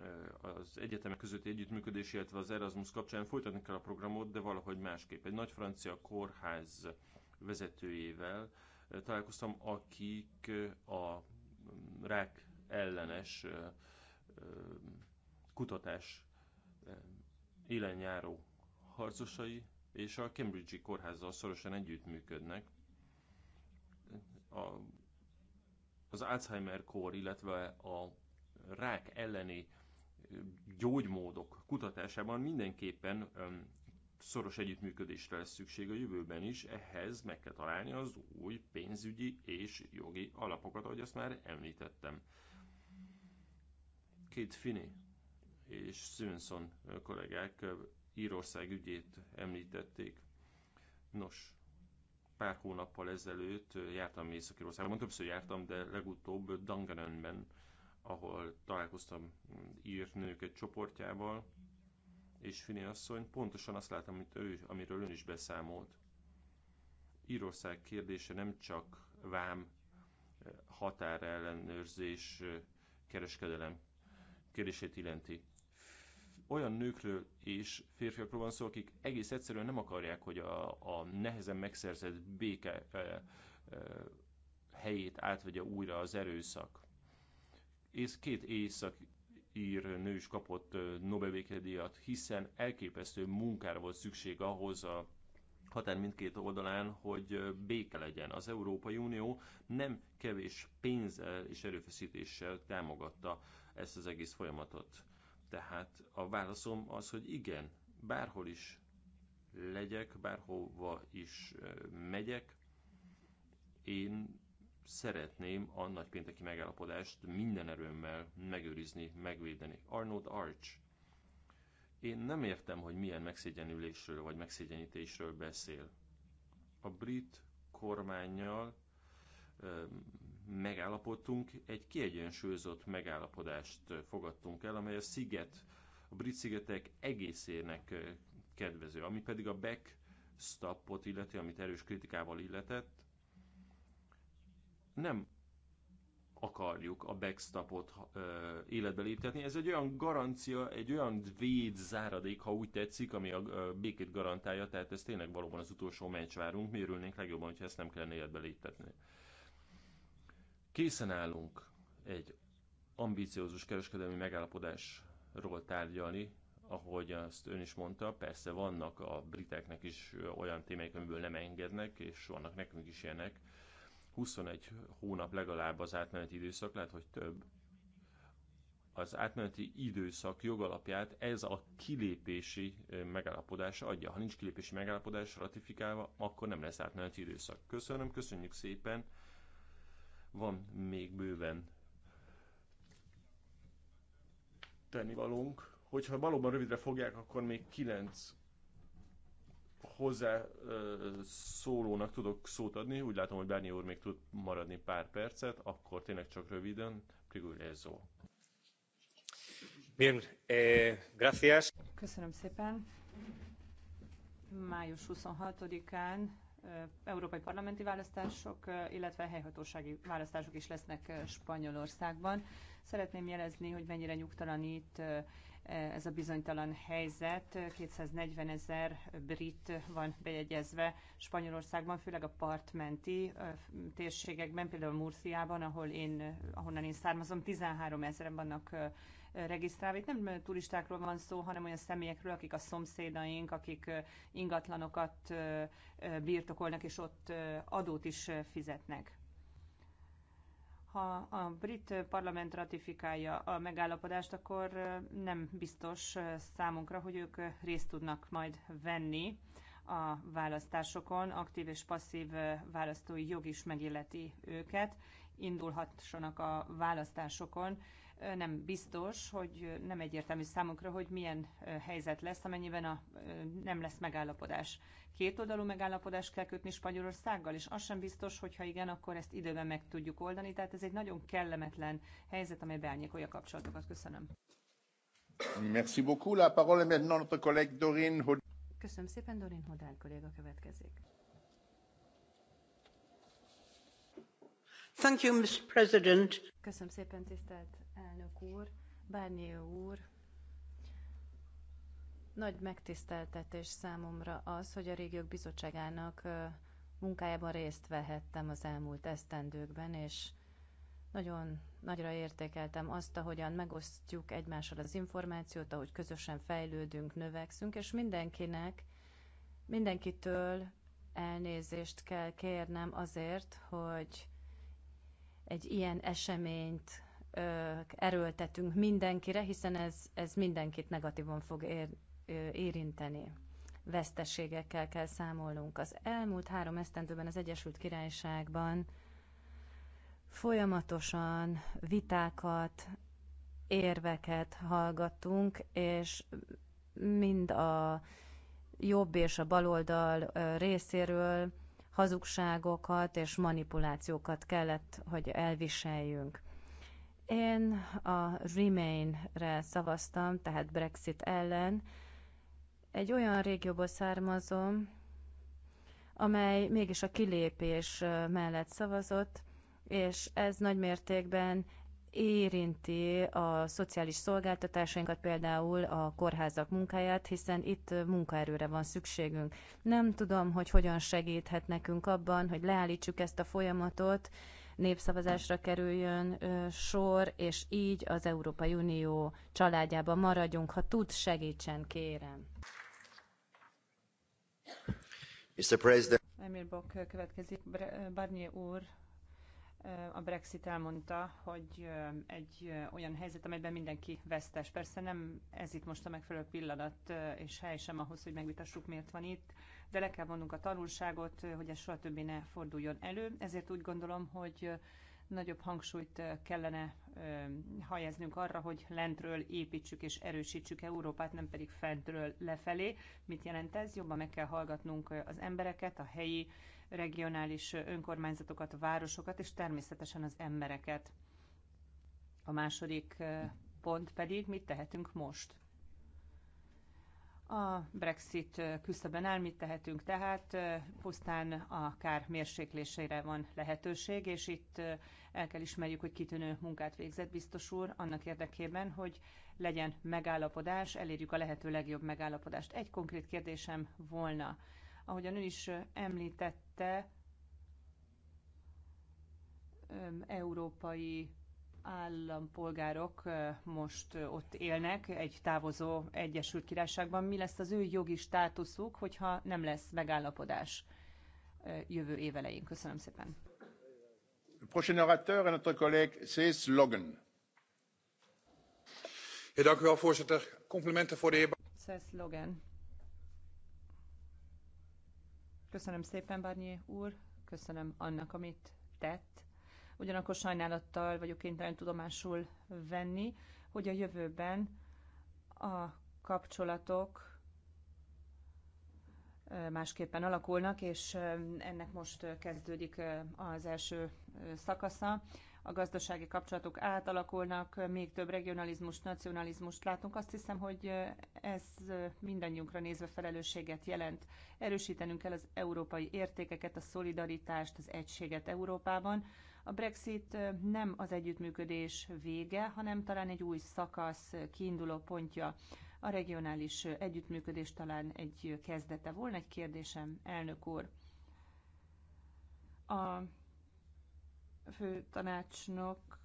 eh, az egyetemek közötti együttműködés, illetve az Erasmus kapcsán folytatni kell a programot, de valahogy másképp. Egy nagy francia kórház vezetőjével eh, találkoztam, akik eh, a rák ellenes kutatás élenjáró harcosai, és a Cambridge-i kórházzal szorosan együttműködnek a, az Alzheimer-kór, illetve a rák elleni gyógymódok kutatásában mindenképpen szoros együttműködésre lesz szükség a jövőben is, ehhez meg kell találni az új pénzügyi és jogi alapokat, ahogy azt már említettem. Két Fini és Simonson kollégák Írország ügyét említették. Nos, pár hónappal ezelőtt jártam Észak-Írországban, többször jártam, de legutóbb Danganönben, ahol találkoztam mm, ír nők egy csoportjával, és Fini asszony, pontosan azt láttam, amit ő, amiről ön is beszámolt. Írország kérdése nem csak vám határellenőrzés kereskedelem kérdését illeti olyan nőkről és férfiakról van szó, akik egész egyszerűen nem akarják, hogy a, a nehezen megszerzett béke e, e, helyét átvegye újra az erőszak. És két éjszak ír nő is kapott nobel díjat, hiszen elképesztő munkára volt szükség ahhoz a határ mindkét oldalán, hogy béke legyen. Az Európai Unió nem kevés pénzzel és erőfeszítéssel támogatta ezt az egész folyamatot. Tehát a válaszom az, hogy igen, bárhol is legyek, bárhova is megyek, én szeretném a nagypénteki megállapodást minden erőmmel megőrizni, megvédeni. Arnold Arch. Én nem értem, hogy milyen megszégyenülésről vagy megszégyenítésről beszél. A brit kormányjal megállapodtunk, egy kiegyensúlyozott megállapodást fogadtunk el, amely a sziget, a brit szigetek egészének kedvező, ami pedig a backstopot illeti, amit erős kritikával illetett, nem akarjuk a backstopot ö, életbe léptetni. Ez egy olyan garancia, egy olyan véd záradék, ha úgy tetszik, ami a ö, békét garantálja, tehát ez tényleg valóban az utolsó meccs várunk, mi örülnénk legjobban, hogyha ezt nem kellene életbe léptetni. Készen állunk egy ambíciózus kereskedelmi megállapodásról tárgyalni, ahogy azt ön is mondta, persze vannak a briteknek is olyan témák, amiből nem engednek, és vannak nekünk is ilyenek. 21 hónap legalább az átmeneti időszak, lehet, hogy több. Az átmeneti időszak jogalapját ez a kilépési megállapodás adja. Ha nincs kilépési megállapodás ratifikálva, akkor nem lesz átmeneti időszak. Köszönöm, köszönjük szépen! van még bőven tennivalónk. Hogyha valóban rövidre fogják, akkor még kilenc hozzá szólónak tudok szót adni. Úgy látom, hogy Bárnyi úr még tud maradni pár percet, akkor tényleg csak röviden. Prigulézó. Bien, eh, gracias. Köszönöm szépen. Május 26-án európai parlamenti választások, illetve helyhatósági választások is lesznek Spanyolországban. Szeretném jelezni, hogy mennyire nyugtalanít e, ez a bizonytalan helyzet. 240 ezer brit van bejegyezve Spanyolországban, főleg a partmenti térségekben, például Murciában, ahol én, ahonnan én származom, 13 ezeren vannak regisztrálva. Itt nem turistákról van szó, hanem olyan személyekről, akik a szomszédaink, akik ingatlanokat birtokolnak, és ott adót is fizetnek. Ha a brit parlament ratifikálja a megállapodást, akkor nem biztos számunkra, hogy ők részt tudnak majd venni a választásokon, aktív és passzív választói jog is megilleti őket, indulhassanak a választásokon, nem biztos, hogy nem egyértelmű számunkra, hogy milyen helyzet lesz, amennyiben a, nem lesz megállapodás. Két oldalú megállapodást kell kötni Spanyolországgal, és az sem biztos, hogy ha igen, akkor ezt időben meg tudjuk oldani. Tehát ez egy nagyon kellemetlen helyzet, amely beárnyékolja a kapcsolatokat. Köszönöm. Merci beaucoup. La parole maintenant notre collègue Dorin Köszönöm szépen, Dorin Hodál kolléga következik. Thank you, Mr. President. Köszönöm szépen, tisztelt elnök úr, Bárnyé úr, nagy megtiszteltetés számomra az, hogy a Régiók Bizottságának munkájában részt vehettem az elmúlt esztendőkben, és nagyon nagyra értékeltem azt, ahogyan megosztjuk egymással az információt, ahogy közösen fejlődünk, növekszünk, és mindenkinek, mindenkitől elnézést kell kérnem azért, hogy egy ilyen eseményt erőltetünk mindenkire, hiszen ez, ez mindenkit negatívan fog ér, érinteni. Veszteségekkel kell számolnunk. Az elmúlt három esztendőben az Egyesült Királyságban folyamatosan vitákat, érveket hallgattunk, és mind a jobb és a baloldal részéről hazugságokat és manipulációkat kellett, hogy elviseljünk. Én a Remain-re szavaztam, tehát Brexit ellen. Egy olyan régióból származom, amely mégis a kilépés mellett szavazott, és ez nagymértékben érinti a szociális szolgáltatásainkat, például a kórházak munkáját, hiszen itt munkaerőre van szükségünk. Nem tudom, hogy hogyan segíthet nekünk abban, hogy leállítsuk ezt a folyamatot, népszavazásra kerüljön sor, és így az Európai Unió családjában maradjunk. Ha tud, segítsen, kérem. Mr. President. Emil Bok következik. Barnier úr, a Brexit elmondta, hogy egy olyan helyzet, amelyben mindenki vesztes. Persze nem ez itt most a megfelelő pillanat és hely sem ahhoz, hogy megvitassuk, miért van itt, de le kell vonnunk a tanulságot, hogy ez soha többé ne forduljon elő. Ezért úgy gondolom, hogy nagyobb hangsúlyt kellene hajeznünk arra, hogy lentről építsük és erősítsük Európát, nem pedig fentről lefelé. Mit jelent ez? Jobban meg kell hallgatnunk az embereket, a helyi regionális önkormányzatokat, a városokat és természetesen az embereket. A második pont pedig, mit tehetünk most? A Brexit küszöben áll, mit tehetünk tehát? Pusztán a kár mérséklésére van lehetőség, és itt el kell ismerjük, hogy kitűnő munkát végzett biztos úr, annak érdekében, hogy legyen megállapodás, elérjük a lehető legjobb megállapodást. Egy konkrét kérdésem volna. Ahogyan ön is említette, európai állampolgárok most ott élnek egy távozó Egyesült Királyságban. Mi lesz az ő jogi státuszuk, hogyha nem lesz megállapodás jövő évelején? Köszönöm szépen. Le prochain orateur est notre collègue C.S. Logan. Ja, dank u wel, voorzitter. Complimenten voor de heer... C.S. Logan. Köszönöm szépen, Barnier úr, köszönöm annak, amit tett. Ugyanakkor sajnálattal vagyok kénytelen tudomásul venni, hogy a jövőben a kapcsolatok másképpen alakulnak, és ennek most kezdődik az első szakasza a gazdasági kapcsolatok átalakulnak, még több regionalizmust, nacionalizmust látunk. Azt hiszem, hogy ez mindannyiunkra nézve felelősséget jelent. Erősítenünk kell az európai értékeket, a szolidaritást, az egységet Európában. A Brexit nem az együttműködés vége, hanem talán egy új szakasz kiinduló pontja. A regionális együttműködés talán egy kezdete volna. Egy kérdésem, elnök úr. A fő tanácsnok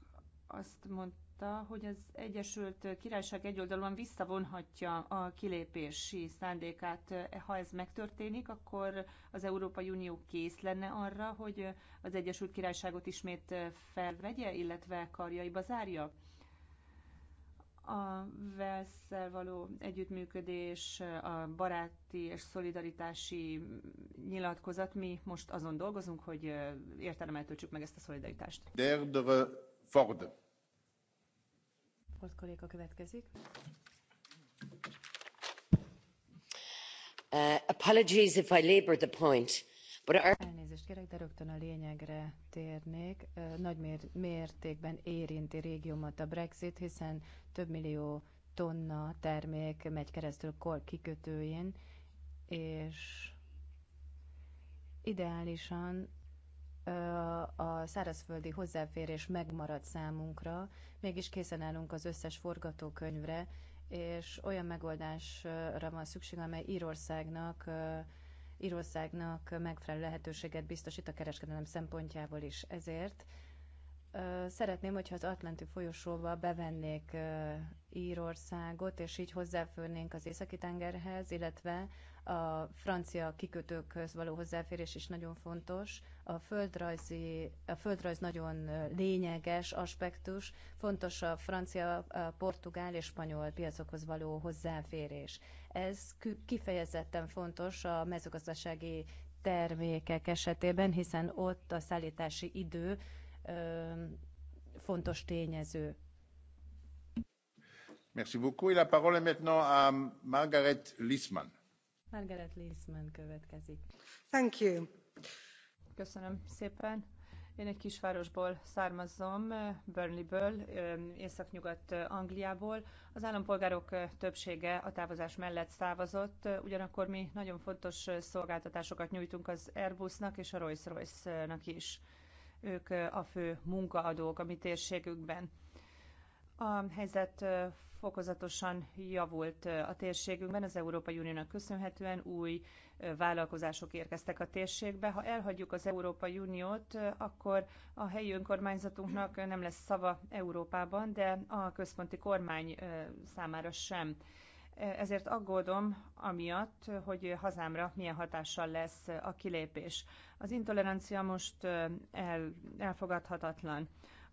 azt mondta, hogy az Egyesült Királyság egyoldalúan visszavonhatja a kilépési szándékát. Ha ez megtörténik, akkor az Európai Unió kész lenne arra, hogy az Egyesült Királyságot ismét felvegye, illetve karjaiba zárja? a Velszel való együttműködés, a baráti és szolidaritási nyilatkozat, mi most azon dolgozunk, hogy értelemmel töltsük meg ezt a szolidaritást. Derdre Ford. Ford kolléga következik. Uh, apologies if I labor the point, but our kérek, de rögtön a lényegre térnék. Nagy mértékben érinti régiómat a Brexit, hiszen több millió tonna termék megy keresztül kor kikötőjén, és ideálisan a szárazföldi hozzáférés megmarad számunkra, mégis készen állunk az összes forgatókönyvre, és olyan megoldásra van szükség, amely Írországnak Írországnak megfelelő lehetőséget biztosít a kereskedelem szempontjából is. Ezért szeretném, hogyha az Atlanti folyosóba bevennék Írországot, és így hozzáférnénk az Északi-tengerhez, illetve a francia kikötőkhöz való hozzáférés is nagyon fontos, a földrajzi, a földrajz nagyon lényeges aspektus, fontos a francia, a portugál és spanyol piacokhoz való hozzáférés. Ez kifejezetten fontos a mezőgazdasági termékek esetében, hiszen ott a szállítási idő ö, fontos tényező. Merci beaucoup. Et la parole est maintenant à Margaret Lisman. Margaret Lisman következik. Thank you. Köszönöm szépen. Én egy kisvárosból származom, Burnleyből, északnyugat eh, Angliából. Az állampolgárok eh, többsége a távozás mellett szávazott, eh, ugyanakkor mi nagyon fontos szolgáltatásokat nyújtunk az Airbusnak és a Rolls-Royce-nak is. Ők a fő munkaadók a mi térségükben. A helyzet fokozatosan javult a térségünkben, az Európai Uniónak köszönhetően új vállalkozások érkeztek a térségbe. Ha elhagyjuk az Európai Uniót, akkor a helyi önkormányzatunknak nem lesz szava Európában, de a központi kormány számára sem. Ezért aggódom amiatt, hogy hazámra milyen hatással lesz a kilépés. Az intolerancia most el, elfogadhatatlan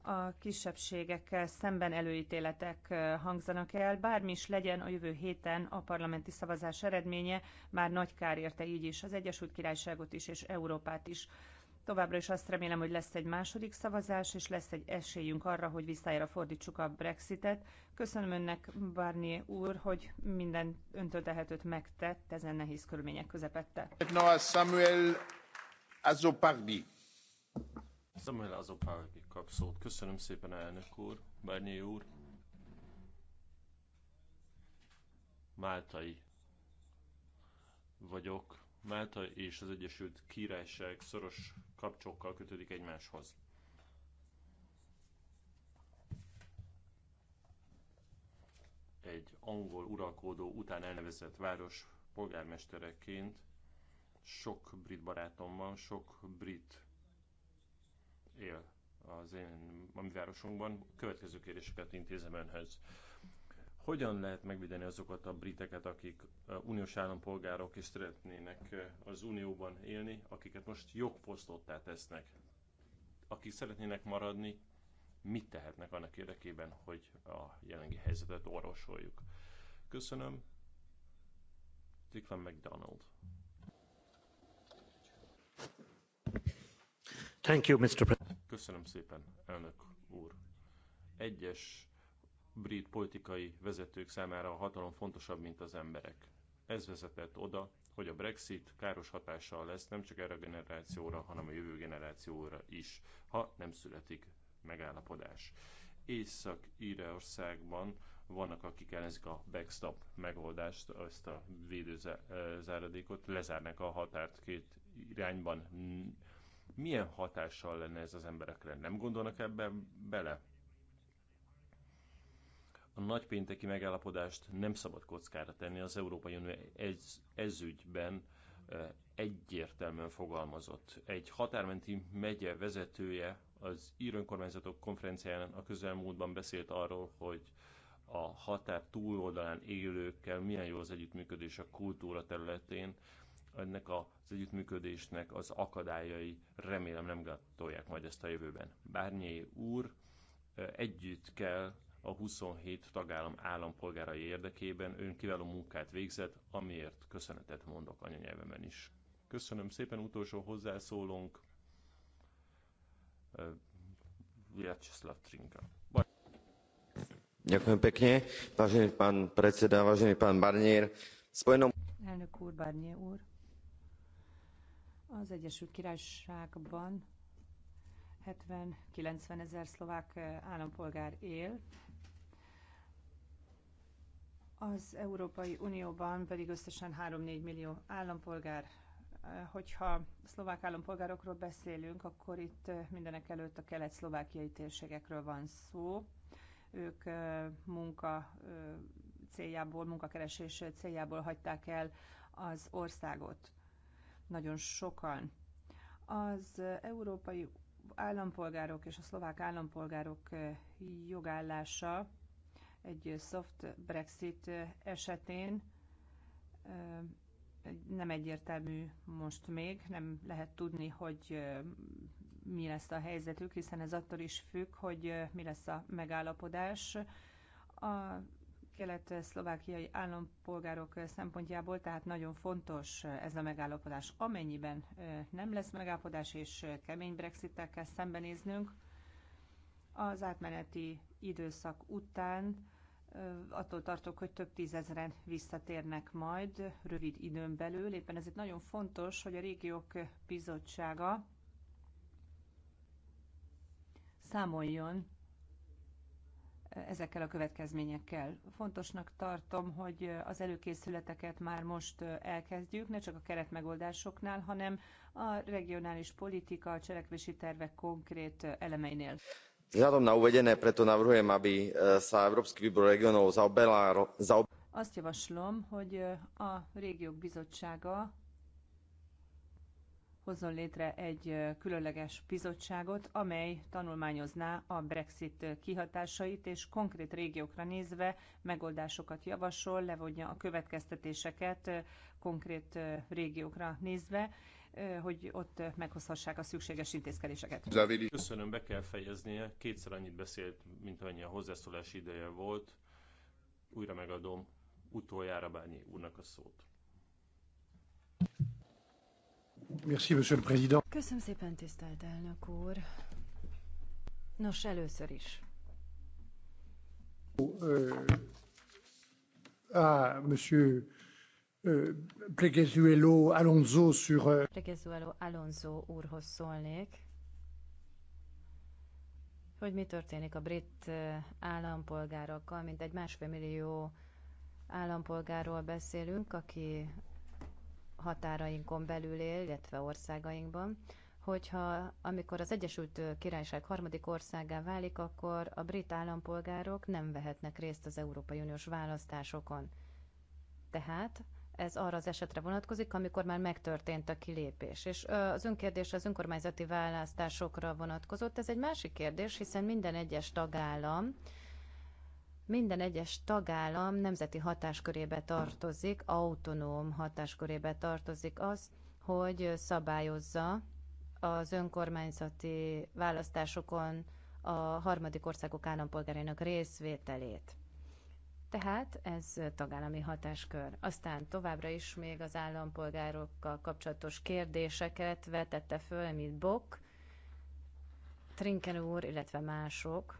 a kisebbségekkel szemben előítéletek hangzanak el. Bármi is legyen a jövő héten a parlamenti szavazás eredménye, már nagy kár érte így is az Egyesült Királyságot is és Európát is. Továbbra is azt remélem, hogy lesz egy második szavazás, és lesz egy esélyünk arra, hogy visszájára fordítsuk a Brexitet. Köszönöm önnek, várni úr, hogy minden öntől tehetőt megtett ezen nehéz körülmények közepette. Noah Samuel Azopardi. Samuel Azopáki kap szót. Köszönöm szépen, elnök úr, Bernyé úr. Máltai vagyok. Málta és az Egyesült Királyság szoros kapcsokkal kötődik egymáshoz. Egy angol uralkodó után elnevezett város polgármestereként sok brit barátom van, sok brit él az én a mi városunkban. Következő kérdéseket intézem önhöz. Hogyan lehet megvédeni azokat a briteket, akik uniós állampolgárok és szeretnének az unióban élni, akiket most jogfosztottá tesznek? Akik szeretnének maradni, mit tehetnek annak érdekében, hogy a jelenlegi helyzetet orvosoljuk? Köszönöm. Declan McDonald. Thank you, Mr. President. Köszönöm szépen, elnök úr. Egyes brit politikai vezetők számára a hatalom fontosabb, mint az emberek. Ez vezetett oda, hogy a Brexit káros hatással lesz nem csak erre a generációra, hanem a jövő generációra is, ha nem születik megállapodás. Észak-Írországban vannak, akik ellenzik a backstop megoldást, ezt a védőzáradékot, lezárnak a határt két irányban milyen hatással lenne ez az emberekre? Nem gondolnak ebben bele? A nagypénteki megállapodást nem szabad kockára tenni, az Európai Unió ez, ez ügyben egyértelműen fogalmazott. Egy határmenti megye vezetője az ír önkormányzatok konferenciáján a közelmúltban beszélt arról, hogy a határ túloldalán élőkkel milyen jó az együttműködés a kultúra területén, ennek az együttműködésnek az akadályai remélem nem gátolják majd ezt a jövőben. Bárnyé úr, együtt kell a 27 tagállam állampolgárai érdekében ön kiváló munkát végzett, amiért köszönetet mondok anyanyelvemen is. Köszönöm szépen, utolsó hozzászólónk, Vyacheslav Trinka. Ďakujem pekne, vážený pán predseda, vážený pán Barnier. Spojenom... Elnök úr, Barnier úr. Az Egyesült Királyságban 70-90 ezer szlovák állampolgár él, az Európai Unióban pedig összesen 3-4 millió állampolgár. Hogyha szlovák állampolgárokról beszélünk, akkor itt mindenek előtt a kelet-szlovákiai térségekről van szó. Ők munka céljából, munkakeresés céljából hagyták el az országot nagyon sokan. Az európai állampolgárok és a szlovák állampolgárok eh, jogállása egy soft Brexit eh, esetén eh, nem egyértelmű most még, nem lehet tudni, hogy mi lesz a helyzetük, hiszen ez attól is függ, hogy mi lesz a megállapodás. A kelet-szlovákiai állampolgárok szempontjából, tehát nagyon fontos ez a megállapodás. Amennyiben nem lesz megállapodás és kemény Brexit-tel kell szembenéznünk, az átmeneti időszak után attól tartok, hogy több tízezren visszatérnek majd rövid időn belül. Éppen ezért nagyon fontos, hogy a régiók bizottsága számoljon ezekkel a következményekkel. Fontosnak tartom, hogy az előkészületeket már most elkezdjük, ne csak a keretmegoldásoknál, hanem a regionális politika, a cselekvési tervek konkrét elemeinél. Vzhľadom na uvedené, preto navrhujem, aby e, sa Európsky výbor regionov zaoberá... Azt javaslom, hogy e, a régiók bizottsága hozzon létre egy különleges bizottságot, amely tanulmányozná a Brexit kihatásait, és konkrét régiókra nézve megoldásokat javasol, levonja a következtetéseket konkrét régiókra nézve, hogy ott meghozhassák a szükséges intézkedéseket. Köszönöm, be kell fejeznie. Kétszer annyit beszélt, mint annyi a hozzászólási ideje volt. Újra megadom utoljára Bányi úrnak a szót. Merci, monsieur le président. Köszönöm szépen, tisztelt elnök úr. Nos, először is. Ah, monsieur Plegezuelo Alonso sur... Plegezuelo Alonso úrhoz szólnék, hogy mi történik a brit állampolgárokkal, mint egy másfél millió állampolgárról beszélünk, aki határainkon belül él, illetve országainkban, hogyha amikor az Egyesült Királyság harmadik országá válik, akkor a brit állampolgárok nem vehetnek részt az Európai Uniós választásokon. Tehát ez arra az esetre vonatkozik, amikor már megtörtént a kilépés. És az önkérdés az önkormányzati választásokra vonatkozott. Ez egy másik kérdés, hiszen minden egyes tagállam minden egyes tagállam nemzeti hatáskörébe tartozik, autonóm hatáskörébe tartozik az, hogy szabályozza az önkormányzati választásokon a harmadik országok állampolgárainak részvételét. Tehát ez tagállami hatáskör. Aztán továbbra is még az állampolgárokkal kapcsolatos kérdéseket vetette föl, mint Bok, Trinken úr, illetve mások.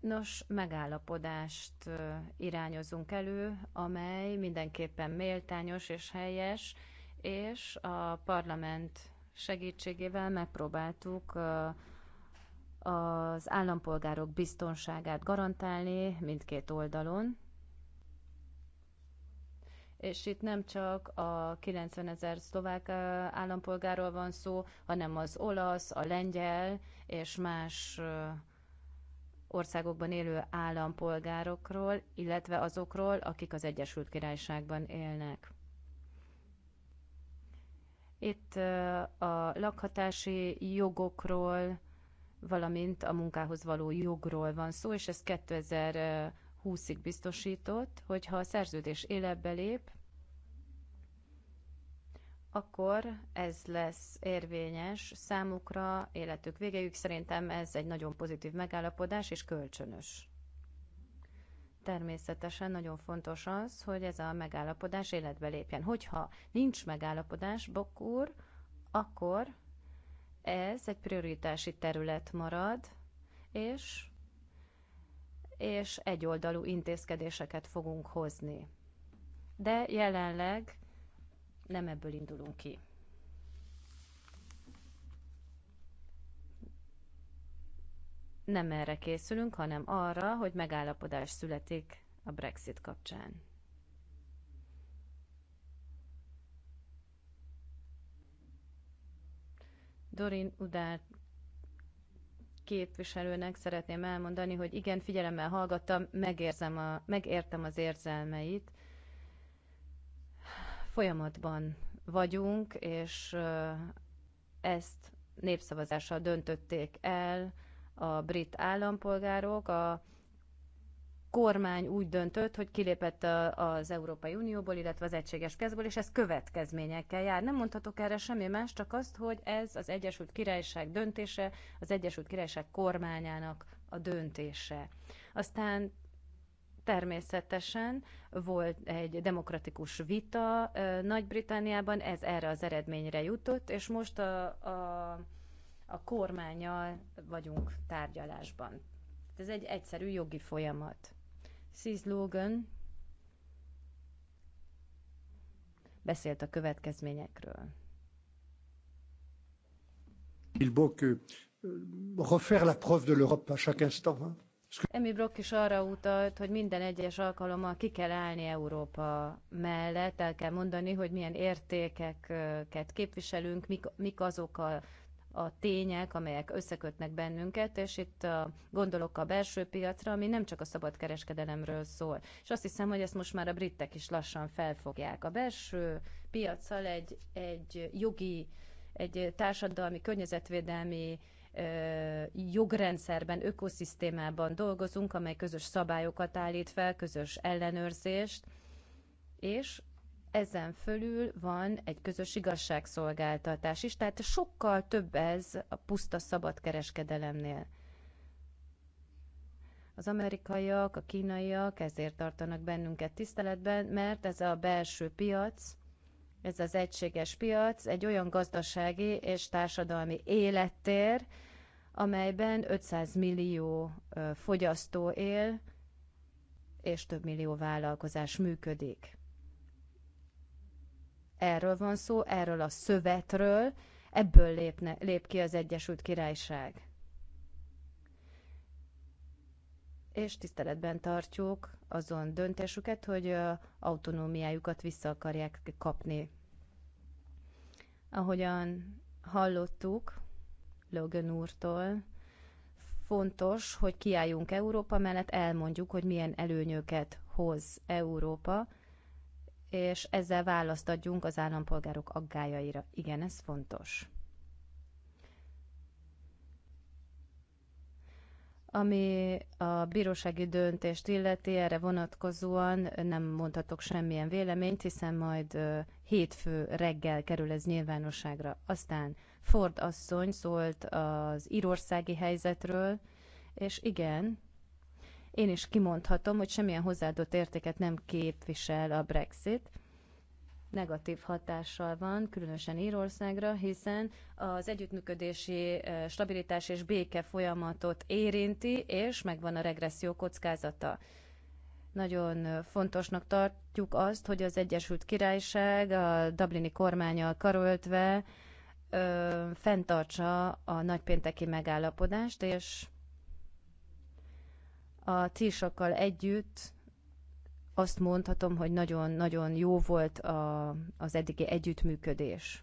Nos, megállapodást irányozunk elő, amely mindenképpen méltányos és helyes, és a parlament segítségével megpróbáltuk az állampolgárok biztonságát garantálni mindkét oldalon. És itt nem csak a 90 ezer szlovák állampolgáról van szó, hanem az olasz, a lengyel és más országokban élő állampolgárokról, illetve azokról, akik az Egyesült Királyságban élnek. Itt a lakhatási jogokról, valamint a munkához való jogról van szó, és ez 2020-ig biztosított, hogyha a szerződés életbe lép, akkor ez lesz érvényes számukra életük végéig. Szerintem ez egy nagyon pozitív megállapodás és kölcsönös. Természetesen nagyon fontos az, hogy ez a megállapodás életbe lépjen. Hogyha nincs megállapodás, bokúr, akkor ez egy prioritási terület marad, és, és egyoldalú intézkedéseket fogunk hozni. De jelenleg nem ebből indulunk ki. Nem erre készülünk, hanem arra, hogy megállapodás születik a Brexit kapcsán. Dorin Udár képviselőnek szeretném elmondani, hogy igen, figyelemmel hallgattam, megérzem a, megértem az érzelmeit, folyamatban vagyunk, és ezt népszavazással döntötték el a brit állampolgárok. A kormány úgy döntött, hogy kilépett az Európai Unióból, illetve az egységes Kezből, és ez következményekkel jár. Nem mondhatok erre semmi más, csak azt, hogy ez az Egyesült Királyság döntése, az Egyesült Királyság kormányának a döntése. Aztán Természetesen volt egy demokratikus vita nagy britanniában ez erre az eredményre jutott, és most a, a, a kormányjal vagyunk tárgyalásban. Ez egy egyszerű jogi folyamat. Sziz Logan beszélt a következményekről. Bilbo, que euh, refaire la preuve de l'Europe à chaque instant. Hein? Emi Brock is arra utalt, hogy minden egyes alkalommal ki kell állni Európa mellett, el kell mondani, hogy milyen értékeket képviselünk, mik, mik azok a, a tények, amelyek összekötnek bennünket, és itt a, gondolok a belső piacra, ami nem csak a szabadkereskedelemről szól. És azt hiszem, hogy ezt most már a britek is lassan felfogják. A belső piacsal egy, egy jogi, egy társadalmi, környezetvédelmi jogrendszerben, ökoszisztémában dolgozunk, amely közös szabályokat állít fel, közös ellenőrzést, és ezen fölül van egy közös igazságszolgáltatás is, tehát sokkal több ez a puszta kereskedelemnél. Az amerikaiak, a kínaiak ezért tartanak bennünket tiszteletben, mert ez a belső piac ez az egységes piac egy olyan gazdasági és társadalmi élettér, amelyben 500 millió fogyasztó él, és több millió vállalkozás működik. Erről van szó, erről a szövetről, ebből lépne, lép ki az Egyesült Királyság. És tiszteletben tartjuk azon döntésüket, hogy autonómiájukat vissza akarják kapni. Ahogyan hallottuk Logan úrtól, fontos, hogy kiálljunk Európa mellett, elmondjuk, hogy milyen előnyöket hoz Európa, és ezzel választ adjunk az állampolgárok aggájaira. Igen, ez fontos. Ami a bírósági döntést illeti, erre vonatkozóan nem mondhatok semmilyen véleményt, hiszen majd hétfő reggel kerül ez nyilvánosságra. Aztán Ford asszony szólt az írországi helyzetről, és igen, én is kimondhatom, hogy semmilyen hozzáadott értéket nem képvisel a Brexit, negatív hatással van, különösen Írországra, hiszen az együttműködési e, stabilitás és béke folyamatot érinti, és megvan a regresszió kockázata. Nagyon e, fontosnak tartjuk azt, hogy az Egyesült Királyság a Dublini kormányal karöltve ö, e, fenntartsa a nagypénteki megállapodást, és a tisokkal együtt azt mondhatom, hogy nagyon-nagyon jó volt a, az eddigi együttműködés.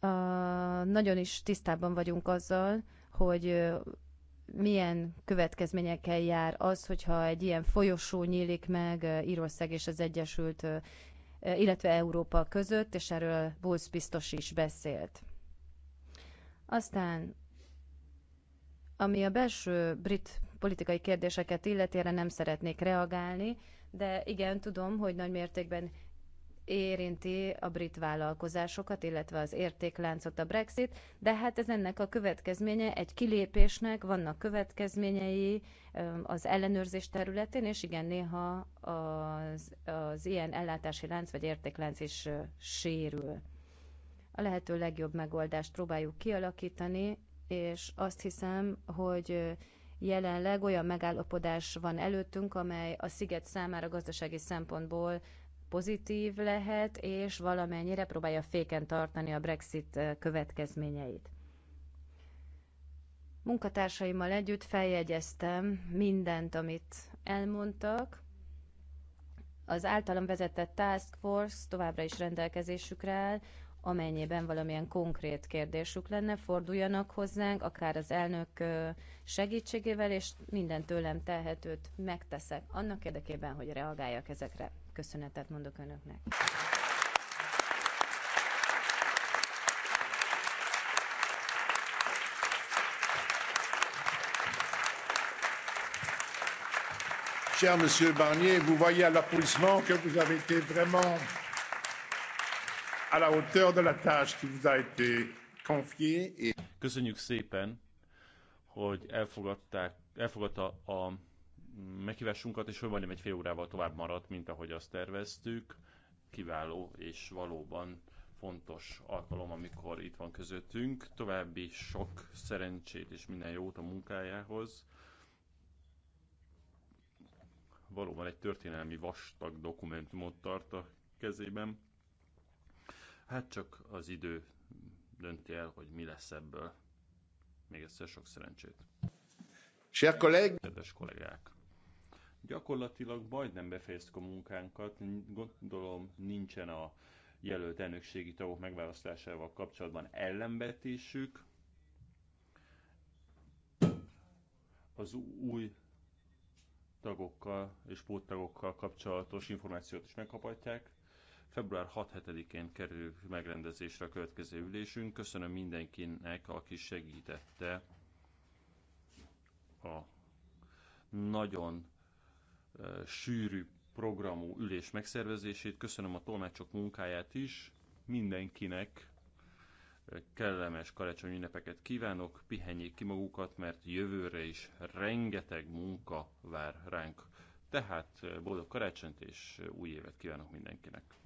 A, nagyon is tisztában vagyunk azzal, hogy milyen következményekkel jár az, hogyha egy ilyen folyosó nyílik meg Írország és az Egyesült, illetve Európa között, és erről Bulls biztos is beszélt. Aztán ami a belső brit politikai kérdéseket illeti, erre nem szeretnék reagálni, de igen, tudom, hogy nagy mértékben érinti a brit vállalkozásokat, illetve az értékláncot a Brexit, de hát ez ennek a következménye egy kilépésnek, vannak következményei az ellenőrzés területén, és igen, néha az, az ilyen ellátási lánc vagy értéklánc is sérül. A lehető legjobb megoldást próbáljuk kialakítani, és azt hiszem, hogy jelenleg olyan megállapodás van előttünk, amely a sziget számára gazdasági szempontból pozitív lehet, és valamennyire próbálja féken tartani a Brexit következményeit. Munkatársaimmal együtt feljegyeztem mindent, amit elmondtak. Az általam vezetett Task Force továbbra is rendelkezésükre áll, amennyiben valamilyen konkrét kérdésük lenne, forduljanak hozzánk, akár az elnök segítségével, és minden tőlem telhetőt megteszek annak érdekében, hogy reagáljak ezekre. Köszönetet mondok önöknek. Cher Monsieur Barnier, vous voyez à l'applaudissement que vous avez été vraiment à la hauteur de la tâche qui vous a été confiée. Et... Köszönjük szépen, hogy elfogadták, elfogadta a meghívásunkat, és hogy majdnem egy fél órával tovább maradt, mint ahogy azt terveztük. Kiváló és valóban fontos alkalom, amikor itt van közöttünk. További sok szerencsét és minden jót a munkájához. Valóban egy történelmi vastag dokumentumot tart a kezében. Hát csak az idő dönti el, hogy mi lesz ebből. Még egyszer sok szerencsét. Cher kollég! Kedves kollégák! Gyakorlatilag majdnem befejeztük a munkánkat, gondolom nincsen a jelölt elnökségi tagok megválasztásával kapcsolatban ellenvetésük. Az új tagokkal és póttagokkal kapcsolatos információt is megkaphatják. Február 6-7-én kerül megrendezésre a következő ülésünk. Köszönöm mindenkinek, aki segítette a nagyon sűrű programú ülés megszervezését. Köszönöm a tolmácsok munkáját is. Mindenkinek kellemes karácsony ünnepeket kívánok, pihenjék ki magukat, mert jövőre is rengeteg munka vár ránk. Tehát boldog karácsonyt és új évet kívánok mindenkinek!